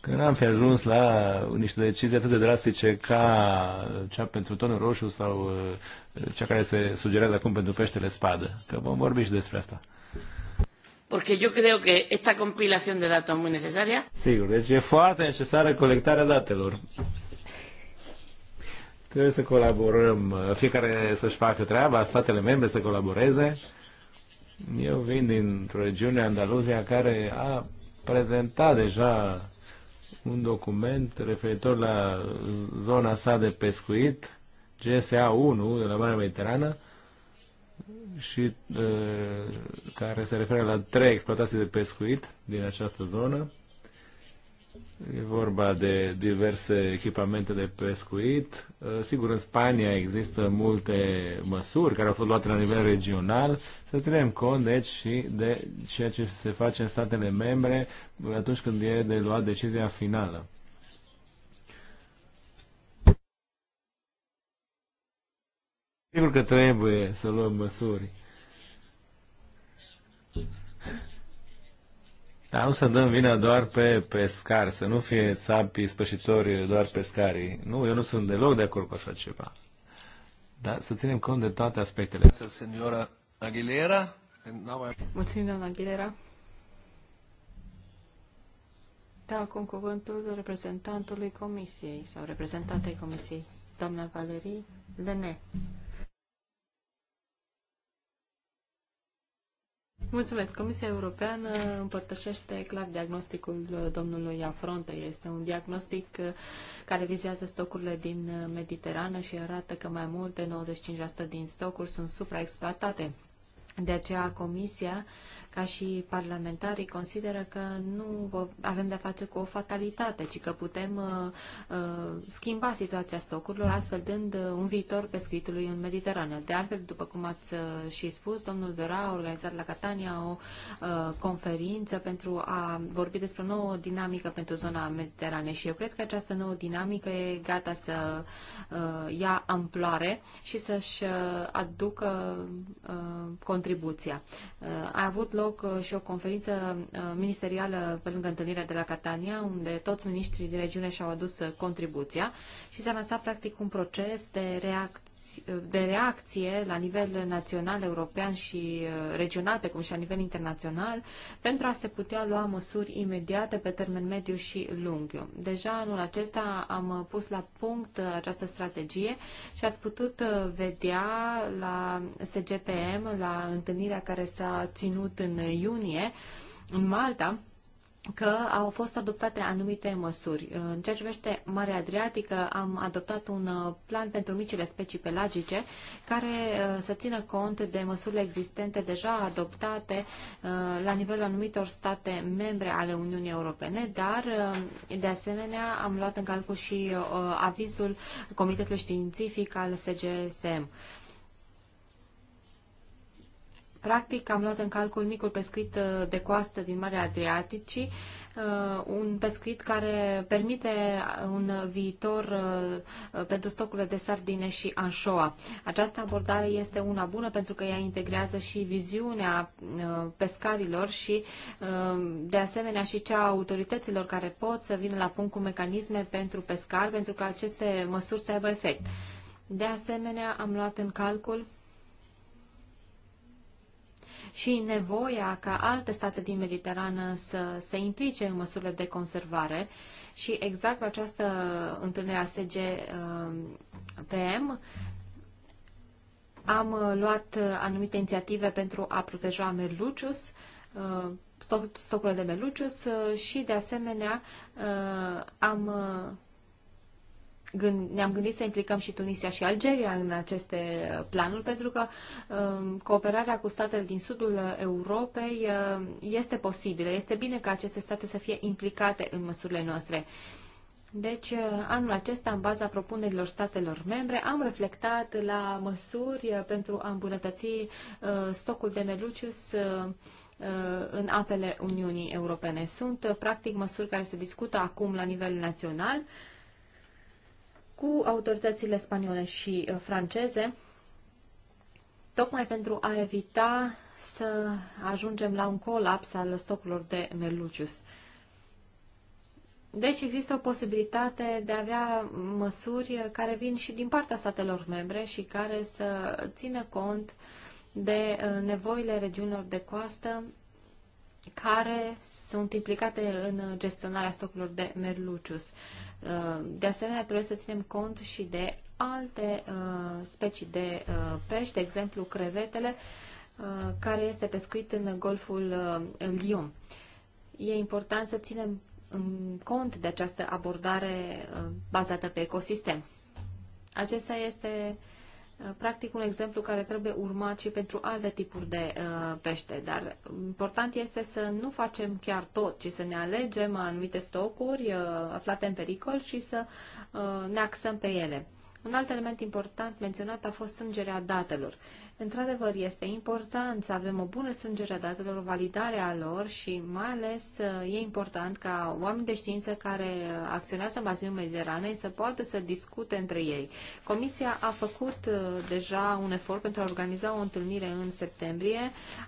Că n-am fi ajuns la niște decizii atât de drastice ca cea pentru tonul roșu sau uh, cea care se sugerează acum pentru peștele spadă. Că vom vorbi și despre asta. Porque yo creo que esta compilación de datos es muy necesaria. Sigur, deci e foarte necesară colectarea datelor. Trebuie să colaborăm, fiecare să-și facă treaba, statele membre să colaboreze. Eu vin dintr-o regiune, Andaluzia, care a prezentat deja un document referitor la zona sa de pescuit, GSA 1 de la Marea Mediterană, și uh, care se referă la trei exploatații de pescuit din această zonă. E vorba de diverse echipamente de pescuit. Uh, sigur, în Spania există multe măsuri care au fost luate la nivel regional. Să ținem cont, deci, și de ceea ce se face în statele membre atunci când e de luat decizia finală. Sigur că trebuie să luăm măsuri. Dar nu să dăm vina doar pe pescar, să nu fie sapi spășitori doar pescarii. Nu, eu nu sunt deloc de acord cu așa ceva. Dar să ținem cont de toate aspectele. Senora Aguilera. Mulțumim, doamna Aguilera. Da, acum cuvântul reprezentantului Comisiei sau reprezentantei Comisiei, doamna Valerie Lene. Mulțumesc. Comisia Europeană împărtășește clar diagnosticul domnului Afronte. Este un diagnostic uh, care vizează stocurile din uh, Mediterană și arată că mai mult de 95% din stocuri sunt supraexploatate. De aceea Comisia ca și parlamentarii, consideră că nu avem de-a face cu o fatalitate, ci că putem uh, uh, schimba situația stocurilor, astfel dând uh, un viitor pescuitului în Mediterană. De altfel, după cum ați și spus, domnul Vera a organizat la Catania o conferință pentru a vorbi despre o nouă dinamică pentru zona Mediterană și eu cred că această nouă dinamică e gata să ia amploare și să-și aducă contribuția. a avut loc uh, și o conferință uh, ministerială pe lângă întâlnirea de la Catania, unde toți miniștrii din regiune și-au adus uh, contribuția și s-a lansat practic un proces de react Uh, de reacție la nivel național, european și uh, regional, precum și la nivel internațional, pentru a se putea lua măsuri imediate pe termen mediu și lung. Deja anul acesta am uh, pus la punct această strategie și ați putut vedea la SGPM, la întâlnirea care s-a ținut în iunie, în Malta, că au fost adoptate anumite măsuri. În ceea ce privește Marea Adriatică, am adoptat un uh, plan pentru micile specii pelagice care uh, să țină cont de măsurile existente deja adoptate uh, la nivelul anumitor state membre ale Uniunii Europene, dar de asemenea am luat în calcul și avizul Comitetului Științific al SGSM. Practic am luat în calcul micul pescuit uh, de coastă din Marea Adriaticii, uh, un pescuit care permite un viitor uh, pentru stocurile de sardine și anșoa. Această abordare este una bună pentru că ea integrează și viziunea pescarilor și de asemenea și cea a autorităților care pot să vină la punct cu mecanisme pentru pescar pentru că aceste măsuri să aibă efect. De asemenea, am luat în calcul și nevoia ca alte state din Mediterană să se implice în măsurile de conservare. Și exact la această întâlnire a SGPM um, am uh, luat uh, anumite inițiative pentru a proteja Merlucius, uh, stocurile de Merlucius și, de asemenea, am gând, ne-am gândit să implicăm și Tunisia și Algeria în aceste uh, planuri, pentru că um, cooperarea cu statele din sudul uh, Europei um, este posibilă. Este bine ca aceste state să fie implicate în măsurile noastre. Deci, anul acesta, în baza propunerilor statelor membre, am reflectat la măsuri pentru a îmbunătăți stocul de melucius în apele Uniunii Europene. Sunt, practic, măsuri care se discută acum la nivel național cu autoritățile spaniole și uh, franceze, tocmai pentru a evita să ajungem la un colaps al stocurilor de merlucius. Deci există o posibilitate de a avea măsuri care vin și din partea statelor membre și care să țină cont de uh, nevoile regiunilor de coastă care sunt implicate în gestionarea stocurilor de merlucius. Uh, de asemenea, trebuie să ținem cont și de alte uh, specii de uh, pești, de exemplu crevetele, care este pescuit în golful Lyon. E important să ținem cont de această abordare bazată pe ecosistem. Acesta este uh, Uh, practic un exemplu care trebuie urmat și pentru alte tipuri de uh, pește, dar important este să nu facem chiar tot, ci să ne alegem anumite stocuri uh, aflate în pericol și să uh, ne axăm pe ele. Un alt element important menționat a fost sângerea datelor. Uh, Într-adevăr, este important să avem o bună strângere a datelor, validarea validare a lor și mai ales uh, e important ca oameni de știință care uh, acționează în bazinul Mediteranei să poată să discute între ei. Comisia a făcut uh, deja un efort pentru a organiza o întâlnire în septembrie,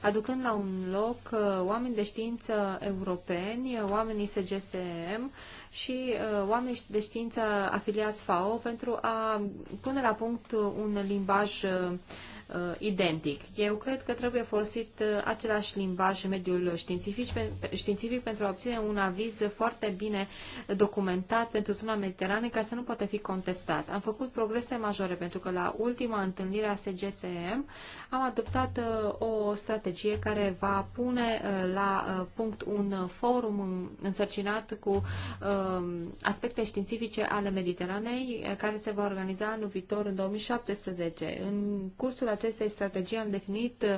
aducând la un loc oameni de știință europeni, oamenii SGSM, și uh, oameni de știință afiliați FAO pentru a pune la punct un limbaj uh, identic. Eu cred că trebuie folosit uh, același limbaj în mediul științific, pe, științific pentru a obține un aviz foarte bine documentat pentru zona mediterană ca să nu poate fi contestat. Am făcut progrese majore pentru că la ultima întâlnire a SGSM am adoptat uh, o strategie care va pune uh, la uh, punct un uh, forum însărcinat cu uh, aspecte științifice ale Mediteranei uh, care se va organiza anul viitor în 2017. În cursul este strategia am definit uh,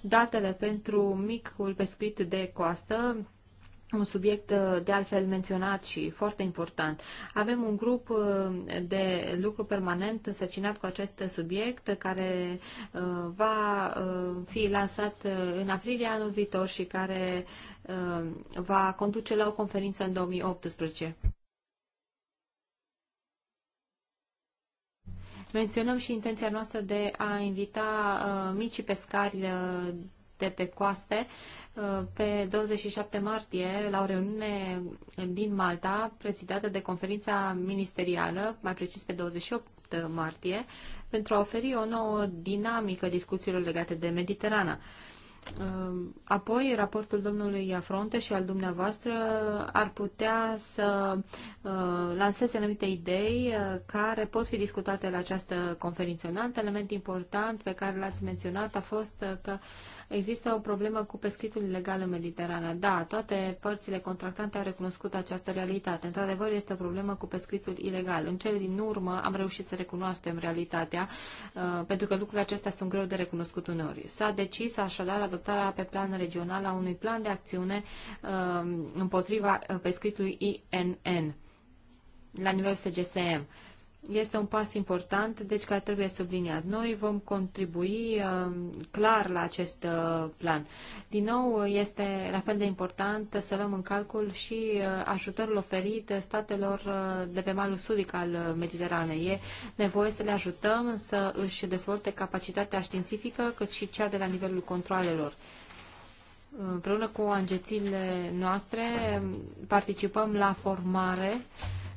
datele pentru micul pescuit de coastă, un subiect uh, de altfel menționat și foarte important. Avem un grup uh, de lucru permanent însăcinat cu acest subiect care va fi lansat în aprilie anul viitor și care va conduce la o conferință în 2018. Menționăm și intenția noastră de a invita uh, micii pescari uh, de pe coaste uh, pe 27 martie la o reuniune din Malta prezidată de conferința ministerială, mai precis pe 28 martie, pentru a oferi o nouă dinamică discuțiilor legate de Mediterana. Uh, Ehm, apoi, raportul domnului Afronte și al dumneavoastră ar putea să ehm, lanseze anumite idei eh, care pot fi discutate la această conferință. Un alt element important pe care l-ați menționat a fost eh, că Există o problemă cu pescuitul ilegal în Mediterana. Da, toate părțile contractante au recunoscut această realitate. Într-adevăr, este o problemă cu pescuitul ilegal. În cele din urmă am reușit să recunoaștem realitatea, uh, pentru că lucrurile acestea sunt greu de recunoscut uneori. S-a decis așadar adoptarea pe plan regional a unui plan de acțiune uh, împotriva uh, pescuitului INN la nivel SGSM. Este un pas important, deci care trebuie subliniat. Noi vom contribui um, clar la acest uh, plan. Din nou, este la fel de important să luăm în calcul și uh, ajutorul oferit statelor uh, de pe malul sudic al Mediteranei. E nevoie să le ajutăm să își dezvolte capacitatea științifică, cât și cea de la nivelul controlelor. Împreună cu angețiile noastre um, participăm la formare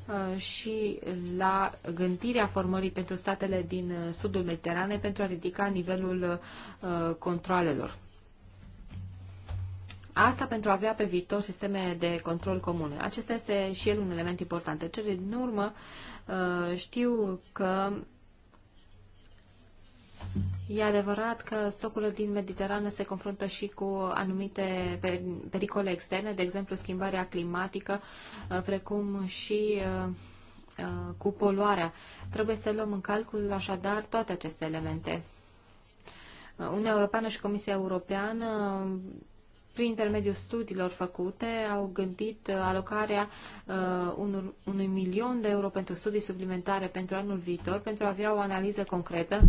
Uh, și la gândirea formării pentru statele din uh, sudul Mediteranei pentru a ridica nivelul uh, controlelor. Asta pentru a avea pe viitor sisteme de control comune. Acesta este și el un element important. Cele din urmă știu că E adevărat că stocurile din Mediterană se confruntă și cu anumite pericole externe, de exemplu schimbarea climatică, uh, precum și uh, uh, cu poluarea. Trebuie să luăm în calcul așadar toate aceste elemente. Uniunea Europeană și Comisia Europeană prin intermediul studiilor făcute, au gândit alocarea unui milion de euro pentru studii suplimentare pentru anul viitor, pentru a avea o analiză concretă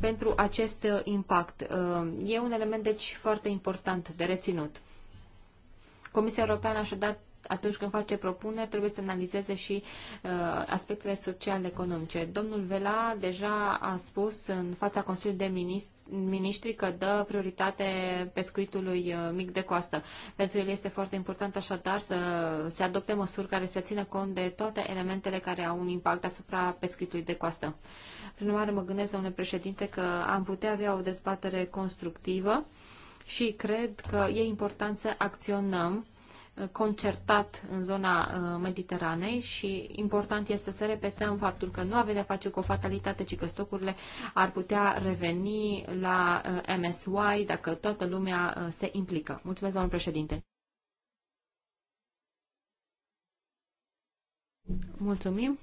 pentru acest uh, impact. Uh, e un element, deci, foarte important de reținut. Comisia Europeană așadar atunci când face propuneri, trebuie să analizeze și uh, aspectele social-economice. Domnul Vela deja a spus în fața Consiliului de Ministri că dă prioritate pescuitului uh, mic de coastă. Pentru el este foarte important așadar să se adopte măsuri care să țină cont de toate elementele care au un impact asupra pescuitului de coastă. Prin urmare, mă gândesc, domnule președinte, că am putea avea o dezbatere constructivă și cred că e important să acționăm concertat în zona uh, Mediteranei și important este să repetăm faptul că nu avem de-a face cu o fatalitate, ci că stocurile ar putea reveni la uh, MSY dacă toată lumea uh, se implică. Mulțumesc, domnul președinte. Mulțumim.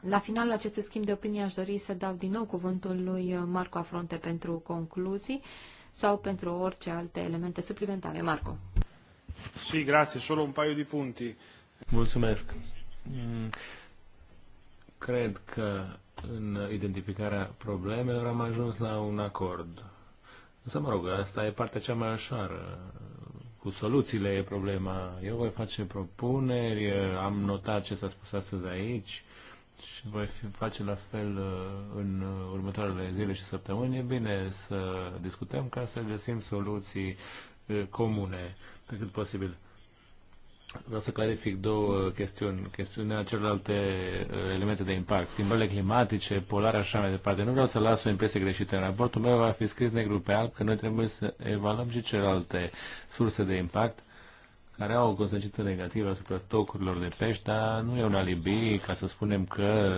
La finalul acestui schimb de opinie aș dori să dau din nou cuvântul lui Marco Afronte pentru concluzii sau pentru orice alte elemente suplimentare. Marco. Sì, grazie, solo un paio di punti. Mulțumesc. Mm, cred că în identificarea problemelor am ajuns la un acord. Însă, mă rog, asta e partea cea mai ușoară. Cu soluțiile e problema. Eu voi face propuneri, am notat ce s-a spus astăzi aici și voi face la fel uh, în următoarele zile și săptămâni. E bine să discutăm ca să găsim soluții comune, pe cât posibil. Vreau să clarific două chestiuni. Chestiunea celelalte elemente de impact, schimbările climatice, polare și așa mai departe. Nu vreau să las o impresie greșită. În raportul meu va fi scris negru pe alb că noi trebuie să evaluăm și celelalte surse de impact care au o consecință negativă asupra stocurilor de pești, dar nu e un alibi ca să spunem că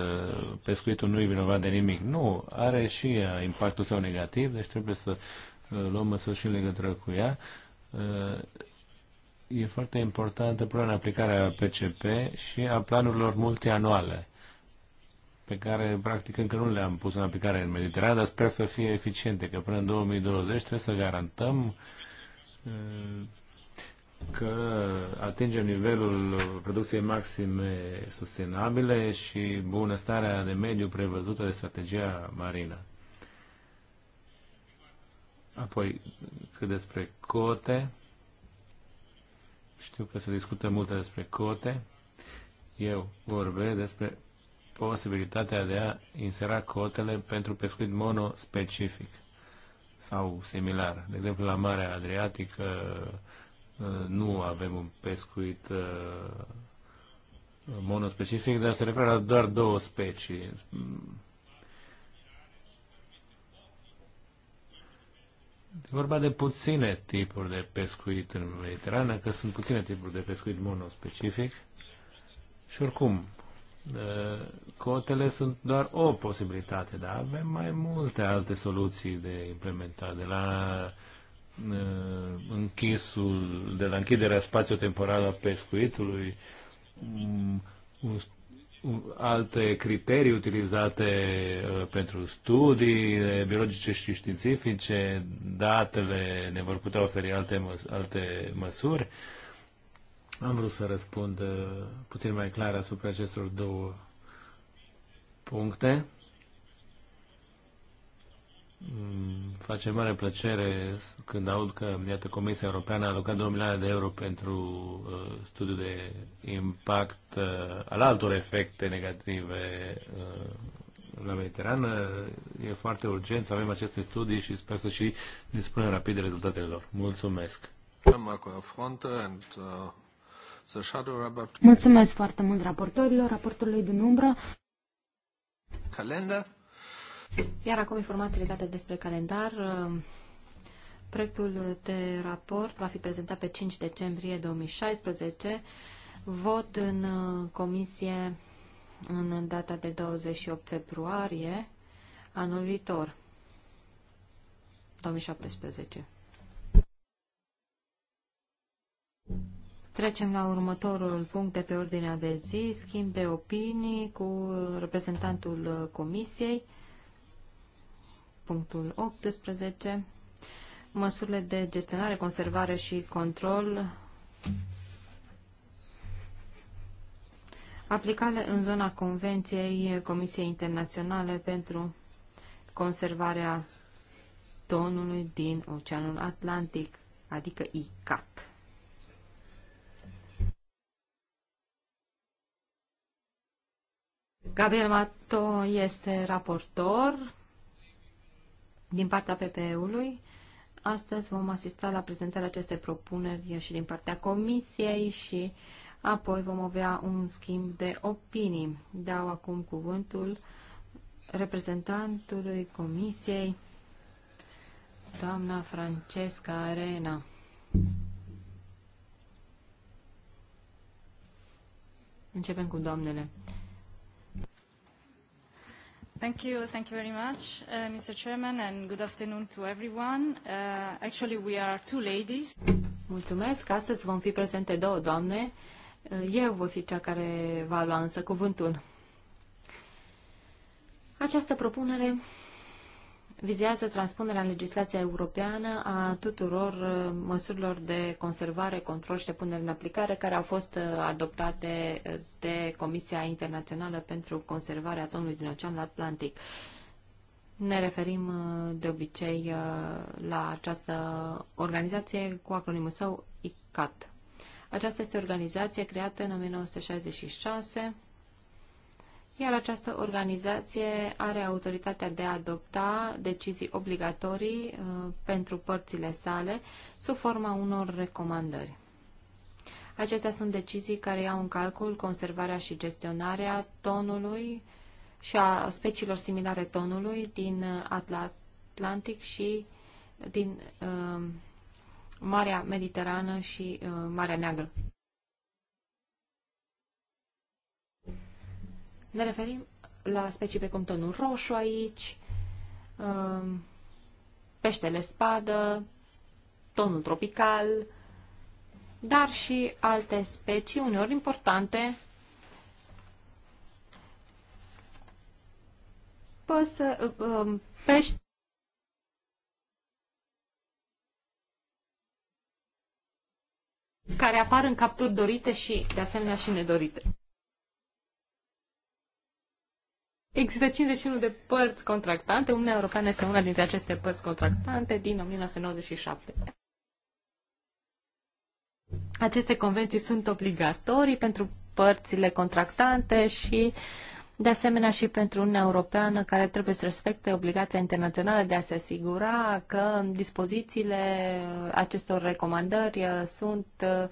pescuitul nu e vinovat de nimic. Nu, are și impactul său negativ, deci trebuie să luăm măsuri și în legătură cu ea Uh, e foarte importantă până în aplicarea PCP și a planurilor multianuale pe care practic încă nu le-am pus în aplicare în Mediterană. dar sper să fie eficiente, că până în 2020 trebuie să garantăm uh, că atingem nivelul producției maxime sustenabile și bunăstarea de mediu prevăzută de strategia marină. Apoi, cât despre cote, știu că se discută multe despre cote, eu vorbesc despre posibilitatea de a insera cotele pentru pescuit monospecific sau similar. De exemplu, la Marea Adriatică uh, nu avem un pescuit uh, monospecific, dar se referă la doar două specii. E vorba de puține tipuri de pescuit în Mediterană, că sunt puține tipuri de pescuit monospecific. Și oricum, cotele sunt doar o posibilitate, dar avem mai multe alte soluții de implementat, de la închisul, de la închiderea spațiotemporală a pescuitului, un alte criterii utilizate uh, pentru studii biologice și științifice, datele ne vor putea oferi alte, măs- alte măsuri. Am vrut să răspund uh, puțin mai clar asupra acestor două puncte. Mm, face mare plăcere când aud că, iată, Comisia Europeană a alocat 2 milioane de euro pentru uh, studiul de impact uh, al altor efecte negative uh, la Mediterană. E foarte urgent să avem aceste studii și sper să și dispunem rapid de rezultatele lor. Mulțumesc! Mulțumesc foarte mult raportorilor, raportorului din umbră. Calendar. Iar acum informații legate despre calendar. Uh, Proiectul de raport va fi prezentat pe 5 decembrie 2016. Vot în uh, comisie în data de 28 februarie anul viitor, 2017. Trecem la următorul punct de pe ordinea de zi, schimb de opinii cu reprezentantul uh, Comisiei punctul 18, măsurile de gestionare, conservare și control aplicate în zona Convenției Comisiei Internaționale pentru conservarea tonului din Oceanul Atlantic, adică ICAT. Gabriel Mato este raportor din partea PPE-ului. Astăzi vom asista la prezentarea acestei propuneri și din partea Comisiei și apoi vom avea un schimb de opinii. Dau acum cuvântul reprezentantului Comisiei, doamna Francesca Arena. Începem cu doamnele. Thank you. Thank you very much, uh, Mr. Chairman, and good afternoon to everyone. Uh, actually, we are two ladies. Mulțumesc. Astăzi vom fi prezente două doamne. Uh, eu voi fi cea care va lua însă cuvântul. Această propunere vizează transpunerea în legislația europeană a tuturor uh, măsurilor de conservare, control și de punere în aplicare care au fost uh, adoptate uh, de Comisia Internațională pentru Conservarea Atomului din Oceanul Atlantic. Ne referim de obicei la această organizație cu acronimul său ICAT. Aceasta este o organizație creată în 1966 iar această organizație are autoritatea de a adopta decizii obligatorii uh, pentru părțile sale sub forma unor recomandări. Acestea sunt decizii care iau în calcul conservarea și gestionarea tonului și a speciilor similare tonului din Atlantic și din uh, Marea Mediterană și uh, Marea Neagră. Ne referim la specii precum tonul roșu aici, um, peștele spadă, tonul tropical, dar și alte specii, uneori importante, păsă, um, pești, care apar în capturi dorite și, de asemenea, și nedorite. Există 51 de părți contractante. Uniunea Europeană este una dintre aceste părți contractante din 1997. Aceste convenții sunt obligatorii pentru părțile contractante și uh, de asemenea și pentru Uniunea Europeană, care trebuie să respecte obligația internațională de a se asigura că dispozițiile acestor recomandări uh, sunt uh,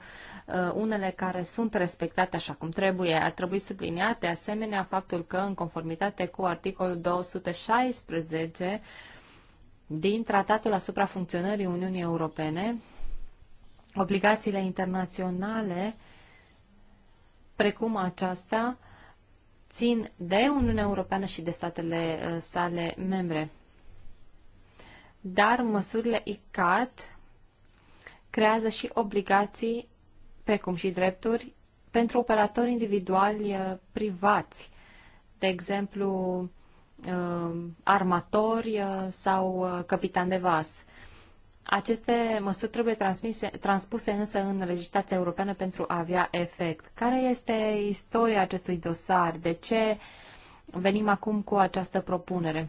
uh, unele care sunt respectate așa cum trebuie. Ar trebui subliniate asemenea faptul că, în conformitate cu articolul 216 din Tratatul asupra funcționării Uniunii Europene, obligațiile internaționale precum aceasta țin de Uniunea Europeană și de statele uh, sale membre. Dar măsurile ICAT creează și obligații, precum și drepturi, pentru operatori individuali uh, privați, de exemplu uh, armatori sau capitan de vas. Aceste măsuri trebuie transmise, transpuse însă în legislația europeană pentru a avea efect. Care este istoria acestui dosar? De ce venim acum cu această propunere?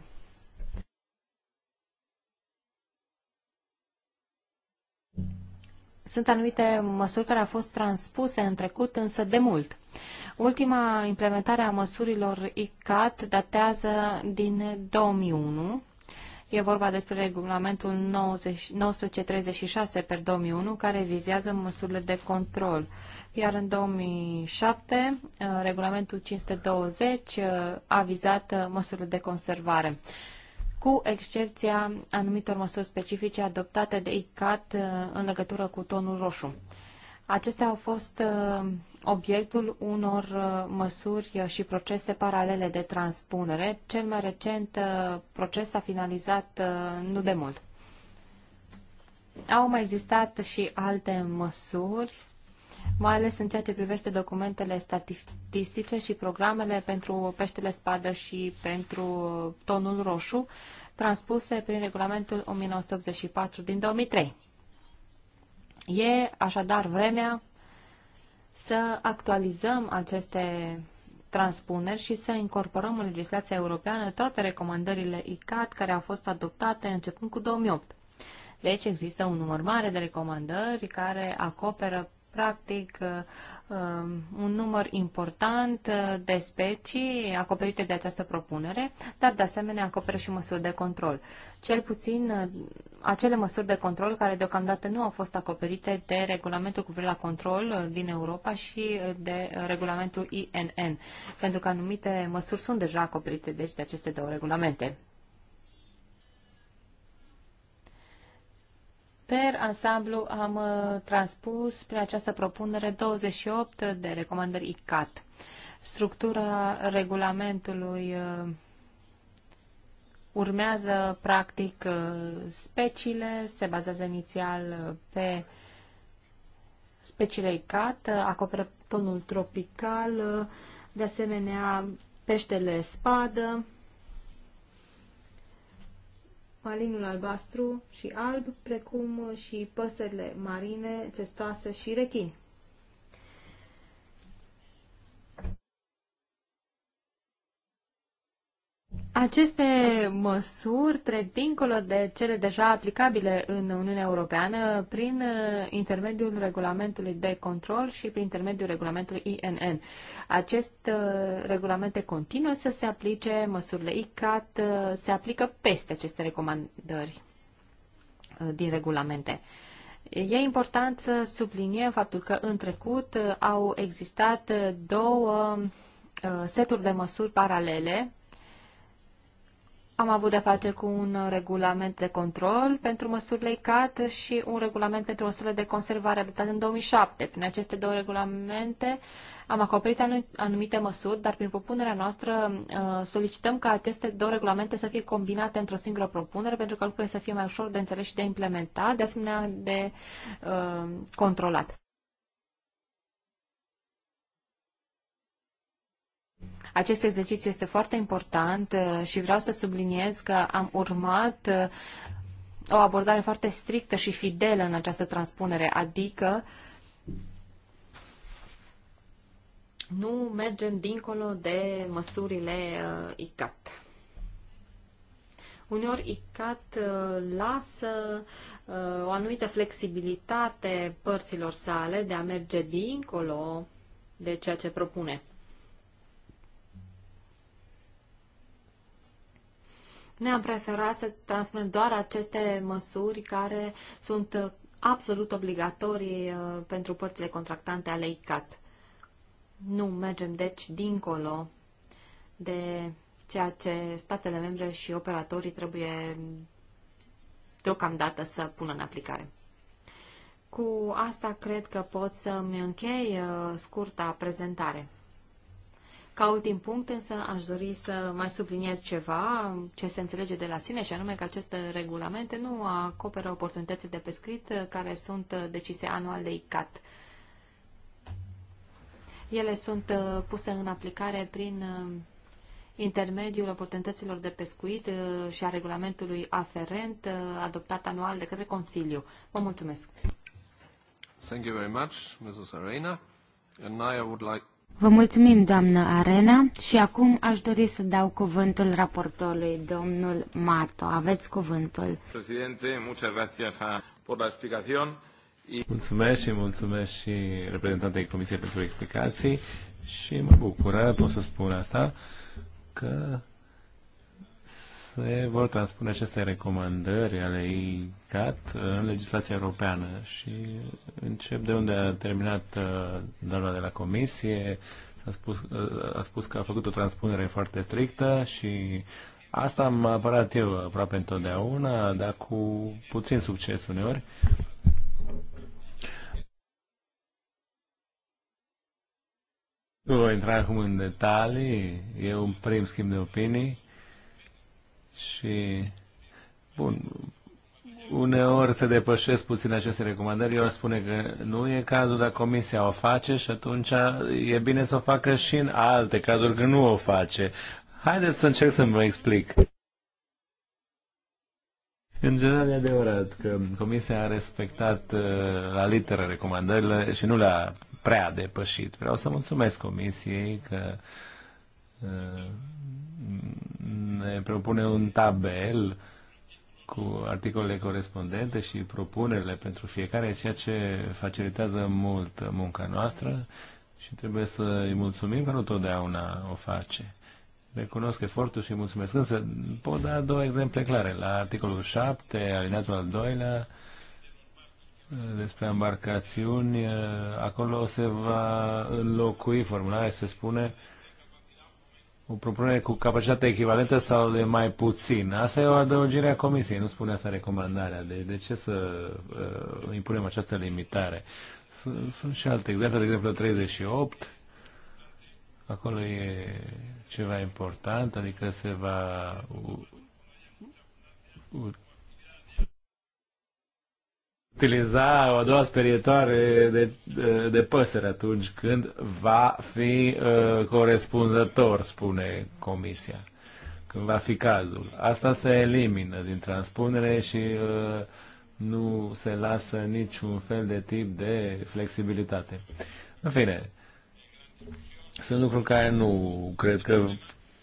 Sunt anumite măsuri care au fost transpuse în trecut, însă de mult. Ultima implementare a măsurilor ICAT datează din 2001 E vorba despre regulamentul 1936 2001, care vizează măsurile de control. Iar în 2007, uh, regulamentul 520 uh, a vizat uh, măsurile de conservare cu excepția anumitor măsuri specifice adoptate de ICAT în legătură cu tonul roșu. Acestea au fost obiectul unor uh, măsuri uh, și procese paralele de transpunere. Cel mai recent uh, proces s-a finalizat nu de mult. Au mai existat și alte măsuri, mai ales în ceea ce privește documentele statistice și programele pentru peștele spadă și pentru tonul roșu, transpuse prin regulamentul 1984 din 2003. E așadar vremea să actualizăm aceste transpuneri și să incorporăm în legislația europeană toate recomandările ICAT care au fost adoptate începând cu 2008. Deci există un număr mare de recomandări care acoperă practic um, un număr important uh, de specii acoperite de această propunere, dar de asemenea acoperă și măsuri de control. Cel puțin uh, acele măsuri de control care deocamdată nu au fost acoperite de regulamentul cu privire la control uh, din Europa și de regulamentul INN, pentru că anumite măsuri sunt deja acoperite deci de aceste două regulamente. Per ansamblu am uh, transpus prin această propunere 28 de recomandări ICAT. Structura regulamentului uh, urmează practic uh, speciile, se bazează inițial pe speciile ICAT, acoperă tonul tropical, de asemenea peștele spadă, malinul albastru și alb, precum și păsările marine, testoase și rechini. Aceste măsuri trec dincolo de cele deja aplicabile în Uniunea Europeană prin uh, intermediul regulamentului de control și prin intermediul regulamentului INN. Acest uh, regulament continuă să se aplice, măsurile ICAT uh, se aplică peste aceste recomandări din regulamente. E important să subliniem faptul că în trecut au existat două seturi de măsuri paralele am avut de face cu un regulament de control pentru măsurile ICAT și un regulament pentru măsurile de conservare adoptat în 2007. Prin aceste două regulamente am acoperit anumite măsuri, dar prin propunerea noastră uh, solicităm ca aceste două regulamente să fie combinate într-o singură propunere pentru că lucrurile să fie mai ușor de înțeles și de implementat, de asemenea de uh, controlat. Acest exercițiu este foarte important uh, și vreau să subliniez că am urmat uh, o abordare foarte strictă și fidelă în această transpunere, adică nu mergem dincolo de măsurile uh, ICAT. Uneori ICAT lasă o anumită flexibilitate părților sale de a merge dincolo de ceea ce propune. Ne-am preferat să transpunem doar aceste măsuri care sunt absolut obligatorii uh, pentru părțile contractante ale ICAT. Nu mergem, deci, dincolo de ceea ce statele membre și operatorii trebuie deocamdată să pună în aplicare. Cu asta cred că pot să-mi închei uh, scurta prezentare. Ca ultim punct, însă, aș dori să mai subliniez ceva ce se înțelege de la sine, și anume că aceste regulamente nu acoperă oportunități de pescuit care sunt decise anual de ICAT. Ele sunt uh, puse în aplicare prin uh, intermediul oportunităților de pescuit uh, și a regulamentului aferent adoptat anual de către Consiliu. Vă mulțumesc! Thank you very much, Mrs. Arena. And now I would like Vă mulțumim, doamnă Arena, și acum aș dori să dau cuvântul raportorului, domnul Marto. Aveți cuvântul. Președinte, muchas gracias a, por la explicación. Mulțumesc și mulțumesc și reprezentantei Comisiei pentru explicații și mă bucură, pot să spun asta, că se vor transpune aceste recomandări ale ICAT în legislația europeană și încep de unde a terminat uh, doamna de la comisie, a spus, uh, a spus că a făcut o transpunere foarte strictă și asta am apărat eu aproape întotdeauna, dar cu puțin succes uneori. Nu voi intra acum în detalii, e un prim schimb de opinii și, bun, uneori se depășesc puțin aceste recomandări, eu spune că nu e cazul, dar comisia o face și atunci e bine să o facă și în alte cazuri că nu o face. Haideți să încerc să vă explic. În general e adevărat că Comisia a respectat uh, la literă recomandările și nu le-a prea depășit. Vreau să mulțumesc Comisiei că uh, ne propune un tabel cu articolele corespondente și propunerile pentru fiecare, ceea ce facilitează mult munca noastră și trebuie să îi mulțumim că nu totdeauna o face. Recunosc efortul și mulțumesc. Însă pot da două exemple clare. La articolul 7, alineatul al doilea, despre embarcațiuni, acolo se va înlocui formularea, se spune uh, o propunere cu capacitate echivalentă sau de mai puțin. Asta e o adăugire a comisiei, nu spune asta recomandarea. Deci de ce să uh, impunem această limitare? Sunt, sunt și alte exemple, de exemplu 38, acolo e ceva important, adică se va utiliza o a doua sperietoare de, de, păsări atunci când va fi uh, corespunzător, spune comisia, când va fi cazul. Asta se elimină din transpunere și uh, nu se lasă niciun fel de tip de flexibilitate. În fine, sunt lucruri care nu cred că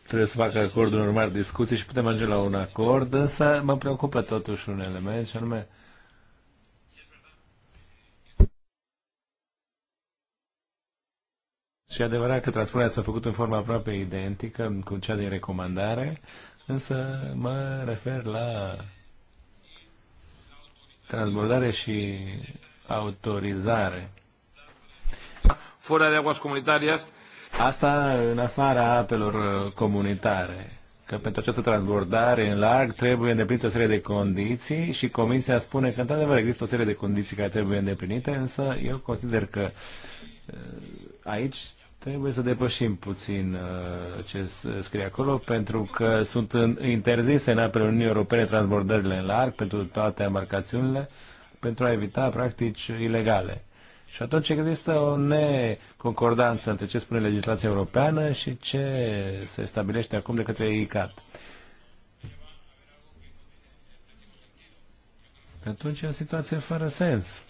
trebuie să facă acordul în urmare discuții și putem ajunge la un acord, însă mă preocupă totuși un element și anume uh, Și adevărat că transpunerea s-a făcut în formă aproape identică cu cea din recomandare, însă mă refer la transbordare și autorizare. Fără de aguas comunitarias. Asta în afara apelor comunitare. Că pentru această transbordare în larg trebuie îndeplinită o serie de condiții și Comisia spune că într-adevăr există o serie de condiții care trebuie îndeplinite, însă eu consider că eh, aici trebuie să depășim puțin uh, ce uh, scrie acolo, pentru că sunt interzise în apele Uniunii Europene transbordările în larg pentru toate embarcațiunile, pentru a evita practici ilegale. Și atunci există o neconcordanță între ce spune legislația europeană și ce se stabilește acum de către ICAT. Atunci e o situație fără sens.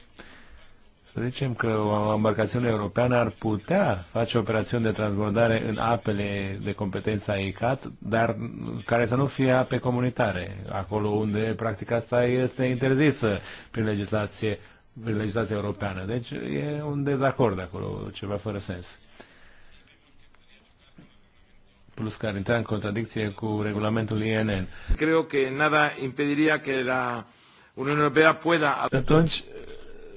Să zicem că o embarcațiune europeană ar putea face operațiuni de transbordare în apele de competență a ICAT, dar care să nu fie ape comunitare, acolo unde practica asta este interzisă prin legislație, prin legislație europeană. Deci e un dezacord acolo, ceva fără sens plus că ar intra în contradicție cu regulamentul INN. Cred că nada impediria că la Uniunea Europeană pueda... Atunci,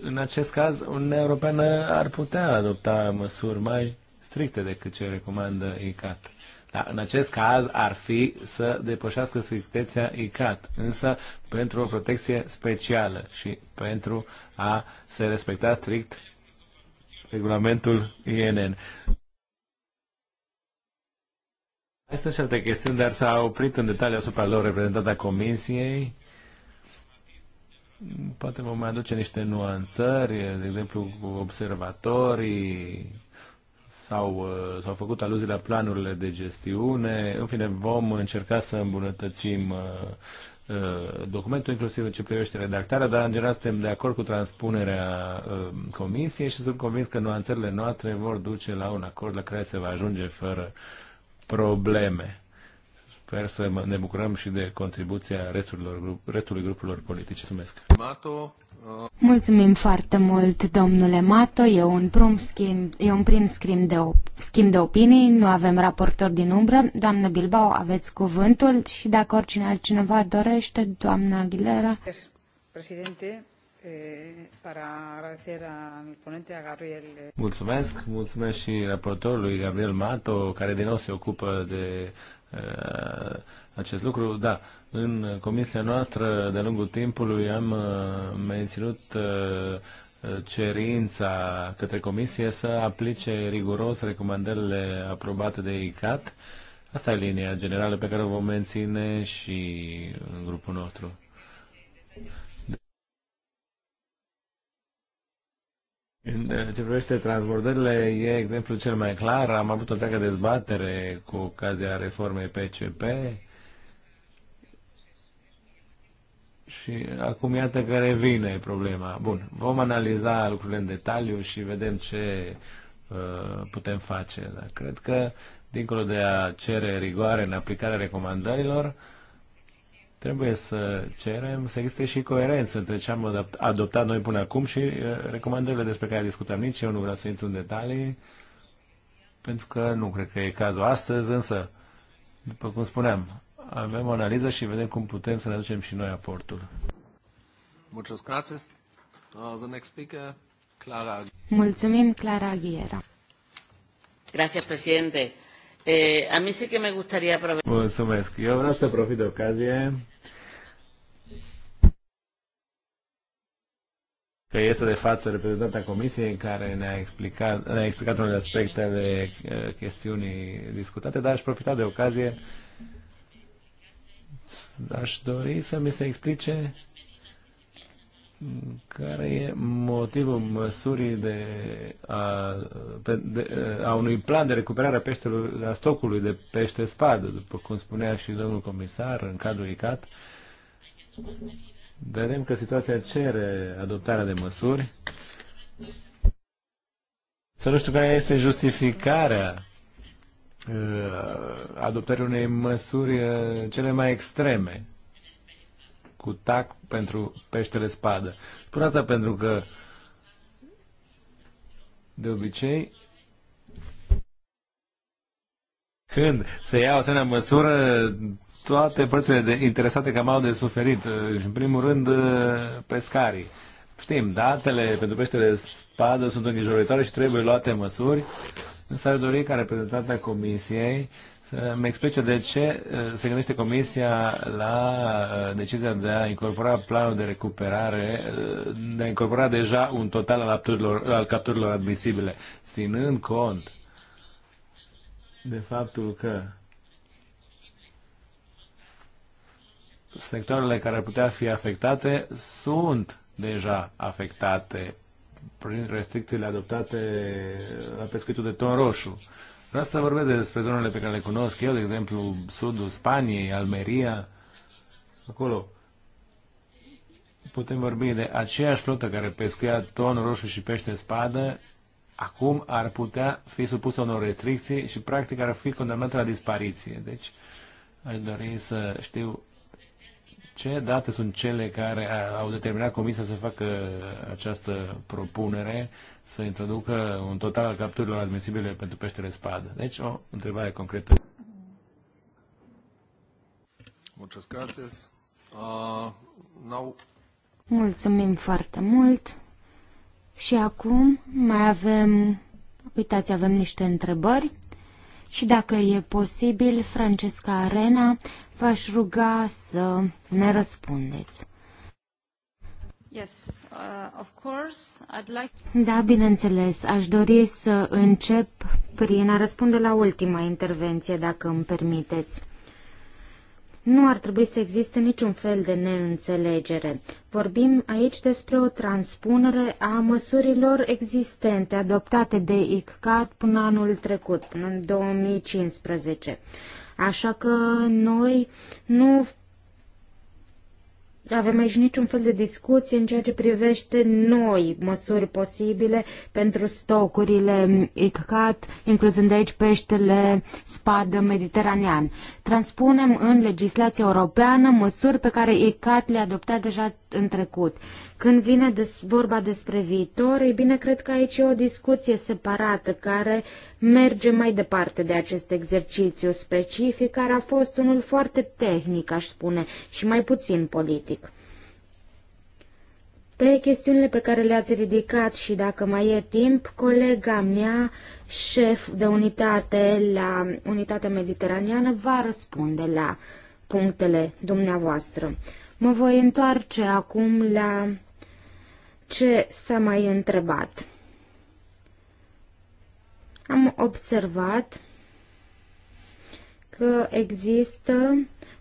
în acest caz, Uniunea Europeană ar putea adopta măsuri mai stricte decât ce recomandă ICAT. Dar în acest caz ar fi să depășească strictețea ICAT, însă pentru o protecție specială și pentru a se respecta strict regulamentul INN. Mai și alte chestiuni, dar s-a oprit în detaliu asupra lor reprezentanta Comisiei Poate vom mai aduce niște nuanțări, de exemplu cu observatorii, sau uh, s-au făcut aluzii la planurile de gestiune. În fine, vom încerca să îmbunătățim uh, uh, documentul, inclusiv în ce privește redactarea, dar în general suntem de acord cu transpunerea comisiei și sunt convins că nuanțările noastre vor duce la un acord la care se va ajunge fără probleme. Sper să ne bucurăm și de contribuția returilor, grup, grupurilor politice. Mulțumesc! Mato, uh... Mulțumim foarte mult, domnule Mato. E un, prim schimb, e un prim schimb de, op- schimb de opinii. Nu avem raportor din umbră. Doamnă Bilbao, aveți cuvântul și dacă oricine altcineva dorește, doamna Aguilera. Președinte, eh, eh. Mulțumesc, mulțumesc și raportorului Gabriel Mato, care din nou se ocupă de Uh, acest lucru. Da, în comisia noastră, de lungul timpului, am uh, menținut uh, cerința către comisie să aplice riguros recomandările aprobate de ICAT. Asta e linia generală pe care o vom menține și în grupul nostru. În ce privește transbordările, e exemplul cel mai clar. Am avut o întreagă dezbatere cu ocazia reformei PCP și acum iată că revine problema. Bun, vom analiza lucrurile în detaliu și vedem ce uh, putem face. Dar cred că, dincolo de a cere rigoare în aplicarea recomandărilor, uh, trebuie să cerem să existe și coerență între ce am adoptat noi până acum și uh, recomandările despre care discutăm. Nici eu nu vreau să intru în detalii, pentru că nu cred că e cazul astăzi, însă, după cum spuneam, avem o analiză și vedem cum putem să ne aducem și noi aportul. Uh, Mulțumim, Clara Aghiera. Gracias, presidente. Eh, a mí sí que me gustaría aprovechar. Mulțumesc. Eu vreau să profit de ocazie că este de față reprezentanta comisiei care ne-a explicat, ne-a explicat unele aspecte de eh, chestiuni discutate, dar aș profita de ocazie aș dori să mi se explice care e motivul măsurii de a, de, a unui plan de recuperare a peștelui, a stocului de pește spadă, după cum spunea și domnul comisar în cadrul ICAT. Vedem că situația cere adoptarea de măsuri. Să nu știu care este justificarea uh, adoptării unei măsuri uh, cele mai extreme cu tac pentru peștele spadă. Spun asta pentru că de obicei când se ia o asemenea măsură, toate părțile de, interesate cam au de suferit. Și în primul rând, uh, pescarii. Știm, datele pentru peștele spadă sunt îngrijorătoare și trebuie luate măsuri. Însă ar dori ca reprezentanta Comisiei Mă explice de ce uh, se gândește Comisia la uh, decizia de a incorpora planul de recuperare, uh, de a incorpora deja un total al, apturilor, al capturilor admisibile, ținând cont de faptul că sectoarele care ar putea fi afectate sunt deja afectate prin restricțiile adoptate la pescuitul de ton roșu. Vreau să vorbesc despre zonele pe care le cunosc eu, de exemplu, sudul Spaniei, Almeria, acolo putem vorbi de aceeași flotă care pescuia ton roșu și pește spadă, acum ar putea fi supusă unor restricții și practic ar fi condamnată la dispariție. Deci, aș dori să știu ce date sunt cele care au determinat Comisia să facă această propunere, să introducă un total al capturilor admisibile pentru peștele spadă? Deci, o întrebare concretă. Mulțumesc. Ah, Mulțumim foarte mult. Și acum mai avem, uitați, avem niște întrebări. Și dacă e posibil, Francesca Arena v-aș ruga să ne răspundeți. Yes, uh, of course, I'd like... Da, bineînțeles. Aș dori să încep prin a răspunde la ultima intervenție, dacă îmi permiteți. Nu ar trebui să existe niciun fel de neînțelegere. Vorbim aici despre o transpunere a măsurilor existente adoptate de ICCAT până anul trecut, până în 2015. Așa că noi nu avem aici niciun fel de discuție în ceea ce privește noi măsuri posibile pentru stocurile ICCAT, incluzând aici peștele spadă mediteranean. Transpunem în legislația europeană măsuri pe care ICCAT le-a adoptat deja în trecut. Când vine des, vorba despre viitor, ei bine, cred că aici e o discuție separată care merge mai departe de acest exercițiu specific, care a fost unul foarte tehnic, aș spune, și mai puțin politic. Pe chestiunile pe care le-ați ridicat și dacă mai e timp, colega mea, șef de unitate la Unitatea Mediteraneană, va răspunde la punctele dumneavoastră. Mă voi întoarce acum la ce s-a mai întrebat am observat că există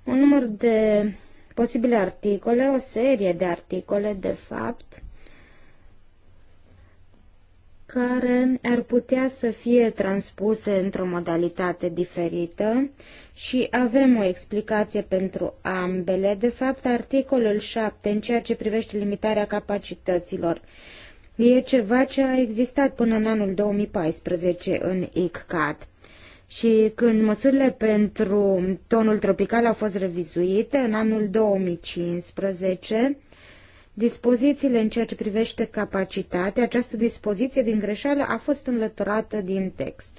un număr de posibile articole, o serie de articole, de fapt, care ar putea să fie transpuse într-o modalitate diferită și avem o explicație pentru ambele. De fapt, articolul 7 în ceea ce privește limitarea capacităților E ceva ce a existat până în anul 2014 în ICCAT. Și când măsurile pentru tonul tropical au fost revizuite în anul 2015, dispozițiile în ceea ce privește capacitatea, această dispoziție din greșeală a fost înlăturată din text.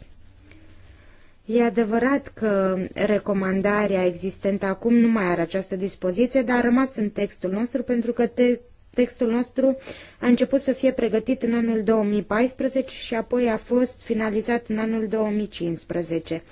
E adevărat că recomandarea existentă acum nu mai are această dispoziție, dar a rămas în textul nostru pentru că te Textul nostru a început să fie pregătit în anul 2014 și apoi a fost finalizat în anul 2015.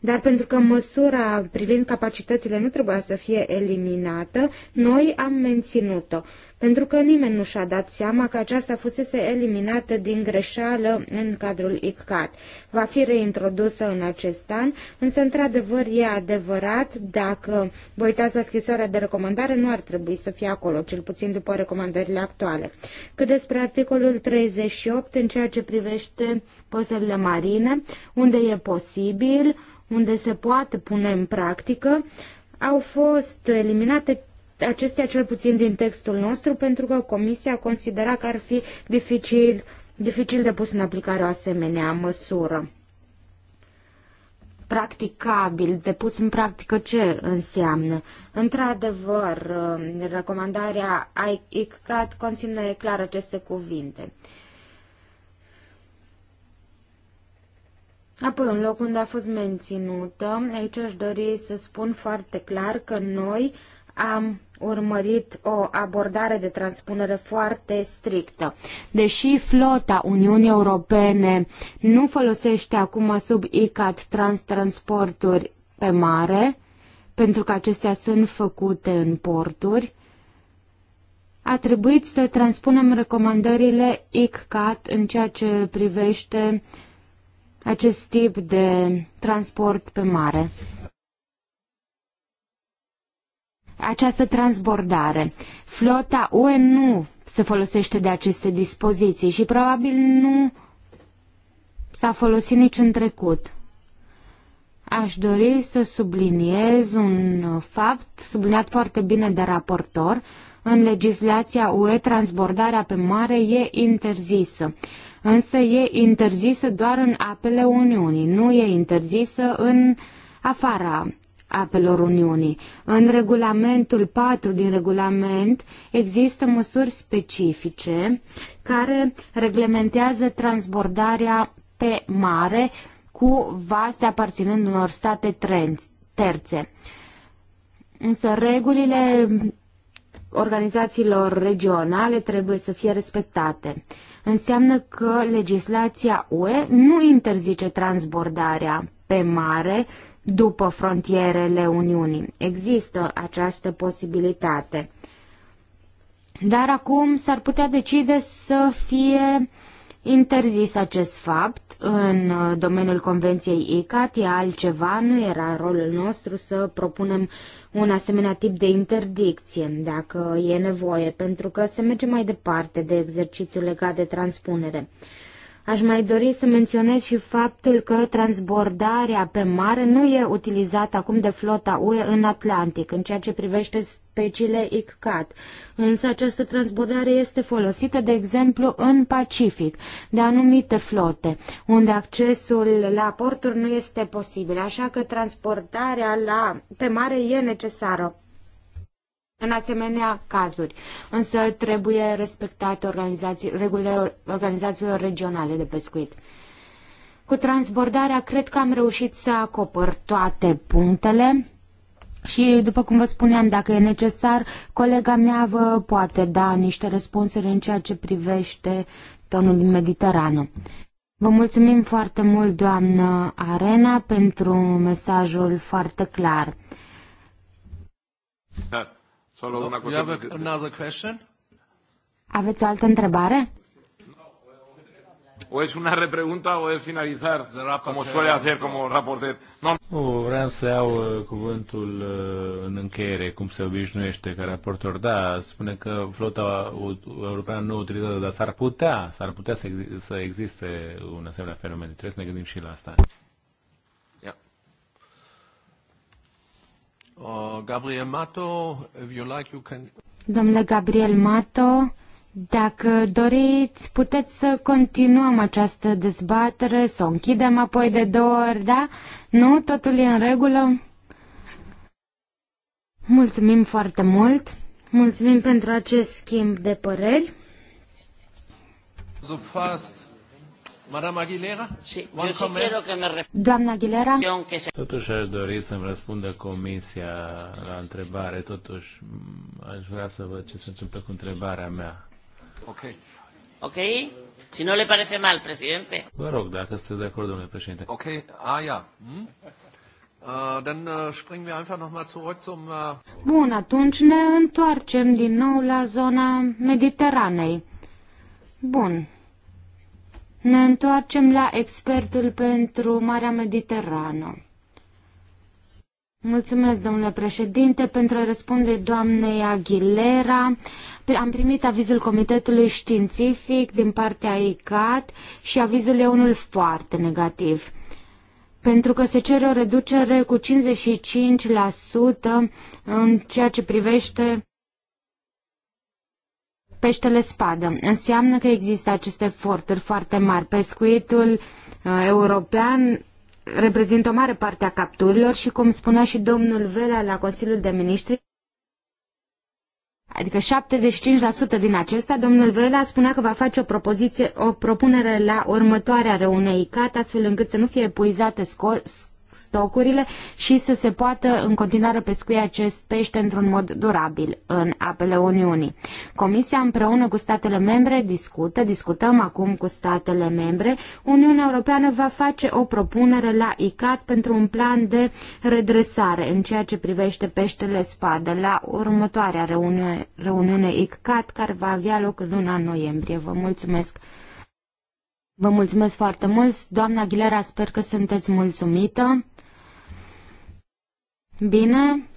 Dar pentru că măsura privind capacitățile nu trebuia să fie eliminată, noi am menținut-o pentru că nimeni nu și-a dat seama că aceasta fusese eliminată din greșeală în cadrul ICCAT. Va fi reintrodusă în acest an, însă, într-adevăr, e adevărat, dacă vă uitați la scrisoarea de recomandare, nu ar trebui să fie acolo, cel puțin după recomandările actuale. Cât despre articolul 38, în ceea ce privește păsările marine, unde e posibil, unde se poate pune în practică, au fost eliminate acestea cel puțin din textul nostru, pentru că Comisia considera că ar fi dificil, dificil de pus în aplicare o asemenea măsură. Practicabil, de pus în practică ce înseamnă? Într-adevăr, recomandarea ICCAT conține clar aceste cuvinte. Apoi, în loc unde a fost menținută, aici aș dori să spun foarte clar că noi am urmărit o abordare de transpunere foarte strictă. Deși flota Uniunii Europene nu folosește acum sub ICAT transtransporturi pe mare, pentru că acestea sunt făcute în porturi, a trebuit să transpunem recomandările ICCAT în ceea ce privește acest tip de transport pe mare această transbordare. Flota UE nu se folosește de aceste dispoziții și probabil nu s-a folosit nici în trecut. Aș dori să subliniez un fapt subliniat foarte bine de raportor. În legislația UE, transbordarea pe mare e interzisă. Însă e interzisă doar în apele Uniunii, nu e interzisă în afara apelor Uniunii. În regulamentul 4 din regulament există măsuri specifice care reglementează transbordarea pe mare cu vase aparținând unor state terțe. Însă regulile organizațiilor regionale trebuie să fie respectate. Înseamnă că legislația UE nu interzice transbordarea pe mare, după frontierele Uniunii. Există această posibilitate. Dar acum s-ar putea decide să fie interzis acest fapt în uh, domeniul Convenției ICAT, e altceva, nu era rolul nostru să propunem un asemenea tip de interdicție, dacă e nevoie, pentru că se merge mai departe de exercițiul legat de transpunere. Aș mai dori să menționez și faptul că transbordarea pe mare nu e utilizată acum de flota UE în Atlantic, în ceea ce privește speciile ICCAT. Însă această transbordare este folosită, de exemplu, în Pacific, de anumite flote, unde accesul la porturi nu este posibil, așa că transportarea la, pe mare e necesară în asemenea cazuri. Însă trebuie respectate organizații, regulile organizațiilor regionale de pescuit. Cu transbordarea cred că am reușit să acopăr toate punctele. Și, după cum vă spuneam, dacă e necesar, colega mea vă poate da niște răspunsuri în ceea ce privește tonul mediteran. Mediterană. Vă mulțumim foarte mult, doamnă Arena, pentru mesajul foarte clar. Da. Aveți o altă întrebare? O es una repregunta o es finalizar, como suele hacer como raporter. No. Nu, vreau să iau uh, cuvântul uh, în încheiere, cum se obișnuiește ca raportor. Da, spune că flota europeană nu utilizată, dar s-ar putea, s-ar putea să, să existe un asemenea fenomen. Trebuie să ne gândim și la asta. Uh, Gabriel Mato, Domnule Gabriel Mato, dacă doriți, puteți să continuăm această dezbatere, să o închidem apoi de două ori, da? Nu? Totul e în regulă? Mulțumim foarte mult! Mulțumim pentru acest schimb de păreri! So fast. Madame Aguilera? Sí. Doamna Aguilera? Totuși aș dori să-mi răspundă comisia la întrebare. Totuși aș vrea să văd ce se întâmplă cu întrebarea mea. Ok. Ok? Si nu le parece mal, președinte. Vă rog, dacă sunteți de acord, domnule președinte. Ok, ah, ja. Hm? Uh, then, uh, springen wir einfach noch mal zurück zum, uh... Bun, atunci ne întoarcem din nou la zona Mediteranei. Bun, ne întoarcem la expertul pentru Marea Mediterană. Mulțumesc, domnule președinte, pentru a răspunde doamnei Aguilera. Am primit avizul Comitetului Științific din partea ICAT și avizul e unul foarte negativ pentru că se cere o reducere cu 55% în ceea ce privește peștele spadă. Înseamnă că există aceste eforturi foarte mari. Pescuitul uh, european reprezintă o mare parte a capturilor și, cum spunea și domnul Vela la Consiliul de Ministri, adică 75% din acesta, domnul Vela spunea că va face o, propoziție, o propunere la următoarea reunei ICAT, astfel încât să nu fie epuizate scos stocurile și să se poată în continuare pescui acest pește într-un mod durabil în apele Uniunii. Comisia împreună cu statele membre discută, discutăm acum cu statele membre. Uniunea Europeană va face o propunere la ICAT pentru un plan de redresare în ceea ce privește peștele spadă la următoarea reuniune, reuniune ICAT care va avea loc în luna noiembrie. Vă mulțumesc! Vă mulțumesc foarte mult. Doamna Aguilera, sper că sunteți mulțumită. Bine.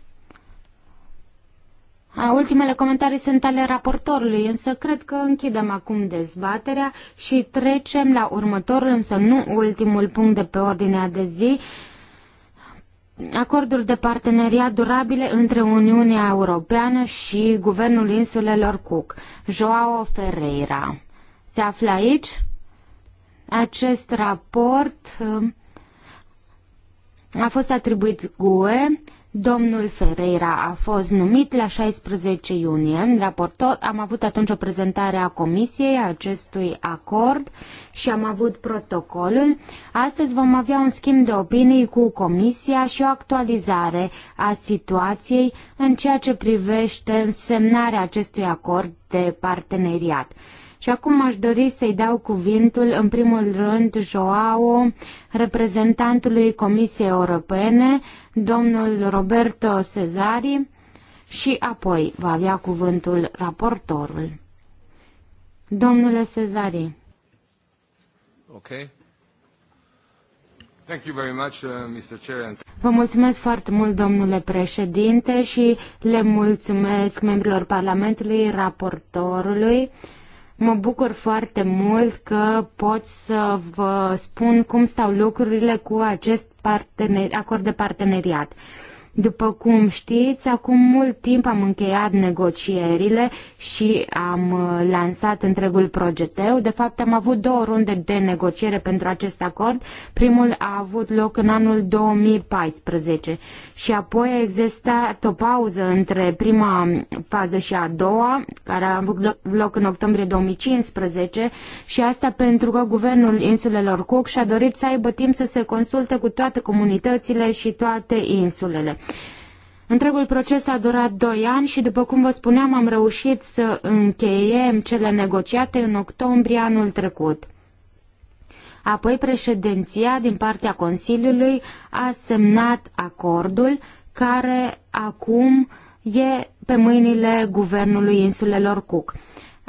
A, ultimele comentarii sunt ale raportorului, însă cred că închidem acum dezbaterea și trecem la următorul, însă nu ultimul punct de pe ordinea de zi, acorduri de parteneriat durabile între Uniunea Europeană și Guvernul Insulelor Cook. Joao Ferreira. Se află aici? Acest raport uh, a fost atribuit GUE Domnul Ferreira a fost numit la 16 iunie în raportor. Am avut atunci o prezentare a comisiei a acestui acord și am avut protocolul. Astăzi vom avea un schimb de opinii cu comisia și o actualizare a situației în ceea ce privește semnarea acestui acord de parteneriat. Și acum aș dori să-i dau cuvintul, în primul rând, Joao, reprezentantului Comisiei Europene, domnul Roberto Cezari, și apoi va avea cuvântul raportorul. Domnule Cezari. Okay. Uh, Vă mulțumesc foarte mult, domnule președinte, și le mulțumesc membrilor Parlamentului, raportorului Mă bucur foarte mult că pot să vă spun cum stau lucrurile cu acest acord de parteneriat. După cum știți, acum mult timp am încheiat negocierile și am uh, lansat întregul progeteu. De fapt, am avut două runde de negociere pentru acest acord. Primul a avut loc în anul 2014 și apoi a existat o pauză între prima fază și a doua, care a avut loc în octombrie 2015 și asta pentru că guvernul insulelor Cook și-a dorit să aibă timp să se consulte cu toate comunitățile și toate insulele. Întregul proces a durat doi ani și, după cum vă spuneam, am reușit să încheiem cele negociate în octombrie anul trecut. Apoi președinția din partea Consiliului a semnat acordul care acum e pe mâinile guvernului insulelor Cook.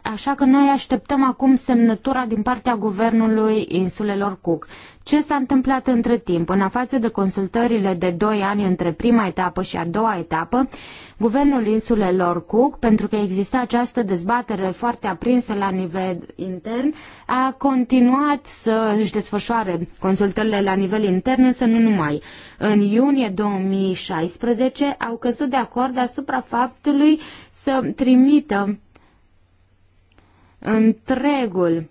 Așa că noi așteptăm acum semnătura din partea guvernului insulelor Cook. Ce s-a întâmplat între timp? În afață de consultările de 2 ani între prima etapă și a doua etapă, guvernul insulelor Cook, pentru că exista această dezbatere foarte aprinsă la nivel intern, a continuat să își desfășoare consultările la nivel intern, însă nu numai. În iunie 2016 au căzut de acord asupra faptului să trimită întregul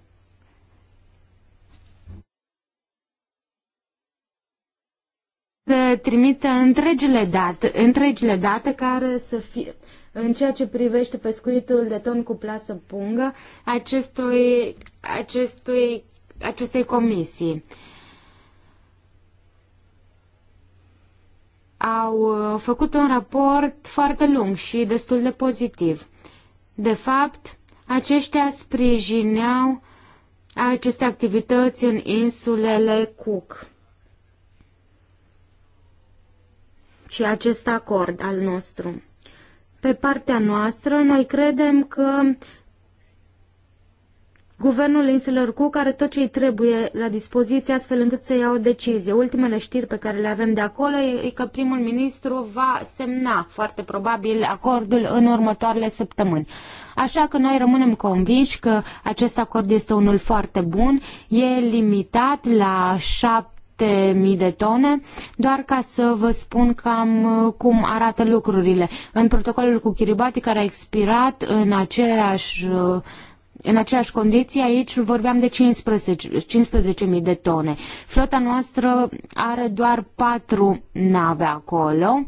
să trimită întregile date, întregile date care să fie în ceea ce privește pescuitul de ton cu plasă pungă acestui, acestui, acestei comisii. Au uh, făcut un raport foarte lung și destul de pozitiv. De fapt, aceștia sprijineau aceste activități în insulele Cook. Și acest acord al nostru. Pe partea noastră, noi credem că Guvernul insulelor Cook are tot ce îi trebuie la dispoziție astfel încât să ia o decizie. Ultimele știri pe care le avem de acolo e că primul ministru va semna foarte probabil acordul în următoarele săptămâni. Așa că noi rămânem convinși că acest acord este unul foarte bun, e limitat la șapte mii de tone, doar ca să vă spun cam uh, cum arată lucrurile. În protocolul cu Kiribati, care a expirat în aceeași uh, în aceeași condiție, aici vorbeam de 15.000 15 de tone. Flota noastră are doar patru nave acolo.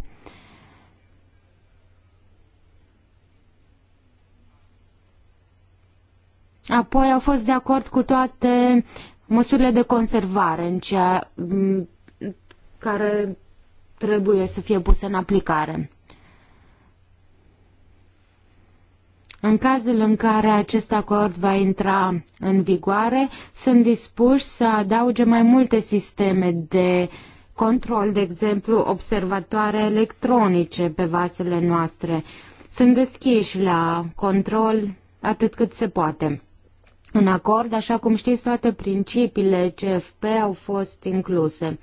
Apoi au fost de acord cu toate măsurile de conservare în ceea care trebuie să fie puse în aplicare. În cazul în care acest acord va intra în vigoare, sunt dispuși să adauge mai multe sisteme de control, de exemplu, observatoare electronice pe vasele noastre. Sunt deschiși la control atât cât se poate. În acord, așa cum știți, toate principiile CFP au fost incluse.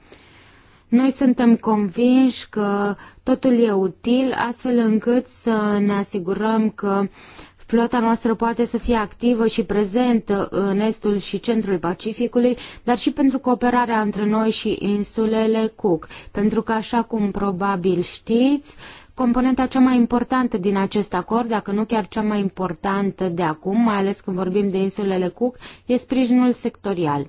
Noi suntem convinși că totul e util astfel încât să ne asigurăm că Flota noastră poate să fie activă și prezentă în estul și centrul Pacificului, dar și pentru cooperarea între noi și insulele Cook, pentru că, așa cum probabil știți, componenta cea mai importantă din acest acord, dacă nu chiar cea mai importantă de acum, mai ales când vorbim de insulele Cook, e sprijinul sectorial.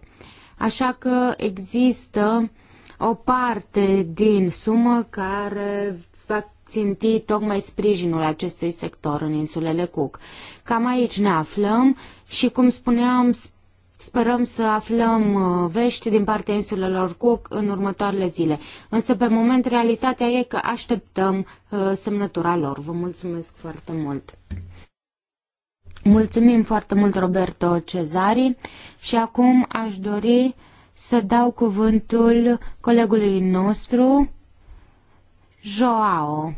Așa că există o parte din sumă care va ținti tocmai sprijinul acestui sector în insulele Cook. Cam aici ne aflăm și, cum spuneam, Sperăm să aflăm uh, vești din partea insulelor Cook în următoarele zile. Însă, pe moment, realitatea e că așteptăm uh, semnătura lor. Vă mulțumesc foarte mult! Mulțumim foarte mult, Roberto Cezari, și acum aș dori să dau cuvântul colegului nostru, Joao.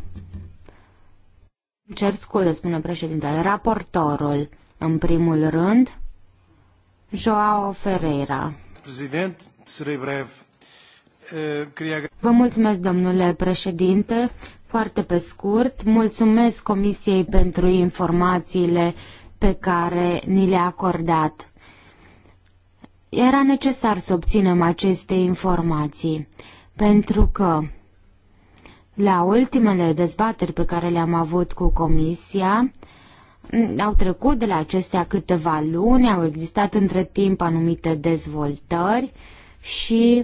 Cer scuze, spune președintele. Raportorul, în primul rând, Joao Ferreira. Prezident, serei brev. Eh, Vă mulțumesc, domnule președinte. Foarte pe scurt, mulțumesc Comisiei pentru informațiile pe care ni le-a acordat. Era necesar să obținem aceste informații, pentru că la ultimele dezbateri pe care le-am avut cu Comisia, mm, au trecut de la acestea câteva luni, au existat între timp anumite dezvoltări și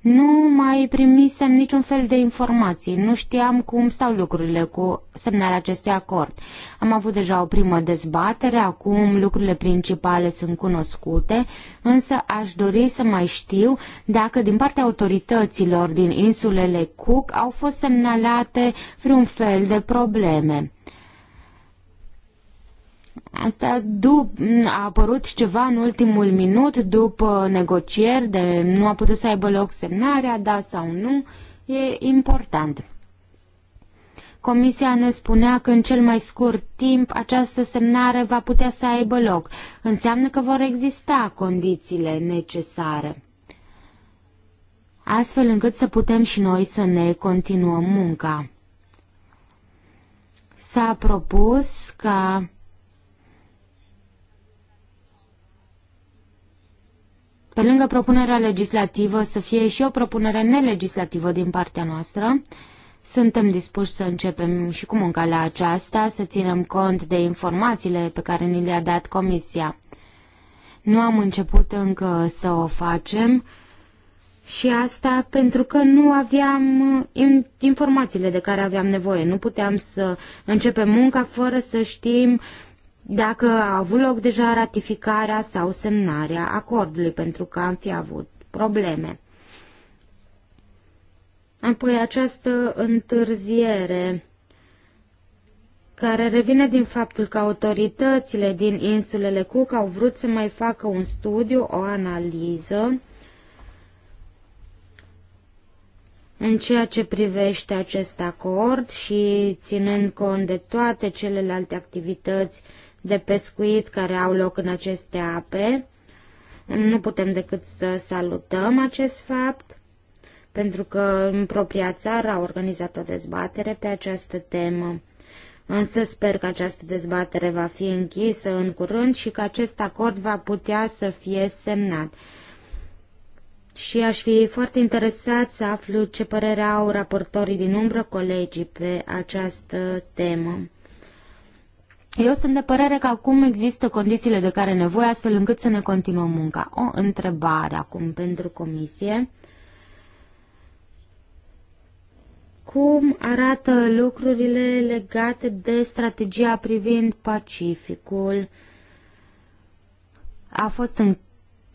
nu mai primisem niciun fel de informații, nu știam cum stau lucrurile cu semnarea acestui acord. Am avut deja o primă dezbatere, acum lucrurile principale sunt cunoscute, însă aș dori să mai știu dacă din partea autorităților din insulele Cook au fost semnalate vreun fel de probleme Asta dup- a apărut ceva în ultimul minut după negocieri de nu a putut să aibă loc semnarea, da sau nu, e important. Comisia ne spunea că în cel mai scurt timp această semnare va putea să aibă loc. Înseamnă că vor exista condițiile necesare, astfel încât să putem și noi să ne continuăm munca. S-a propus ca pe lângă propunerea legislativă, să fie și o propunere nelegislativă din partea noastră. Suntem dispuși să începem și cu munca la aceasta, să ținem cont de informațiile pe care ni le-a dat Comisia. Nu am început încă să o facem și asta pentru că nu aveam informațiile de care aveam nevoie. Nu puteam să începem munca fără să știm uh, dacă a avut loc deja ratificarea sau semnarea acordului, pentru că am fi avut probleme. Apoi această întârziere care revine din faptul că autoritățile din insulele Cook au vrut să mai facă un studiu, o analiză în ceea ce privește acest acord și ținând cont de toate celelalte activități de pescuit care au loc în aceste ape. Nu putem decât să salutăm acest fapt, pentru că în propria țară a organizat o dezbatere pe această temă. Însă sper că această dezbatere va fi închisă în curând și că acest acord va putea să fie semnat și aș fi foarte interesat să aflu ce părere au raportorii din umbră colegii pe această temă. Eu sunt de părere că acum există condițiile de care nevoie astfel încât să ne continuăm munca. O întrebare acum pentru comisie. Cum arată lucrurile legate de strategia privind Pacificul? A fost în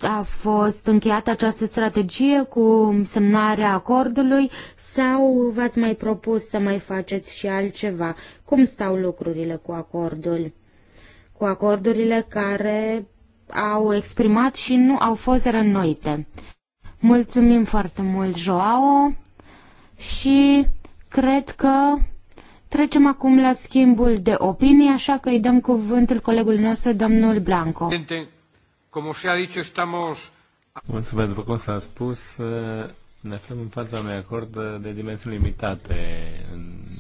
a fost încheiată această strategie cu semnarea acordului sau v-ați mai propus să mai faceți și altceva? Cum stau lucrurile cu acordul? Cu acordurile care au exprimat și nu au fost rănoite. Mulțumim foarte mult, Joao, și cred că Trecem acum la schimbul de opinii, așa că îi dăm cuvântul colegului nostru, domnul Blanco. Como se ha dicho, estamos... Mulțumesc, după cum s-a spus, eh, ne aflăm în fața unui acord de dimensiuni limitate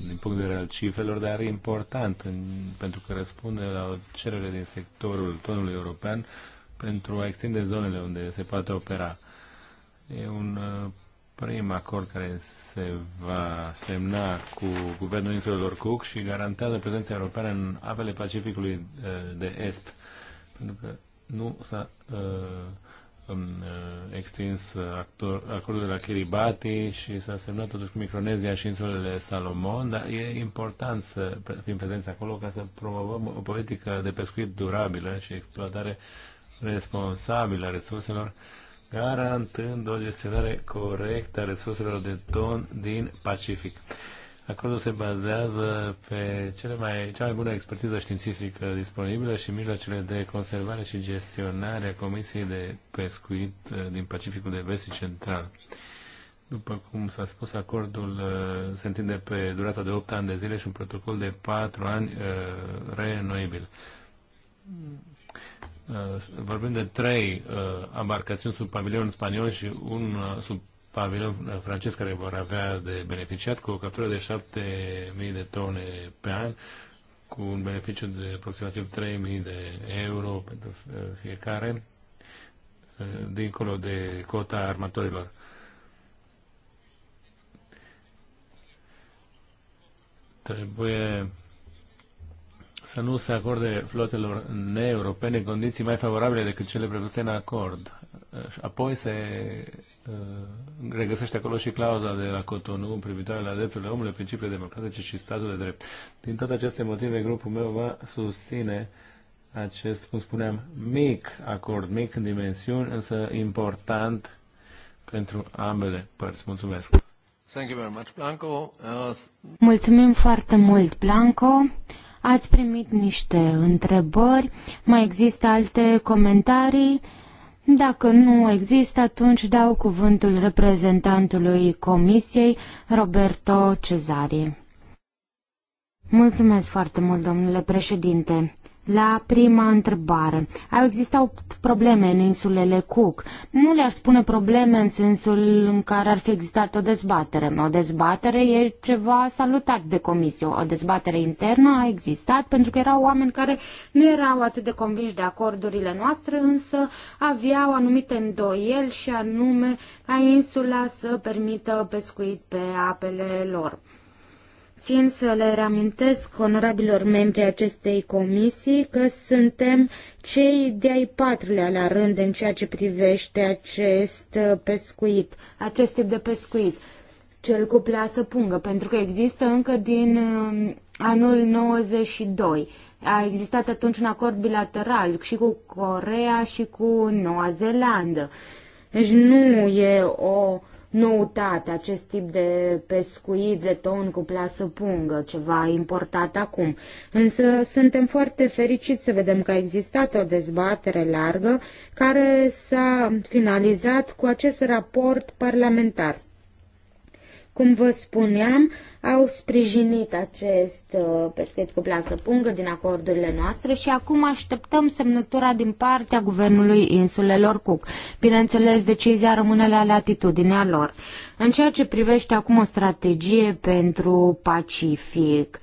din punct de vedere al cifrelor, dar e important în, pentru că răspunde la o cerere din sectorul tonului european pentru a extinde zonele unde se poate opera. E un eh, prim acord care se va semna cu guvernul insulelor Cook și garantează prezența europeană în apele Pacificului eh, de Est. Pentru că nu s-a uh, um, uh, extins actor, acordul de la Kiribati și s-a semnat totuși cu Micronezia și insulele Salomon, dar e important să fim prezenți acolo ca să promovăm o politică de pescuit durabilă și exploatare responsabilă a resurselor, garantând o gestionare corectă a resurselor de ton din Pacific. Acordul se bazează pe cele mai, cea mai bună expertiză științifică disponibilă și mijloacele de conservare și gestionare a Comisiei de Pescuit uh, din Pacificul de Vest și Central. După cum s-a spus, acordul uh, se întinde pe durata de 8 ani de zile și un protocol de 4 ani uh, reînnoibil. Vorbim de trei embarcațiuni sub pavilion spaniol și un sub pavilion uh, francez care vor avea de beneficiat cu o captură de 7.000 de tone pe an, cu un beneficiu de aproximativ 3.000 de euro pentru uh, fiecare, uh, dincolo de cota armatorilor. Trebuie să nu se acorde flotelor neeuropene condiții mai favorabile decât cele prevăzute în acord. Apoi se Uh, regăsește acolo și clauza de la Cotonou în privitoare la drepturile omului, principiile democratice și statul de drept. Din toate aceste motive, grupul meu va susține acest, cum spuneam, mic acord, mic în dimensiuni, însă important pentru ambele părți. Mulțumesc! Thank you very much, Blanco. Uh... Mulțumim foarte mult, Blanco. Ați primit niște întrebări. Mai există alte comentarii? Dacă nu există, atunci dau cuvântul reprezentantului Comisiei, Roberto Cezari. Mulțumesc foarte mult, domnule președinte. La prima întrebare, au existat probleme în insulele Cook. Nu le-aș spune probleme în sensul în care ar fi existat o dezbatere. O dezbatere e ceva salutat de comisie. O dezbatere internă a existat pentru că erau oameni care nu erau atât de convinși de acordurile noastre, însă aveau anumite îndoieli și anume ca insula să permită pescuit pe apele lor. Țin să le reamintesc onorabilor membri acestei comisii că suntem cei de-ai patrulea la rând în ceea ce privește acest uh, pescuit, acest tip de pescuit, cel cu pleasă pungă, pentru că există încă din um, anul 92. A existat atunci un acord bilateral și cu Corea și cu Noua Zeelandă. Deci nu e o noutate, acest tip de pescuit de ton cu plasă pungă, ceva importat acum. Însă suntem foarte fericiți să vedem că a existat o dezbatere largă care s-a finalizat cu acest raport parlamentar. Cum vă spuneam, au sprijinit acest uh, pescuit cu plasă pungă din acordurile noastre și acum așteptăm semnătura din partea Guvernului Insulelor Cook. Bineînțeles, decizia rămâne la latitudinea lor. În ceea ce privește acum o strategie pentru Pacific,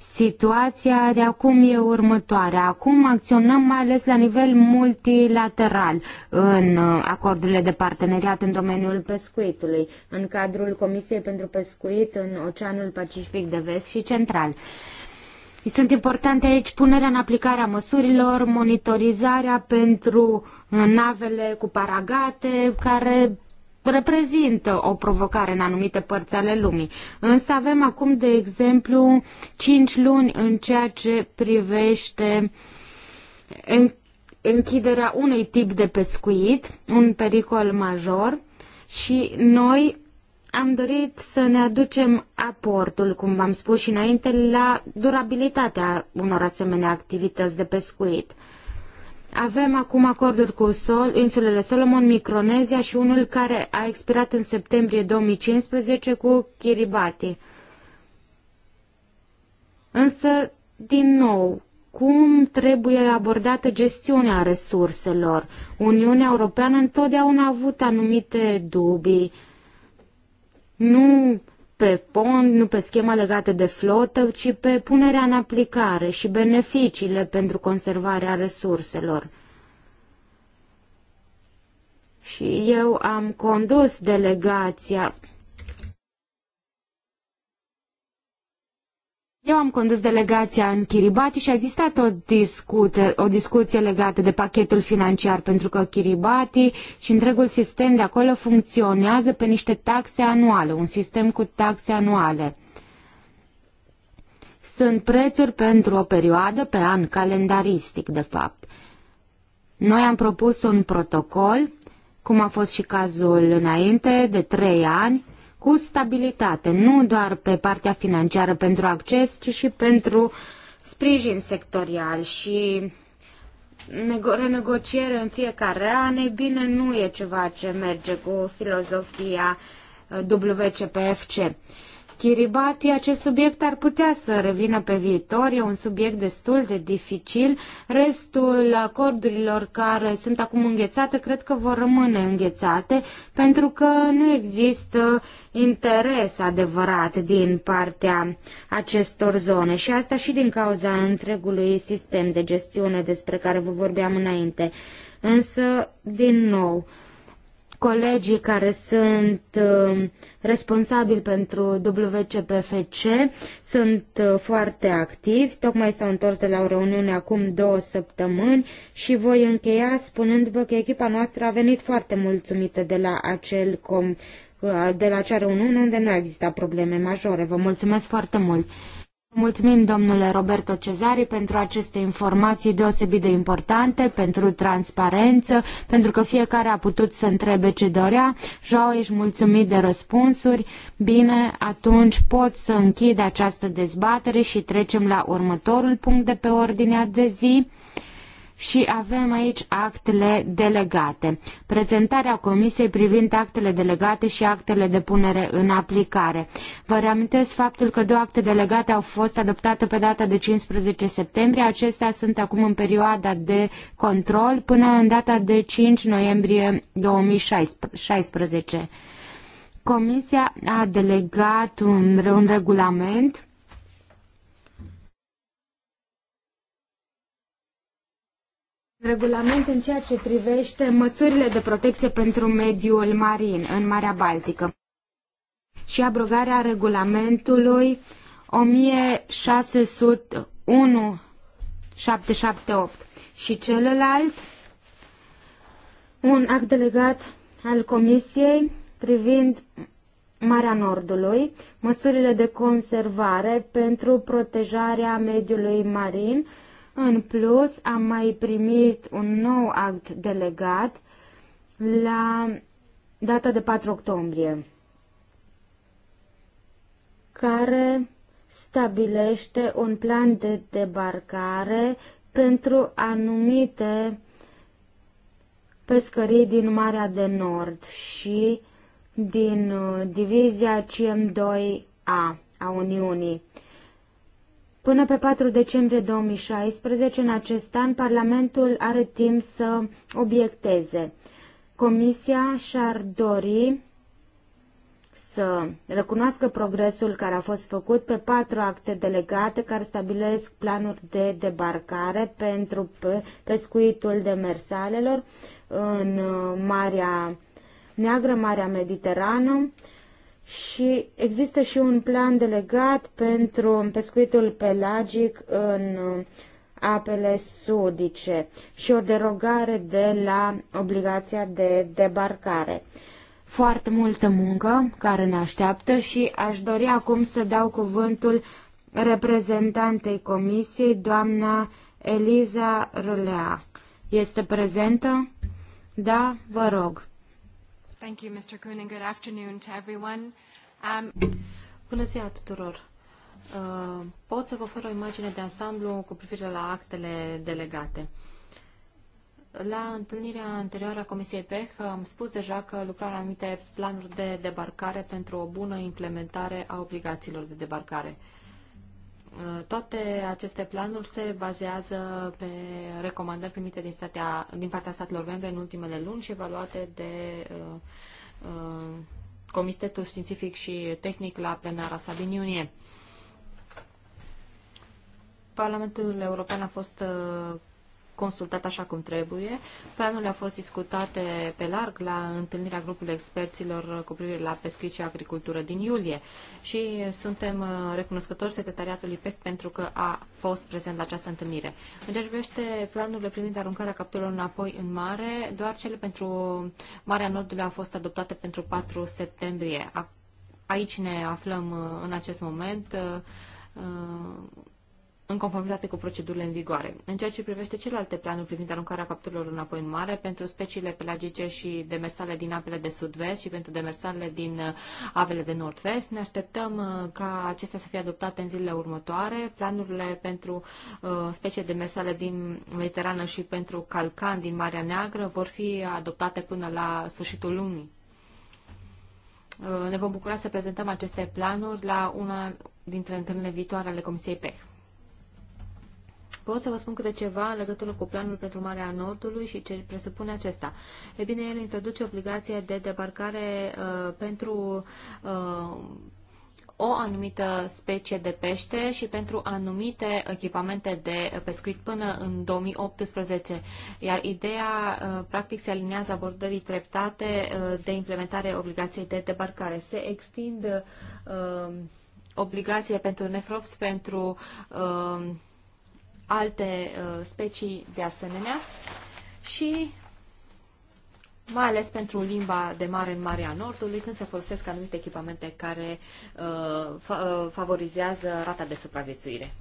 Situația de acum e următoarea. Acum acționăm mai ales la nivel multilateral în uh, acordurile de parteneriat în domeniul pescuitului, în cadrul Comisiei pentru Pescuit în Oceanul Pacific de Vest și Central. Sunt importante aici punerea în aplicare a măsurilor, monitorizarea pentru uh, navele cu paragate care reprezintă o provocare în anumite părți ale lumii. Însă avem acum, de exemplu, 5 luni în ceea ce privește închiderea unui tip de pescuit, un pericol major, și noi am dorit să ne aducem aportul, cum v-am spus și înainte, la durabilitatea unor asemenea activități de pescuit. Avem acum acorduri cu Sol, insulele Solomon, Micronezia și unul care a expirat în septembrie 2015 cu Kiribati. Însă, din nou, cum trebuie abordată gestiunea resurselor? Uniunea Europeană întotdeauna a avut anumite dubii. Nu pe pont, nu pe schema legată de flotă, ci pe punerea în aplicare și beneficiile pentru conservarea resurselor. Și eu am condus delegația Eu am condus delegația în Kiribati și a existat o, discut, o discuție legată de pachetul financiar, pentru că Kiribati și întregul sistem de acolo funcționează pe niște taxe anuale, un sistem cu taxe anuale. Sunt prețuri pentru o perioadă pe an calendaristic, de fapt. Noi am propus un protocol, cum a fost și cazul înainte, de trei ani, cu stabilitate, nu doar pe partea financiară pentru acces, ci și pentru sprijin sectorial și renegociere în fiecare an, e bine, nu e ceva ce merge cu filozofia WCPFC. Kiribati, acest subiect ar putea să revină pe viitor. E un subiect destul de dificil. Restul acordurilor care sunt acum înghețate, cred că vor rămâne înghețate, pentru că nu există interes adevărat din partea acestor zone și asta și din cauza întregului sistem de gestiune despre care vă vorbeam înainte. Însă, din nou, colegii care sunt uh, responsabili pentru WCPFC sunt uh, foarte activi. Tocmai s-au întors de la o reuniune acum două săptămâni și voi încheia spunându-vă că echipa noastră a venit foarte mulțumită de la acel com, uh, de la acea reuniune unde nu a existat probleme majore. Vă mulțumesc foarte mult! Mulțumim, domnule Roberto Cezari, pentru aceste informații deosebit de importante, pentru transparență, pentru că fiecare a putut să întrebe ce dorea. Joao, ești mulțumit de răspunsuri. Bine, atunci pot să închid această dezbatere și trecem la următorul punct de pe ordinea de zi și avem aici actele delegate. Prezentarea Comisiei privind actele delegate și actele de punere în aplicare. Vă reamintesc faptul că două acte delegate au fost adoptate pe data de 15 septembrie. Acestea sunt acum în perioada de control până în data de 5 noiembrie 2016. Comisia a delegat un, un regulament regulament în ceea ce privește măsurile de protecție pentru mediul marin în Marea Baltică și abrogarea regulamentului 1601 778 și celălalt un act delegat al Comisiei privind Marea Nordului, măsurile de conservare pentru protejarea mediului marin în plus, am mai primit un nou act delegat la data de 4 octombrie, care stabilește un plan de debarcare pentru anumite pescării din Marea de Nord și din uh, divizia CM2A a Uniunii. Până pe 4 decembrie 2016, în acest an, Parlamentul are timp să obiecteze. Comisia și-ar dori să recunoască progresul care a fost făcut pe patru acte delegate care stabilesc planuri de debarcare pentru pescuitul demersalelor în uh, Marea Neagră, Marea Mediterană, și există și un plan delegat pentru pescuitul pelagic în uh, apele sudice și o derogare de la obligația de debarcare. Foarte multă muncă care ne așteaptă și aș dori acum să dau cuvântul reprezentantei comisiei, doamna Eliza Rulea. Este prezentă? Da, vă rog. Thank you, Mr. Kuhn, and good afternoon to everyone. Um... Bună ziua tuturor! Uh, pot să vă ofer o imagine de ansamblu cu privire la actele delegate. La întâlnirea anterioară a Comisiei PEH am spus deja că lucrăm la anumite planuri de debarcare pentru o bună implementare a obligațiilor de debarcare. Uh, toate aceste planuri se bazează pe recomandări primite din, statea, din partea statelor membre în ultimele luni și evaluate de uh, uh, Comitetul Științific și Tehnic la plenara sa din iunie. Parlamentul European a fost uh, consultat așa cum trebuie. Planurile au fost discutate pe larg la întâlnirea grupului experților cu privire la pescuit și agricultură din iulie și suntem uh, recunoscători secretariatului PEC pentru că a fost prezent la această întâlnire. În ceea ce privește planurile privind aruncarea capturilor înapoi în mare, doar cele pentru Marea Nordului au fost adoptate pentru 4 septembrie. Aici ne aflăm uh, în acest moment uh, în conformitate cu procedurile în vigoare. În ceea ce privește celelalte planuri privind aruncarea capturilor înapoi în mare, pentru speciile pelagice și demersale din apele de sud-vest și pentru demersale din uh, apele de nord-vest, ne așteptăm uh, ca acestea să fie adoptate în zilele următoare. Planurile pentru uh, specii demersale din Mediterană și pentru calcan din Marea Neagră vor fi adoptate până la sfârșitul lunii. Uh, ne vom bucura să prezentăm aceste planuri la una dintre întâlnirile viitoare ale Comisiei PEC. Pot să vă spun câte ceva în legătură cu planul pentru Marea Nordului și ce presupune acesta. E bine, el introduce obligația de debarcare uh, pentru uh, o anumită specie de pește și pentru anumite echipamente de pescuit până în 2018. Iar ideea, uh, practic, se alinează abordării treptate uh, de implementare obligației de debarcare. Se extind uh, obligațiile pentru nefrops, pentru uh, alte uh, specii de asemenea și mai ales pentru limba de mare în Marea Nordului, când se folosesc anumite echipamente care uh, uh favorizează rata de supraviețuire.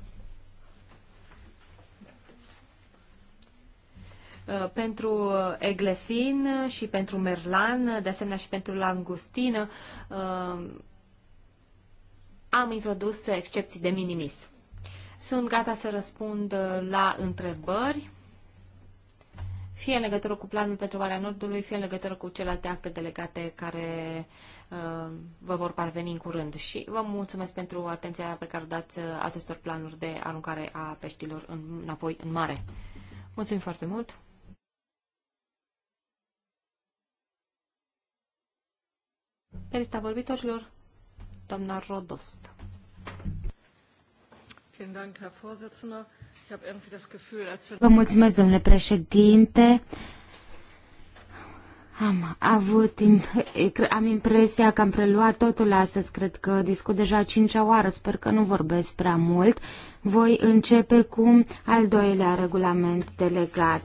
Uh, pentru eglefin și pentru merlan, de asemenea și pentru langustină, am introdus excepții de minimis. Sunt gata să răspund uh, la întrebări, fie în legătură cu planul pentru Marea Nordului, fie în legătură cu celelalte acte delegate care uh, vă vor parveni în curând. Și vă mulțumesc pentru atenția pe care o dați uh, acestor planuri de aruncare a peștilor în, înapoi în mare. Mulțumim foarte mult! Pe lista vorbitorilor, doamna Rodost. Vă mulțumesc, domnule președinte. Am avut, am impresia că am preluat totul astăzi, cred că discut deja cincea oară, sper că nu vorbesc prea mult. Voi începe cu al doilea regulament delegat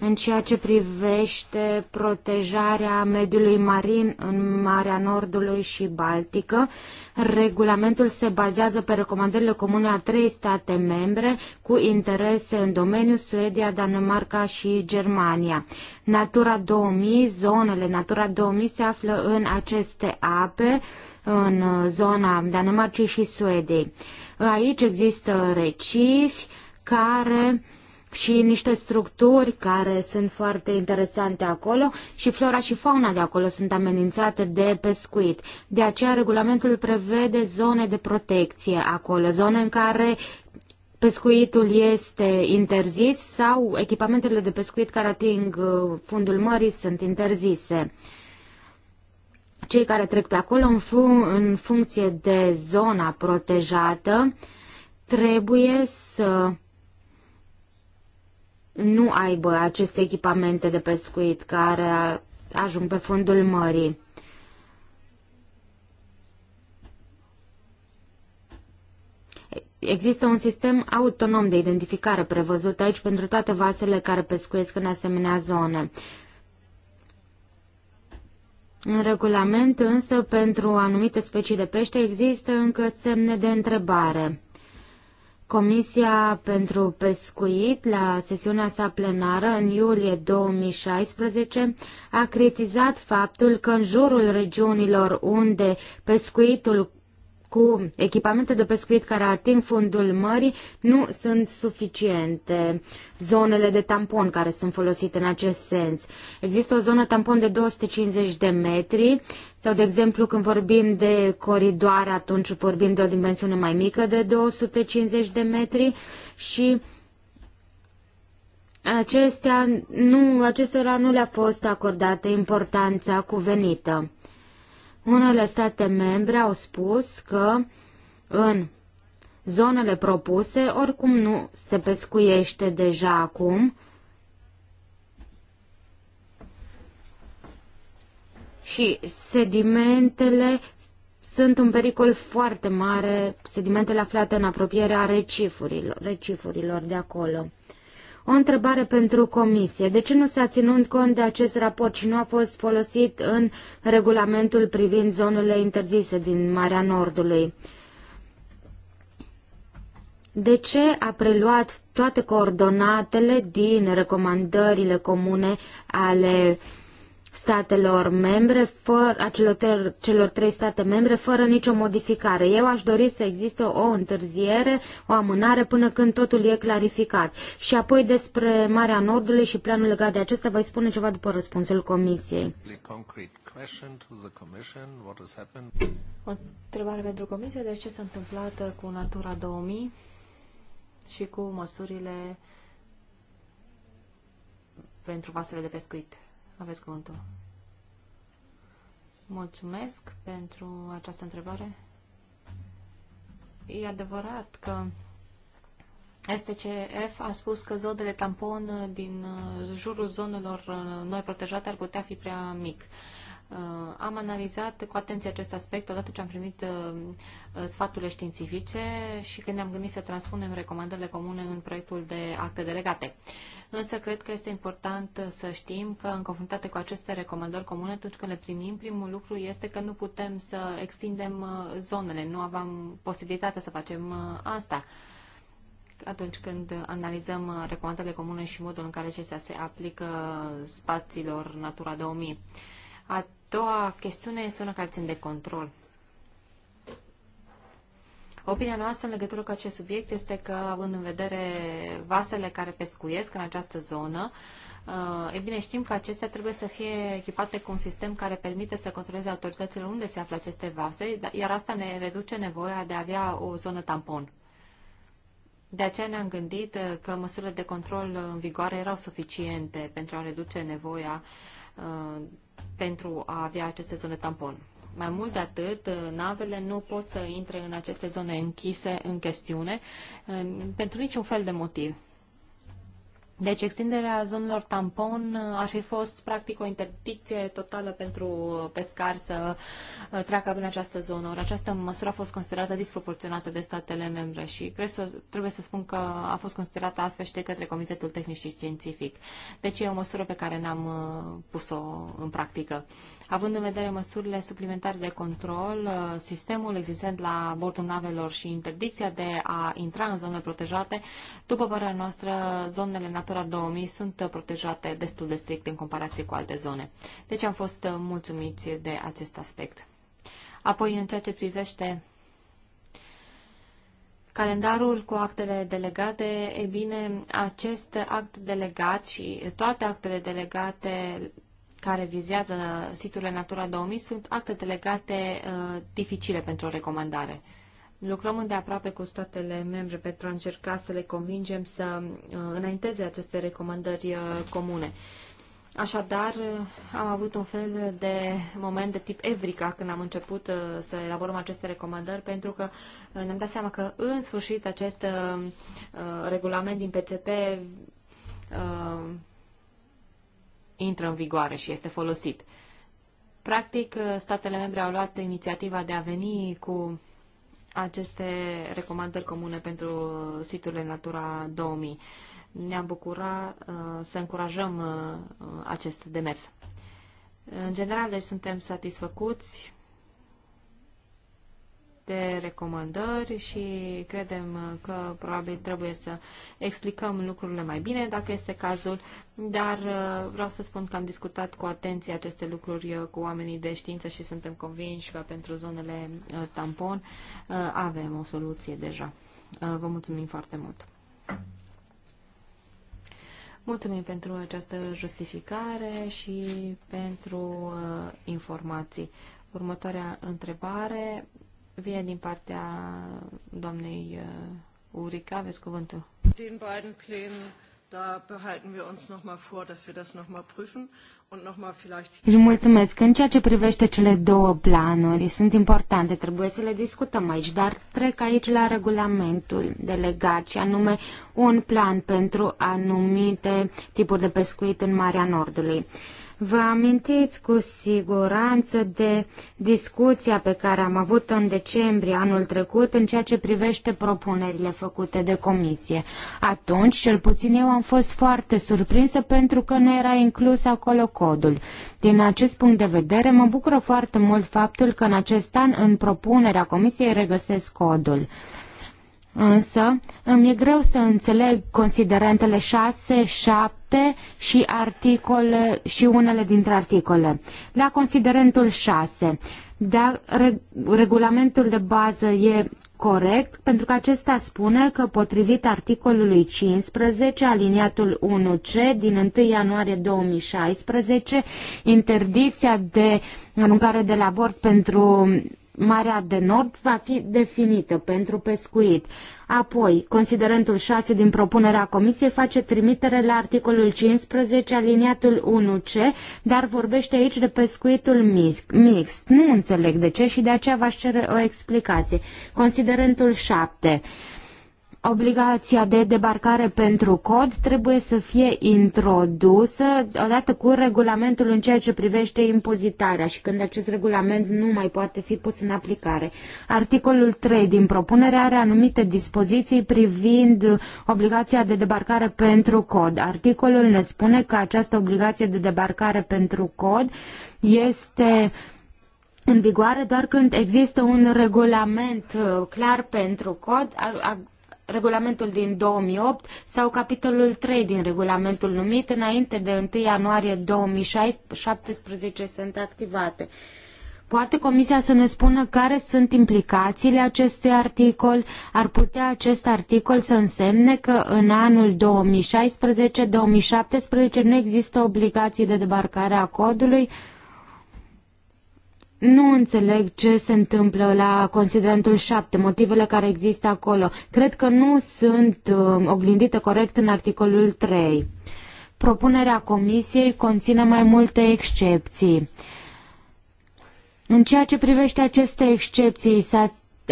în ceea ce privește protejarea mediului marin în Marea Nordului și Baltică Regulamentul se bazează pe recomandările comune a trei state membre cu interese în domeniu Suedia, Danemarca și Germania. Natura 2000, zonele Natura 2000 se află în aceste ape, în zona Danemarcei și Suediei. Aici există recifi care și niște structuri care sunt foarte interesante acolo și flora și fauna de acolo sunt amenințate de pescuit. De aceea regulamentul prevede zone de protecție acolo, zone în care pescuitul este interzis sau echipamentele de pescuit care ating uh, fundul mării sunt interzise cei care trec pe acolo în, fun- în funcție de zona protejată trebuie să nu aibă aceste echipamente de pescuit care ajung pe fundul mării. Există un sistem autonom de identificare prevăzut aici pentru toate vasele care pescuiesc în asemenea zone. În regulament, însă, pentru anumite specii de pește există încă semne de întrebare. Comisia pentru Pescuit, la sesiunea sa plenară în iulie 2016, a critizat faptul că în jurul regiunilor unde pescuitul cu echipamente de pescuit care ating fundul mării nu sunt suficiente. Zonele de tampon care sunt folosite în acest sens. Există o zonă tampon de 250 de metri sau, de exemplu, când vorbim de coridoare, atunci vorbim de o dimensiune mai mică de 250 de metri și acestea nu, acestora nu le-a fost acordată importanța cuvenită. Unele state membre au spus că în zonele propuse oricum nu se pescuiește deja acum, și sedimentele sunt un pericol foarte mare, sedimentele aflate în apropierea recifurilor, recifurilor de acolo. O întrebare pentru comisie. De ce nu s-a ținut cont de acest raport și nu a fost folosit în regulamentul privind zonele interzise din Marea Nordului? De ce a preluat toate coordonatele din recomandările comune ale uh, statelor membre, fără, a celor, ter, celor trei state membre, fără nicio modificare. Eu aș dori să existe o întârziere, o amânare până când totul e clarificat. Și apoi despre Marea Nordului și planul legat de acesta voi spune ceva după răspunsul Comisiei. O întrebare pentru Comisie, de deci ce s-a întâmplat cu Natura 2000 și cu măsurile pentru vasele de pescuit? Aveți cuvântul. Mulțumesc pentru această întrebare. E adevărat că STCF a spus că zodele tampon din uh, jurul zonelor uh, noi protejate ar putea fi prea mic. Uh, am analizat cu atenție acest aspect odată ce am primit sfaturile științifice și când ne-am gândit să transpunem recomandările comune în proiectul de acte delegate însă cred că este important să știm că în confruntate cu aceste recomandări comune, atunci când le primim, primul lucru este că nu putem să extindem uh, zonele, nu avem posibilitatea să facem uh, asta atunci când analizăm uh, recomandările comune și modul în care acestea se aplică spațiilor Natura 2000. A doua chestiune este una care ține de control. Opinia noastră în legătură cu acest subiect este că, având în vedere vasele care pescuiesc în această zonă, uh, e bine știm că acestea trebuie să fie echipate cu un sistem care permite să controleze autoritățile unde se află aceste vase, iar asta ne reduce nevoia de a avea o zonă tampon. De aceea ne-am gândit uh, că măsurile de control în vigoare erau suficiente pentru a reduce nevoia uh, pentru a avea aceste zone tampon. Mai mult de atât, uh, navele nu pot să intre în aceste zone închise în chestiune uh, pentru niciun fel de motiv. Deci extinderea zonelor tampon uh, ar fi fost practic o interdicție totală pentru pescari să treacă prin această zonă. Or, această măsură a fost considerată disproporționată de statele membre și cred să, trebuie să spun că a fost considerată astfel și de către Comitetul Tehnic și Științific. Deci e o măsură pe care n-am pus-o în practică având în vedere măsurile suplimentare de control, uh, sistemul existent la bordul navelor și interdicția de a intra în zone protejate, după părerea noastră, zonele Natura 2000 sunt protejate destul de strict în comparație cu alte zone. Deci am fost uh, mulțumiți de acest aspect. Apoi, în ceea ce privește Calendarul cu actele delegate, e bine, acest act delegat și toate actele delegate care vizează siturile Natura 2000 sunt acte delegate uh, dificile pentru o recomandare. Lucrăm îndeaproape cu statele membre pentru a încerca să le convingem să uh, înainteze aceste recomandări uh, comune. Așadar, uh, am avut un fel de moment de tip Evrica când am început uh, să elaborăm aceste recomandări, pentru că uh, ne-am dat seama că, în sfârșit, acest regulament din PCP intră în vigoare și este folosit. Practic, statele membre au luat inițiativa de a veni cu aceste recomandări comune pentru siturile Natura 2000. Ne-am bucura uh, să încurajăm uh, acest demers. În general, deci, suntem satisfăcuți de recomandări și credem că probabil trebuie să explicăm lucrurile mai bine dacă este cazul, dar uh, vreau să spun că am discutat cu atenție aceste lucruri uh, cu oamenii de știință și suntem convinși că pentru zonele uh, tampon avem o soluție deja. Vă mulțumim foarte mult! Mulțumim pentru această justificare și pentru uh, informații. Următoarea întrebare vine din partea doamnei Urica. Uh, aveți cuvântul. Din beiden plen, da behalten wir uns noch mal vor, dass wir das noch mal prüfen und deci, mulțumesc. În ceea ce privește cele două planuri, sunt importante, trebuie să le discutăm aici, dar trec aici la regulamentul delegat, și anume un plan pentru anumite tipuri de pescuit în Marea Nordului. Vă amintiți cu siguranță de discuția pe care am avut-o în decembrie anul trecut în ceea ce privește propunerile făcute de comisie. Atunci, cel puțin eu am fost foarte surprinsă pentru că nu era inclus acolo codul. Din acest punct de vedere, mă bucură foarte mult faptul că în acest an, în propunerea comisiei, regăsesc codul. Însă, îmi e greu să înțeleg considerentele 6, 7 și articole și unele dintre articole. La da, considerentul 6, da, regulamentul de bază e corect pentru că acesta spune că potrivit articolului 15 aliniatul 1C din 1 ianuarie 2016 interdicția de aruncare de la bord pentru Marea de Nord va fi definită pentru pescuit. Apoi, considerentul 6 din propunerea Comisiei face trimitere la articolul 15, aliniatul 1C, dar vorbește aici de pescuitul mixt. Nu înțeleg de ce și de aceea v-aș cere o explicație. Considerentul 7. Obligația de debarcare pentru cod trebuie să fie introdusă odată cu regulamentul în ceea ce privește impozitarea și când acest regulament nu mai poate fi pus în aplicare. Articolul 3 din propunere are anumite dispoziții privind obligația de debarcare pentru cod. Articolul ne spune că această obligație de debarcare pentru cod este în vigoare doar când există un regulament uh, clar pentru cod, regulamentul din 2008 sau capitolul 3 din regulamentul numit înainte de 1 ianuarie 2017 sunt activate. Poate Comisia să ne spună care sunt implicațiile acestui articol? Ar putea acest articol să însemne că în anul 2016-2017 nu există obligații de debarcare a codului? Nu înțeleg ce se întâmplă la considerentul 7, motivele care există acolo. Cred că nu sunt uh, oglindite corect în articolul 3. Propunerea comisiei conține mai multe excepții. În ceea ce privește aceste excepții,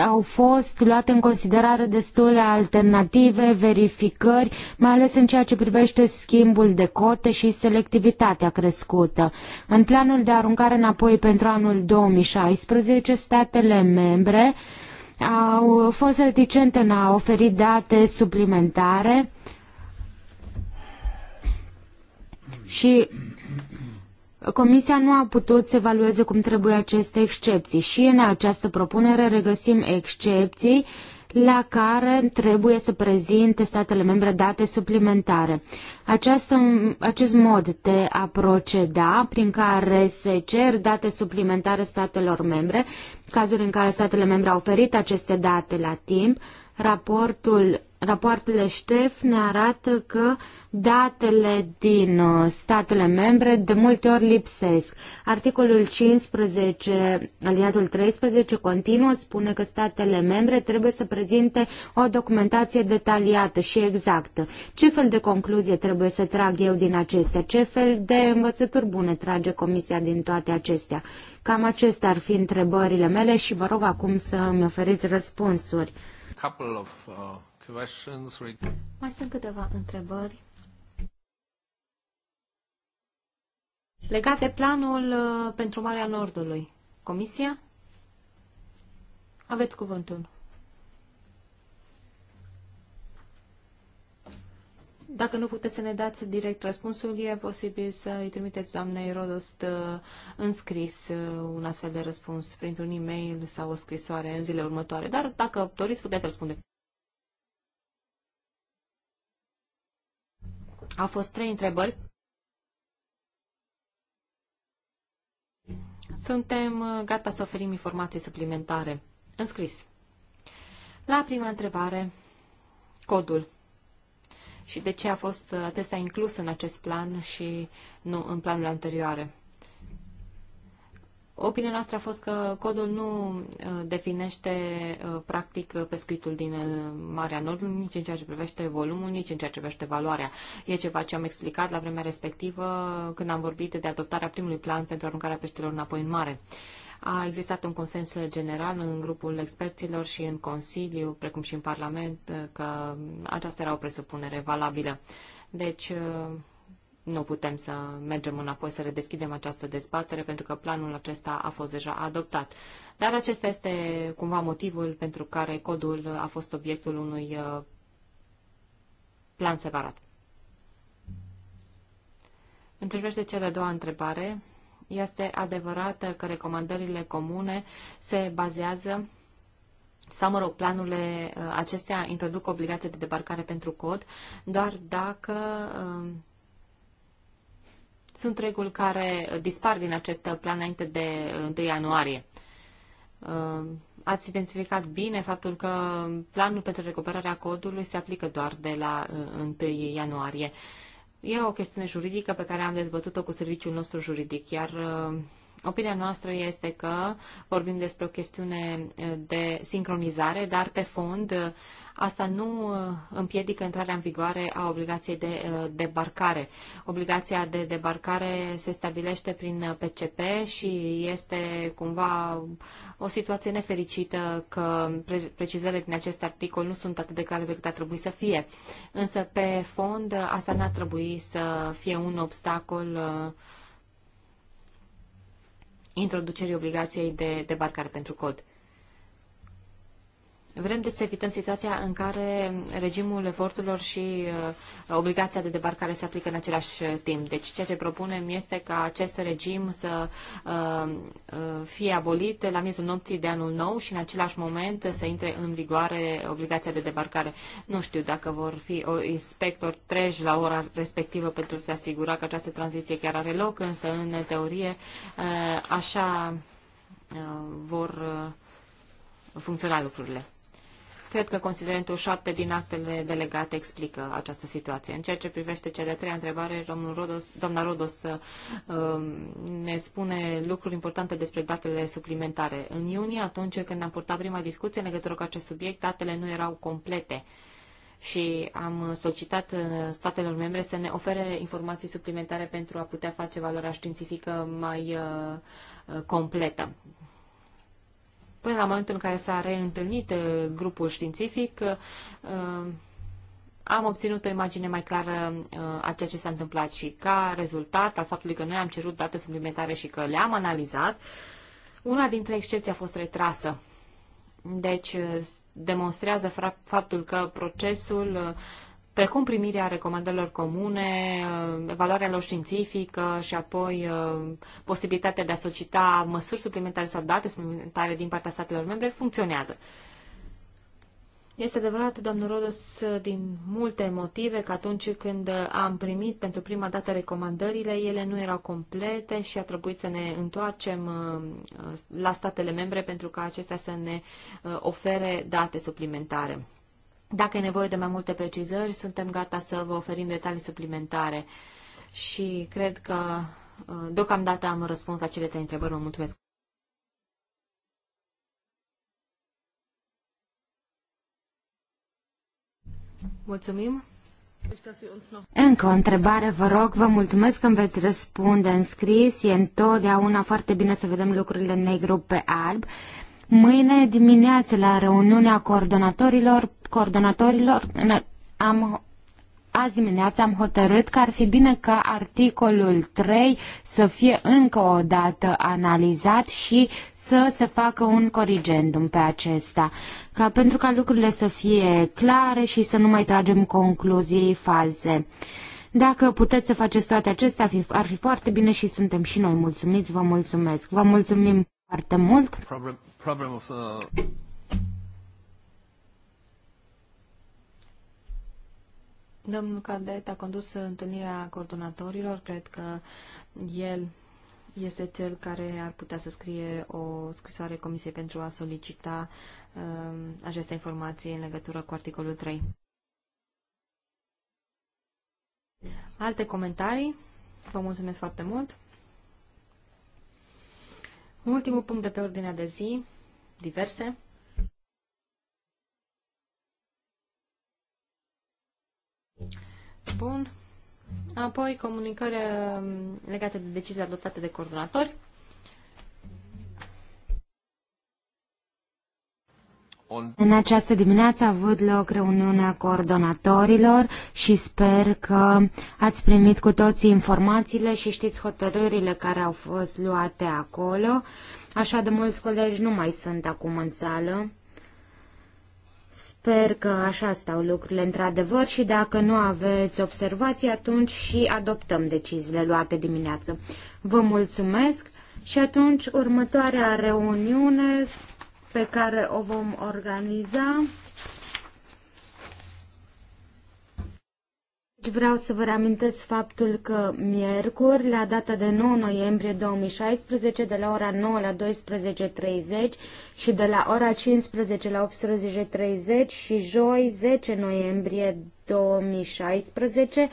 au fost luate în considerare destule alternative, verificări, mai ales în ceea ce privește schimbul de cote și selectivitatea crescută. În planul de aruncare înapoi pentru anul 2016, statele membre au fost reticente în a oferi date suplimentare și Comisia nu a putut să evalueze cum trebuie aceste excepții și în această propunere regăsim excepții la care trebuie să prezinte statele membre date suplimentare. Această, acest mod de a proceda, prin care se cer date suplimentare statelor membre, cazuri în care statele membre au oferit aceste date la timp, raportul, rapoartele Ștef ne arată că uh, Datele din uh, statele membre de multe ori lipsesc. Articolul 15, aliniatul 13, continuă, spune că statele membre trebuie să prezinte o documentație detaliată și exactă. Ce fel de concluzie trebuie să trag eu din acestea? Ce fel de învățături bune trage Comisia din toate acestea? Cam acestea ar fi întrebările mele și vă rog acum să mi oferiți răspunsuri. Uh, Mai sunt câteva întrebări Legat de planul uh, pentru Marea Nordului, Comisia? Aveți cuvântul. Dacă nu puteți să ne dați direct răspunsul, e posibil să îi trimiteți doamnei Rodost uh, înscris uh, un astfel de răspuns printr-un e-mail sau o scrisoare în zilele următoare. Dar dacă doriți, puteți răspunde. Au fost trei întrebări Suntem uh, gata să oferim informații suplimentare. Înscris. La prima întrebare, codul și de ce a fost uh, acesta inclus în acest plan și nu în planurile anterioare. Opinia noastră a fost că codul nu uh, definește uh, practic uh, pescuitul din Marea Nordului, nici în ceea ce privește volumul, nici în ceea ce privește valoarea. E ceva ce am explicat la vremea respectivă când am vorbit de adoptarea primului plan pentru aruncarea peștilor înapoi în mare. A existat un consens general în grupul experților și în Consiliu, precum și în Parlament, că aceasta era o presupunere valabilă. Deci, nu putem să mergem înapoi să redeschidem această dezbatere pentru că planul acesta a fost deja adoptat. Dar acesta este cumva motivul pentru care codul a fost obiectul unui uh, plan separat. În cele două cea de-a doua întrebare, este adevărat că recomandările comune se bazează sau, mă rog, planurile uh, acestea introduc obligație de debarcare pentru cod, doar dacă uh, sunt reguli care dispar din acest plan înainte de 1 ianuarie. Uh, ați identificat bine faptul că planul pentru recuperarea codului se aplică doar de la 1 uh, ianuarie. E o chestiune juridică pe care am dezbătut-o cu serviciul nostru juridic, iar uh, opinia noastră este că vorbim despre o chestiune de sincronizare, dar pe fond Asta nu uh, împiedică intrarea în vigoare a obligației de uh, debarcare. Obligația de debarcare se stabilește prin PCP uh, și este cumva o situație nefericită că precizările din acest articol nu sunt atât de clare pe cât ar trebui să fie. Însă, pe fond, asta n-ar trebui să fie un obstacol introducerii obligației de debarcare pentru cod. Vrem deci să evităm situația în care regimul eforturilor și uh, obligația de debarcare se aplică în același uh, timp. Deci ceea ce propunem este ca acest regim să uh, uh, fie abolit la miezul nopții de anul nou și în același moment să intre în vigoare obligația de debarcare. Nu știu dacă vor fi o inspector treji la ora respectivă pentru să se asigura că această tranziție chiar are loc, însă în teorie uh, așa uh, vor funcționa lucrurile. Cred că considerentul 7 din actele delegate explică această situație. În ceea ce privește cea de-a treia întrebare, domnul Rodos, doamna Rodos uh, um, ne spune lucruri importante despre datele suplimentare. În iunie, atunci când am purtat prima discuție în legătură cu acest subiect, datele nu erau complete și am solicitat uh, statelor membre să ne ofere informații suplimentare pentru a putea face valoarea științifică mai uh, completă până la momentul în care s-a reîntâlnit uh, grupul științific, uh, am obținut o imagine mai clară uh, a ceea ce s-a întâmplat și ca rezultat al faptului că noi am cerut date suplimentare și că le-am analizat, una dintre excepții a fost retrasă. Deci demonstrează faptul că procesul uh, precum primirea recomandărilor comune, uh, valoarea lor științifică și apoi uh, posibilitatea de a solicita măsuri suplimentare sau date suplimentare din partea statelor membre, funcționează. Este adevărat, domnul Rodos, din multe motive că atunci când am primit pentru prima dată recomandările, ele nu erau complete și a trebuit să ne întoarcem uh, la statele membre pentru ca acestea să ne ofere date suplimentare. Dacă e nevoie de mai multe precizări, suntem gata să vă oferim detalii suplimentare. Și cred că uh, deocamdată am răspuns la cele trei întrebări. Vă mulțumesc! Mulțumim! Încă o întrebare, vă rog, vă mulțumesc că îmi veți răspunde în scris. E întotdeauna foarte bine să vedem lucrurile negru pe alb. Mâine dimineață la reuniunea coordonatorilor, coordonatorilor am Azi dimineață am hotărât că ar fi bine ca articolul 3 să fie încă o dată analizat și să se facă un corigendum pe acesta, ca pentru ca lucrurile să fie clare și să nu mai tragem concluzii false. Dacă puteți să faceți toate acestea, ar fi foarte bine și suntem și noi mulțumiți. Vă mulțumesc. Vă mulțumim foarte mult. Problem, problem of, uh... Domnul Cadet a condus întâlnirea coordonatorilor. Cred că el este cel care ar putea să scrie o scrisoare Comisiei pentru a solicita uh, aceste informații în legătură cu articolul 3. Alte comentarii? Vă mulțumesc foarte mult! Ultimul punct de pe ordinea de zi, diverse. Bun. Apoi comunicări legate de decizii adoptate de coordonatori. În această dimineață a avut loc reuniunea coordonatorilor și sper că ați primit cu toții informațiile și știți hotărârile care au fost luate acolo. Așa de mulți colegi nu mai sunt acum în sală. Sper că așa stau lucrurile într-adevăr și dacă nu aveți observații, atunci și adoptăm deciziile luate dimineață. Vă mulțumesc și atunci următoarea reuniune pe care o vom organiza. Deci vreau să vă reamintesc faptul că miercuri, la data de 9 noiembrie 2016, de la ora 9 la 12.30 și de la ora 15 la 18.30 și joi 10 noiembrie 2016,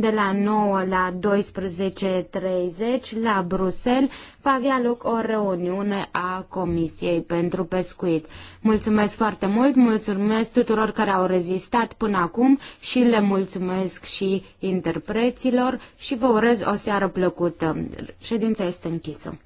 de la 9 la 12.30 la Bruxelles va avea loc o reuniune a Comisiei pentru Pescuit. Mulțumesc foarte mult, mulțumesc tuturor care au rezistat până acum și le mulțumesc și interpreților și vă urez o seară plăcută. Ședința este închisă.